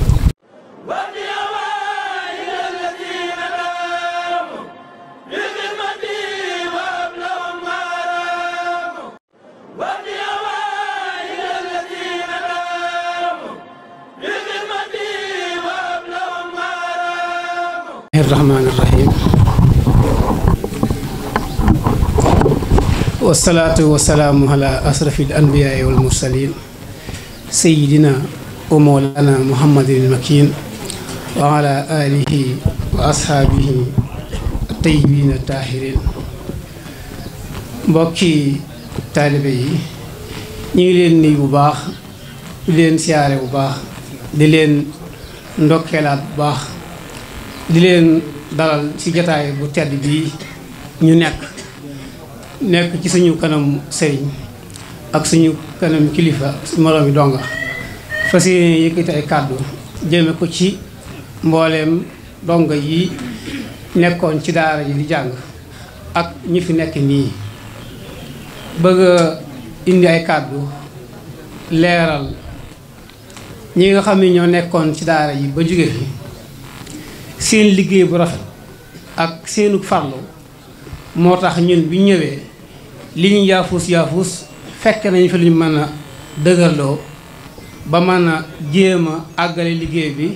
الرحمن الرحيم والصلاة والسلام على أشرف الأنبياء والمرسلين سيدنا ومولانا محمد المكين وعلى آله وأصحابه الطيبين الطاهرين بكي taalibe نيلين ñu ngi leen nuyu bu baax di leen di leen dalal ci jataay bu tedd bi ñu nekk nekk ci suñu kanam sëriñ ak suñu kanam kilifa moroomi donga fas yéene ay kàddu jëme ko ci mbooleem donga yi nekkoon ci daara yi di jàng ak ñu fi nekk nii bëgg indi ay kàddu leeral ñi nga xam ne ñoo nekkoon ci daara yi ba jóge fi seen liggéey bu rafet ak seenu farlu moo tax ñun bi ñëwee li ñu yaafuus yaafuus fekk nañ fi lu ñu mën a dëgërloo ba mën a jéem a àggale liggéey bi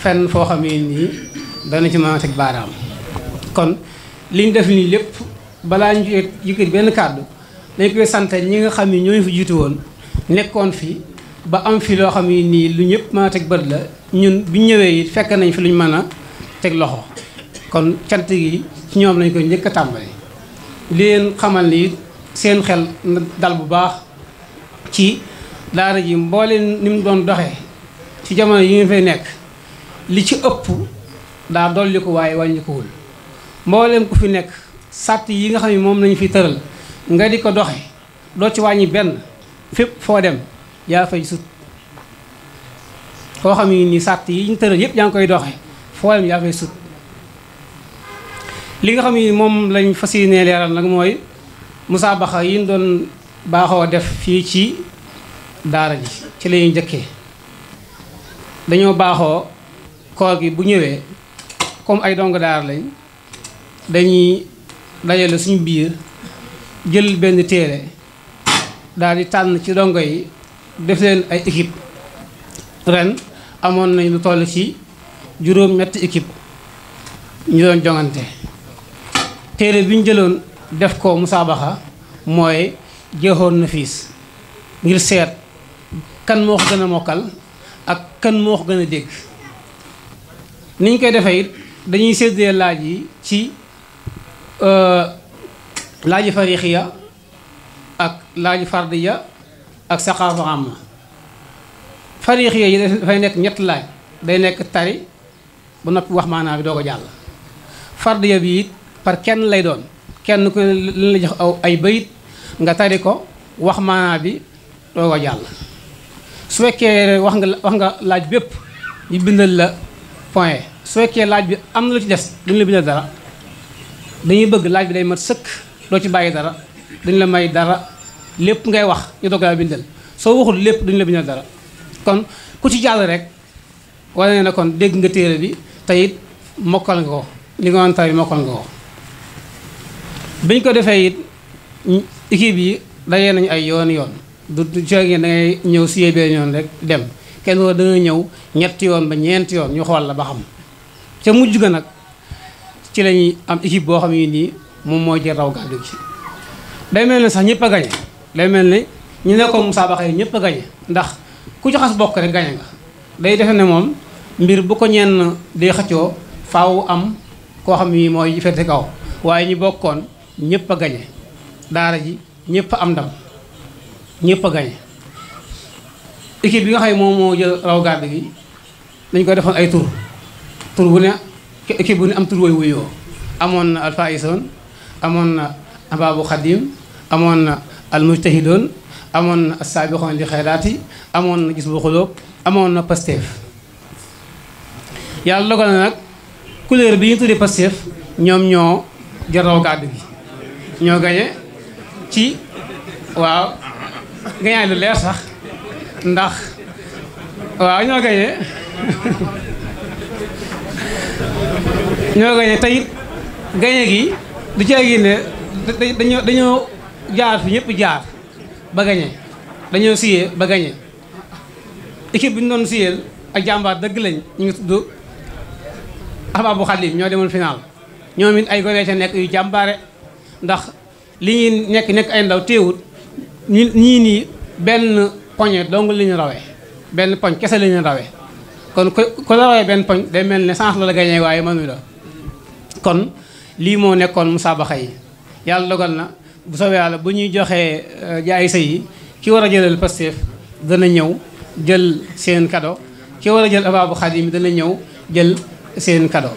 fenn foo xam ne nii dana ci mën a teg baaraam kon li ñu def nii lépp balaa ñu yëkkati benn kàddu dañ koy sant ñi nga xam ne ñoo fi jiitu woon nekkoon fi ba am fi loo xam ne nii lu ñëpp mën a teg bët la ñun bu ñëwee it fekk nañ fi lu ñu mën a teg loxo kon cant gi ci ñoom lañ koy njëkk a tàmbali li leen xamal ni seen xel dal bu baax ci daara ji mbooleen ni mu doon doxee ci jamono yi nga fay nekk li ci ëpp daa dolli ko waaye wàññikuwul mbooleem ku fi nekk sàtt yi nga xam ne moom lañu fi tëral nga di ko doxe doo ci wàññi benn fépp foo dem yaa fay sut koo xam ne ni sàtt yi ñu tëral yëpp yaa ngi koy doxe fooyam yaa fay sut li nga xam ne moom lañ fas yéenee leeral nag mooy musaabaxa yi ñu doon baaxoo def fii ci daara ji ci lañuy njëkkee dañoo baaxoo koor gi bu ñëwee comme ay dong daara lañ dañuy dajale suñu biir jël benn téere daal di tànn ci dongo yi def leen ay équipe ren amoon nañ lu toll ci juróom-ñetti équipe ñu doon jongante téere bi ñu jëloon def ko musaabaxa mooy jeexoon na fiis ngir seet kan moo ko gën a mokkal ak kan moo ko gën a dégg niñ koy defee it dañuy séddee laaj yi ci euh, laaji farixiya ak laaji fardiya ak saxaafu am na fariix yi fay nek ñet laaj day nek tari bu nopi wax maana bi dogo jall fard ya bi par kenn lay doon kenn ko lañ la jox ay beuyit nga tari ko wax maana bi dogo jàll su fekkee wax nga wax nga laaj bépp yi bindal la point su fekkee laaj bi am na lu ci des duñu la bindal dara dañuy bëgg laaj bi day mat sëkk lo ci bàyyi dara dañ la may dara lépp ngay wax ñu doog bindal soo waxul lépp duñu la bindal dara kon ku ci jàll rek wane na kon dégg nga téere bi te mokkal nga ko li nga wantaaw ko defee it équipe yi dajee nañu ay yoon yoon du jor ngeen da ñëw si yébee yoon rek dem kenn ko da ñëw ñetti yoon ba ñeenti yoon ñu xool la ba xam ca mujj ga nag ci lañuy am équipe boo xam ne nii moom mooy jël raw gàddu gi day mel ne sax ñëpp a gañe lay mel ni ñu ne nekkoon musaabaxa yi ñëpp a gañe ndax ku ci xas bokk rek gañe nga day defe ne moom mbir bu ko ñenn di xëccoo faaw am koo xam yi mooy féete kaw waaye ñu bokkoon ñëpp a gañe daara ji ñëpp am ndam ñëpp a gañe équipe bi nga xam ne moom moo jël raw gàdd gi dañ koy defoon ay tur tur wu ne équipe bu ne am tur wooy wuyoo amoon na Alpha Isoon amoon na Ababou Khadim amoon na almujtahidoon amoon na assaabixoon li xayraati amoon na gis bu xulóob amoon na pasteef yàlla dogal na nag couleur bi ñu tuddee pasteef ñoom ñoo jaraw gàddu gi ñoo gañe ci waaw gañaay lu leer sax ndax waaw ñoo gañe [laughs] ñoo gañe tey gañe gi du ci àggi ne dañoo jaar fi ñëpp jaar ba gañe dañoo siyee ba gañe équipe bi ñu doon siyeel ak jàmbaar dëgg lañ ñu ngi tudd Ahbabou Khadim ñoo demul final ñoom it ay gone ca nekk yu jàmbaare ndax li ñuy nekk nekk ay ndaw téewut ñu ñii nii benn poñe dong li ñu benn poñ kese li ñu rawee kon ku la rawee benn poñ day mel ne sens la la gañee waaye mënu la kon lii moo nekkoon musaabaxa yi yàlla dogal na bu soobee yàlla bu ñuy joxee euh, jaay sëy yi ki war a jëlal Pastef dana ñëw jël seen kado ki war a jël abaabu xadim dana ñëw jël seen kado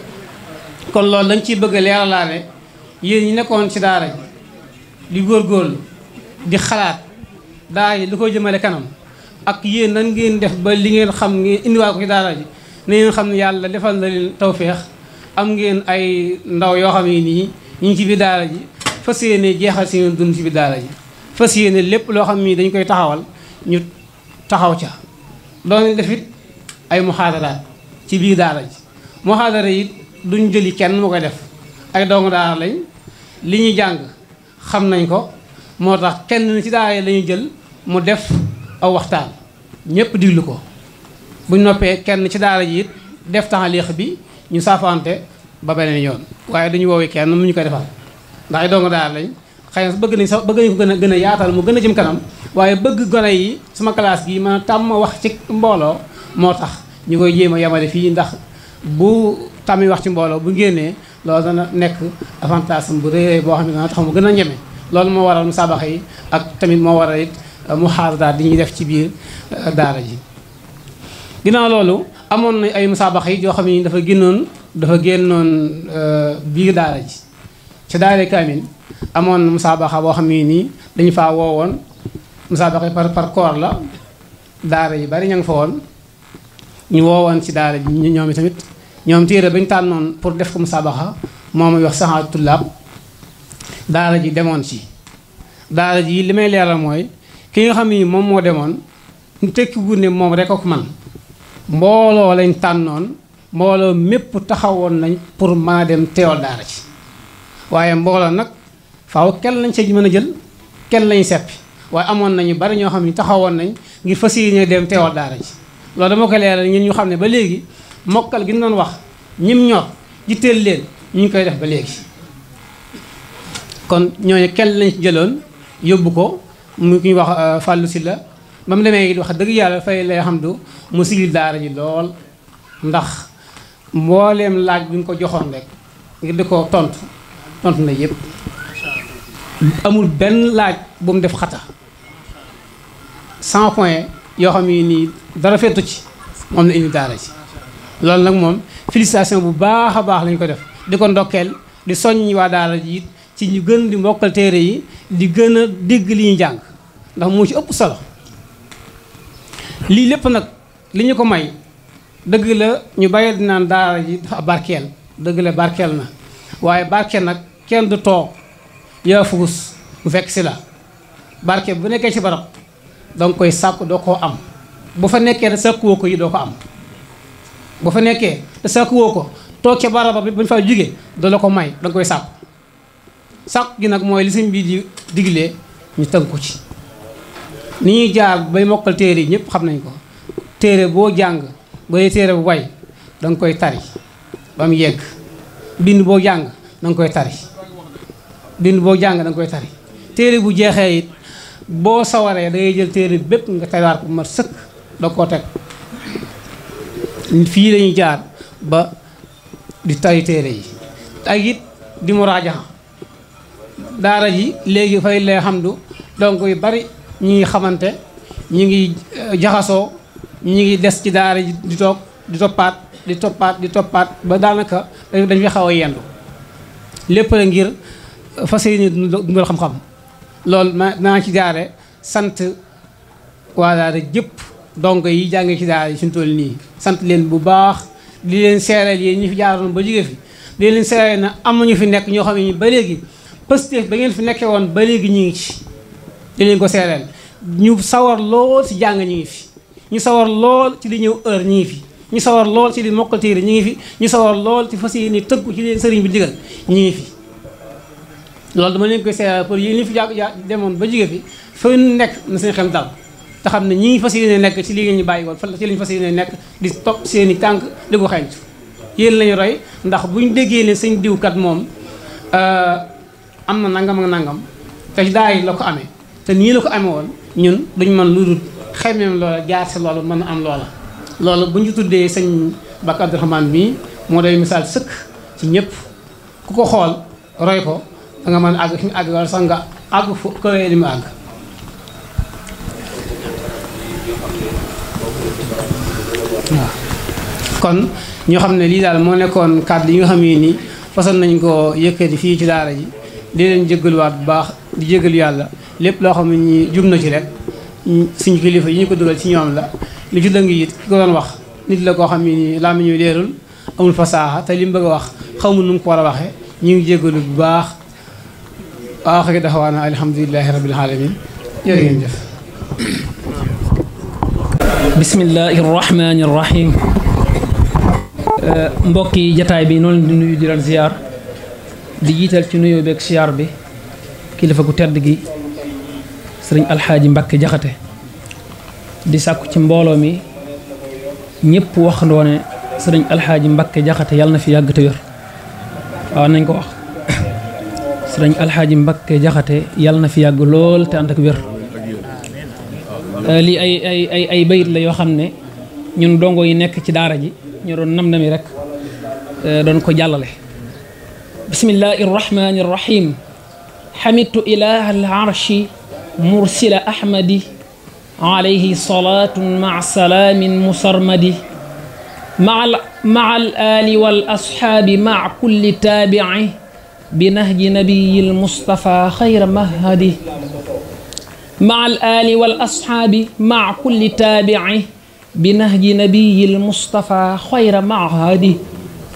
kon loolu dañ ciy bëgg a leeralaale yéen ñi nekkoon ci daara ji di góorgóorlu di xalaat daara ji lu ko jëmale kanam ak yéen nan ngeen def ba li ngeen xam ngeen indiwaat ko ci daara ji na ngeen xam yàlla defal na leen tawféex am ngeen ay ndaw yoo xam ne nii ñu ci biir daara ji fas yéene jeexal seen dund ci bi daala ji fas yéene lépp loo xam ni dañu koy taxawal ñu taxaw ca doon def it ay muxaadaraat ci biir daala ji muxaadara it duñ jëli kenn mu ko def ay dong daara lañ li ñuy jàng xam nañ ko moo tax kenn ci daara yi lañu jël mu def aw waxtaan ñëpp diglu ko bu noppee kenn ci daara ji it def taxaliix bi ñu saafante ba beneen yoon waaye dañu woowee kenn mu ñu koy defal ndax dong daal lañ xëy bëgg nañ sax bëgg nañ ko gën a gën a yaatal mu gën a jëm kanam waaye bëgg gone yi sama classe gi ma tàmm wax ci mbooloo moo tax ñu koy jéem a yemale fii ndax bu tàmmi wax ci mbooloo bu génnee loolu dana nekk avantage bu réy boo xam ne dana tax mu gën a ñeme loolu moo waral musaabaxa yi ak tamit moo waral it euh, mu xaar daal di ñuy def ci biir euh, daara ji ginnaaw loolu amoon na ay musaabaxa yi yoo xam ne dafa génnoon dafa génnoon euh, biir daara ji ci daare kaamil amoon musaabaxa boo xam ne nii dañu faa woowoon musaabaxa par par koor la daara yu bari ña nga fa woon ñu woowoon ci daara ji ñoom i tamit ñoom téere ba ñu tànnoon pour def ko musaabaxa moom muy wax saxaat tullaab daara ji demoon ci daara ji li may leeral mooy ki nga xam ni moom moo demoon tekki gu ne moom rekk ak man mbooloo lañ tànnoon mbooloo mépp taxawoon nañ pour maa dem teewal daara ci waaye mbooloo nag faaw kenn lañ sa mën a jël kenn lañ seppi waaye amoon nañu bari ñoo xam ne taxawoon nañ ngir fas yéene dem teewal daara ji loolu dama ko leeral ñun ñu xam ne ba léegi mokkal gi ñu doon wax ñim ñor jitteel leen ñu ngi koy def ba léegi kon ñooñu kenn lañ ci jëloon yóbbu ko mu ki wax euh, fàllu si la ba mu demee it wax dëgg yàlla fay lay xam du mu sigil daara ji lool ndax mbooleem laaj bi ñu ko joxoon rek ngir di ko tontu tontu na yëpp amul benn laaj bu mu def xata cent point yoo xam ne nii dara fettu ci moom la indi daara ci loolu nag moom félicitation bu baax a baax lañ ko def di ko ndokkeel di soññ waa daara ji it ci ñu gën di mbokkal téere yi di gën a dégg li ñuy jàng ndax moo ci ëpp solo lii lépp nag li ñu ko may dëgg la ñu bàyyi di naan daara ji dafa barkeel dëgg la barkeel na waaye barkeel nag kenn du toog yaa fuus bu fekk si la barke bu nekkee ci barab danga koy sàkku doo koo am bu fa nekkee te sàkkuwoo ko yi doo ko am bu fa nekkee te ko toog ca baraba bi bu fa jugee doo la ko may danga koy sàkku sàkku gi nag mooy li sëñ bi di diglee ñu tënku ci ni ñuy jaar bay mokkal téere yi ñëpp xam nañ ko téere boo jàng bay téere bu way danga koy tari ba mu yegg bind boo jàng danga koy tari bind boo jàng da koy tari téere bu jeexee it boo sawaree da ngay jël téere bépp nga tariwaat ko bu sëkk da koo teg fii lañuy jaar ba di tari téere yi ak it di mu daara ji léegi fay lay xam du donc yu bari ñi ngi xamante ñu ngi euh, jaxasoo ñu ngi des ci daara ji di toog di toppaat di toppaat di toppaat ba daanaka dañ fi xaw a yendu lépp la ngir fas yéene dundal xam-xam lool ma naa ci jaare sant waa daara jëpp dongo yi jàngee ci daara yi suñu toll nii sant leen bu baax di leen seereel yéen ñu fi jaaroon ba jigéen fi leen seereel na am ñu fi nekk ñoo xam ne ba léegi pëstéef ba ngeen fi nekkee woon ba léegi ñu ngi ci di leen ko seereel ñu sawar lool ci jàng ñu ngi fi ñu sawar lool ci li ñëw heure ñu ngi fi ñu sawar lool ci li mokkal téere ñu ngi fi ñu sawar lool ci fas yéene tëggu ci leen sëriñ bi digal ñu fi loolu dama leen koy seeral pour yéen ñi fi jàpp demoon ba jigée fi fa nekk na seen xel dal te xam ne ñi fas yéene nekk ci lii ñu bàyyi woon fa ci lañu fas yéene nekk di topp seen i tànk di ko xenc yéen lañu roy ndax bu ñu déggee ne diw kat moom euh, am na nangam ak nangam te daay la ko amee te nii la ko amee woon ñun duñ mën lu dul xemeem loola jaar si loolu mën a am loola loolu bu ñu tuddee sëñ Bakk Abdourahmane bi moo doy misaal sëkk ci ñëpp ku ko xool roy ko da nga a àgg fi mu àgg wala sax nga àgg fu kawee li mu àgg waaw kon ñoo xam ne lii daal moo nekkoon kàddu yi nga xam ne nii façon nañ koo yëkkati fii ci daara ji di leen jéggaluwaat bu baax di jéggalu yàlla lépp loo xam ne nii jub na ci rek suñu kilifa yi ñu ko dugal ci ñoom la lu ci dëng it ki ko doon wax nit la koo xam ne nii laa ma ñuy leerul amul fasaaxa te li mu bëgg a wax xaw ma nu mu ko war a waxee ñu ngi jéggalu bu baax aaxiri daxwaana alhamdulilahi rabil alamin jërë ngeen jëf bismillahi rahmani rahim mbokki jataay bi noonu di nuyu di leen ziar di jiital ci nuyoo beeg ziar bi kilifa gu tedd gi sëriñ alxaaji Mbàkke Jaxate di sàkku ci mbooloo mi ñëpp wax ndoo ne sëriñ alxaaji Mbàkke Jaxate yàlla na fi yàgg te wér waaw nañ ko wax sëriñ alxaaji Mbakke jaxate yàlla na fi yàgg lool te ànd ak wér lii ay ay ay ay bayit la yoo xam ne ñun dongo yi nekk ci daara ji ñu doon nam nami rek doon ko jàllale bismillahi irrahmani irrahim xamidtu ilaha al arshi mursila ahmadi alayhi salatun maa salaamin musarmadi maa maa al ali wal ashaabi maa kulli taabici بنهج نبي المصطفى خير مهدي مع الآل والأصحاب مع كل تابع بنهج نبي المصطفى خير معهده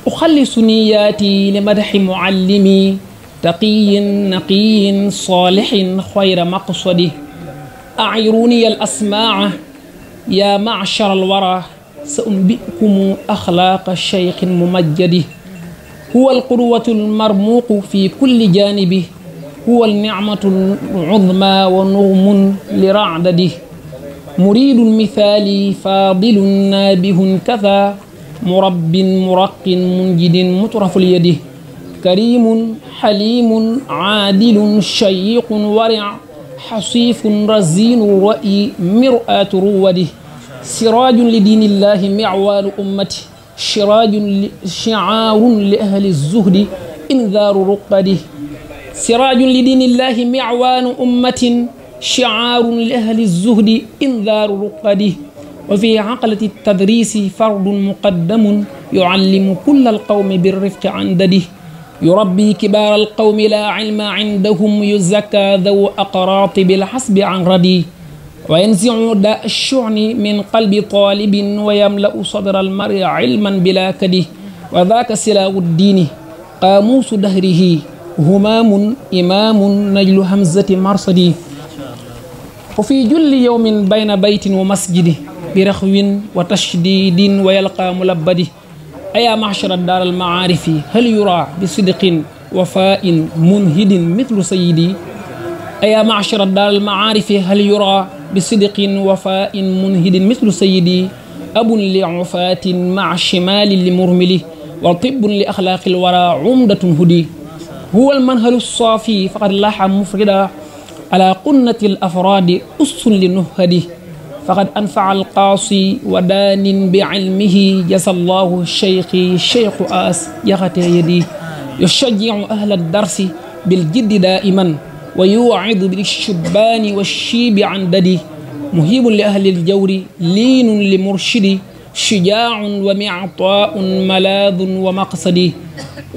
أخلص نياتي لمدح معلمي تقي نقي صالح خير مقصدي أعيروني الأسماع يا معشر الورى سأنبئكم أخلاق الشيخ الممجد هو القدوة المرموق في كل جانبه هو النعمة العظمى ونغم لرعدده مريد المثال فاضل نابه كفى مرب مرق منجد مترف اليده كريم حليم عادل شيق ورع حصيف رزين الرأي مرآة روده سراج لدين الله معوال أمته شراج شعار لأهل الزهد إنذار رقده سراج لدين الله معوان أمة شعار لأهل الزهد إنذار رقده وفي عقلة التدريس فرد مقدم يعلم كل القوم بالرفق عندده يربي كبار القوم لا علم عندهم يزكى ذو أقراط بالحسب عن رديه وينزع داء الشعن من قلب طالب ويملأ صدر المرء علما بلا كده وذاك سلاء الدين قاموس دهره همام إمام نجل همزة مرصدي وفي جل يوم بين بيت ومسجد برخو وتشديد ويلقى ملبدي أيا معشر الدار المعارف هل يرى بصدق وفاء منهد مثل سيدي أيا معشر الدار المعارف هل يرى بصدق وفاء منهد مثل سيدي أب لعفاة مع شمال لمرمله وطب لأخلاق الورى عمدة هدي هو المنهل الصافي فقد لاح مفردا على قنة الأفراد أس لنهده فقد أنفع القاصي ودان بعلمه جزى الله الشيخ شيخ آس يغتي يدي يشجع أهل الدرس بالجد دائما ويوعظ بالشبان والشيب عن بدي مهيب لأهل الجور لين لمرشدي شجاع ومعطاء ملاذ ومقصدي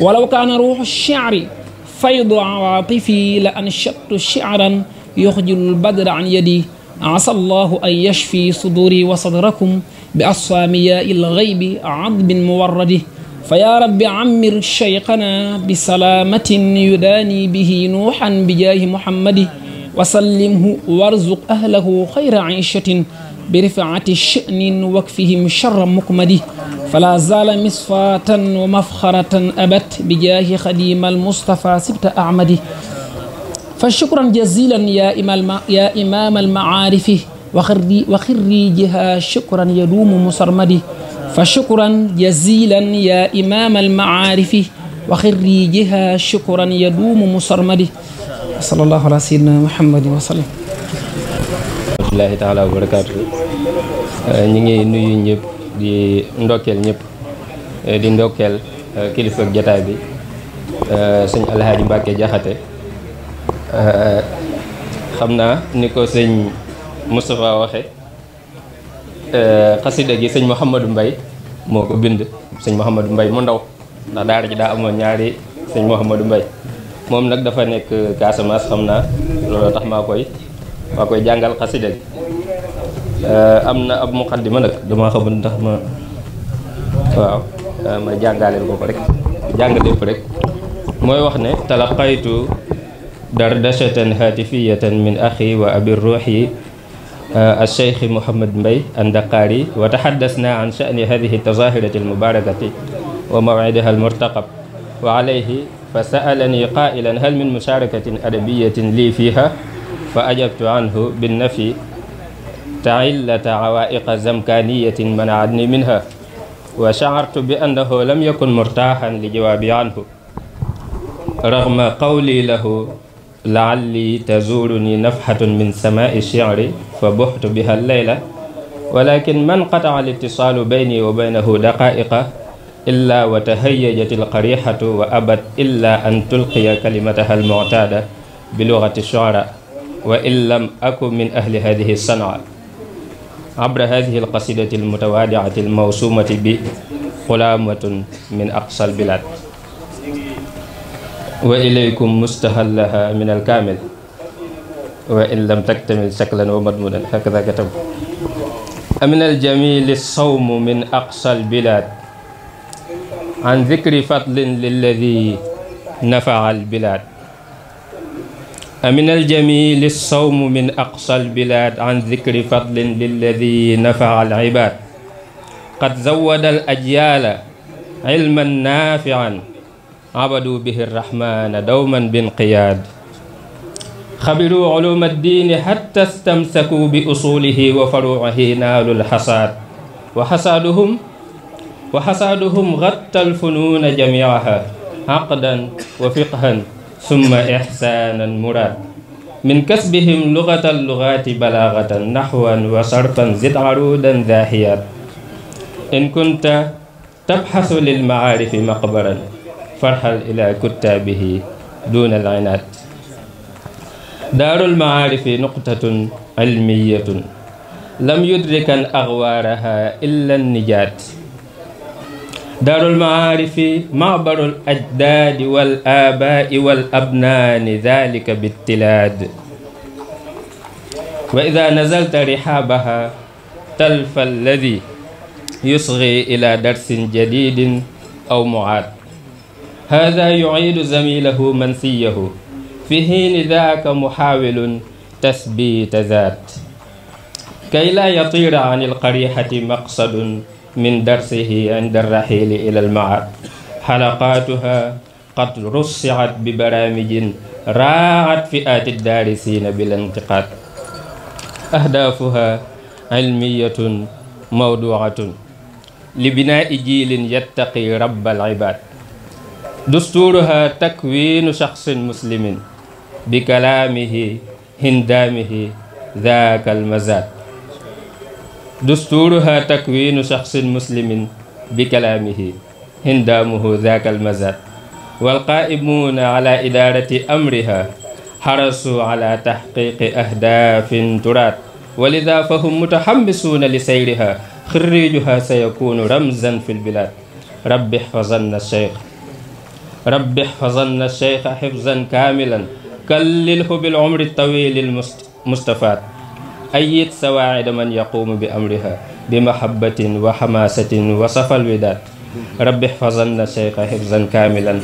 ولو كان روح الشعر فيض عواطفي لأنشدت شعرا يخجل البدر عن يدي عسى الله أن يشفي صدوري وصدركم بأصامياء الغيب عضب مورده فيا رب عمر شيخنا بسلامة يداني به نوحا بجاه محمد وسلمه وارزق أهله خير عيشة برفعة شأن وكفهم شر مكمد فلا زال مصفاة ومفخرة أبت بجاه خديم المصطفى سبت أعمد فشكرا جزيلا يا إمام, يا إمام المعارف وخريجها شكرا يدوم مصرمدي فشكرا يزيلا يا إمام المعارف وخريجها شكرا يدوم مصرمده صلى الله على سيدنا محمد وسلم بسم الله تعالى وبركاته نيجي نوي نيب دي ندوكل نيب دي ندوكل كيلفة جتاي بي سن الله دي باكي جاخته خمنا نيكو سن مصطفى واخه Euh, xasida gi sëñ Mouhamadou mbay moo ko bind sëñ Mouhamadou mbay mu ndaw ndax daara ji daa amoon ñaari sëñ Mouhamadou Mbaye moom nag dafa nekk Casamance xam naa looloo tax maa koy maa koy jàngal xasida gi euh, am na ab muqaddima nag dama xamul ndax ma waaw euh, ma jàngaleel ko ko rek jàng lépp rek mooy wax ne talaqaytu dardashatan hatifiyatan min axi wa abi آه، الشيخ محمد مي الدقاري وتحدثنا عن شأن هذه التظاهرة المباركة وموعدها المرتقب وعليه فسألني قائلا هل من مشاركة أدبية لي فيها فأجبت عنه بالنفي تعلة عوائق زمكانية منعتني منها وشعرت بأنه لم يكن مرتاحا لجوابي عنه رغم قولي له لعلي تزورني نفحة من سماء الشعر فبحت بها الليلة ولكن ما انقطع الاتصال بيني وبينه دقائق إلا وتهيجت القريحة وأبت إلا أن تلقي كلمتها المعتادة بلغة الشعراء وإن لم أكن من أهل هذه الصنعة عبر هذه القصيدة المتوادعة الموسومة غلامة من أقصى البلاد وإليكم مستهلها من الكامل وإن لم تكتمل شكلا ومضمونا هكذا كتب أمن الجميل الصوم من أقصى البلاد عن ذكر فضل للذي نفع البلاد أمن الجميل الصوم من أقصى البلاد عن ذكر فضل للذي نفع العباد قد زود الأجيال علما نافعا عبدوا به الرحمن دوما بانقياد خبروا علوم الدين حتى استمسكوا بأصوله وفروعه نالوا الحصاد وحصادهم وحصادهم غطى الفنون جميعها عقدا وفقها ثم إحسانا مراد من كسبهم لغة اللغات بلاغة نحوا وصرفا زد عرودا ذاهيات إن كنت تبحث للمعارف مقبرا فرحا إلى كتابه دون العناد دار المعارف نقطة علمية لم يدرك أغوارها إلا النجات دار المعارف معبر الأجداد والآباء والأبنان ذلك بالتلاد وإذا نزلت رحابها تلف الذي يصغي إلى درس جديد أو معاد هذا يعيد زميله منسيه في حين ذاك محاول تثبيت ذات كي لا يطير عن القريحة مقصد من درسه عند الرحيل إلى المعاد حلقاتها قد رصعت ببرامج راعت فئات الدارسين بلا انتقاد أهدافها علمية موضوعة لبناء جيل يتقي رب العباد دستورها تكوين شخص مسلم بكلامه هندامه ذاك المزاد دستورها تكوين شخص مسلم بكلامه هندامه ذاك المزاد والقائمون على إدارة أمرها حرصوا على تحقيق أهداف تراد ولذا فهم متحمسون لسيرها خريجها سيكون رمزا في البلاد رب احفظنا الشيخ رب احفظن الشيخ حفظا كاملا كلله بالعمر الطويل المستفاد أيد سواعد من يقوم بأمرها بمحبة وحماسة وصف الوداد رب احفظن الشيخ حفظا كاملا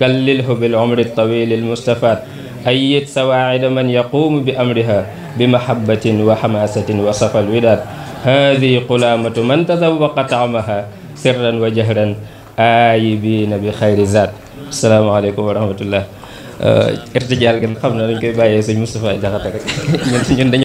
كلله بالعمر الطويل المستفاد أيد سواعد من يقوم بأمرها بمحبة وحماسة وصف الوداد هذه قلامة من تذوق طعمها سرا وجهرا آيبين بخير ذات salaamaaleykum wa rahmatullah uh, erte jaal gën xam na dañ koy bàyyee sëñ Moustapha Diakhaté rek [laughs] ñun dañu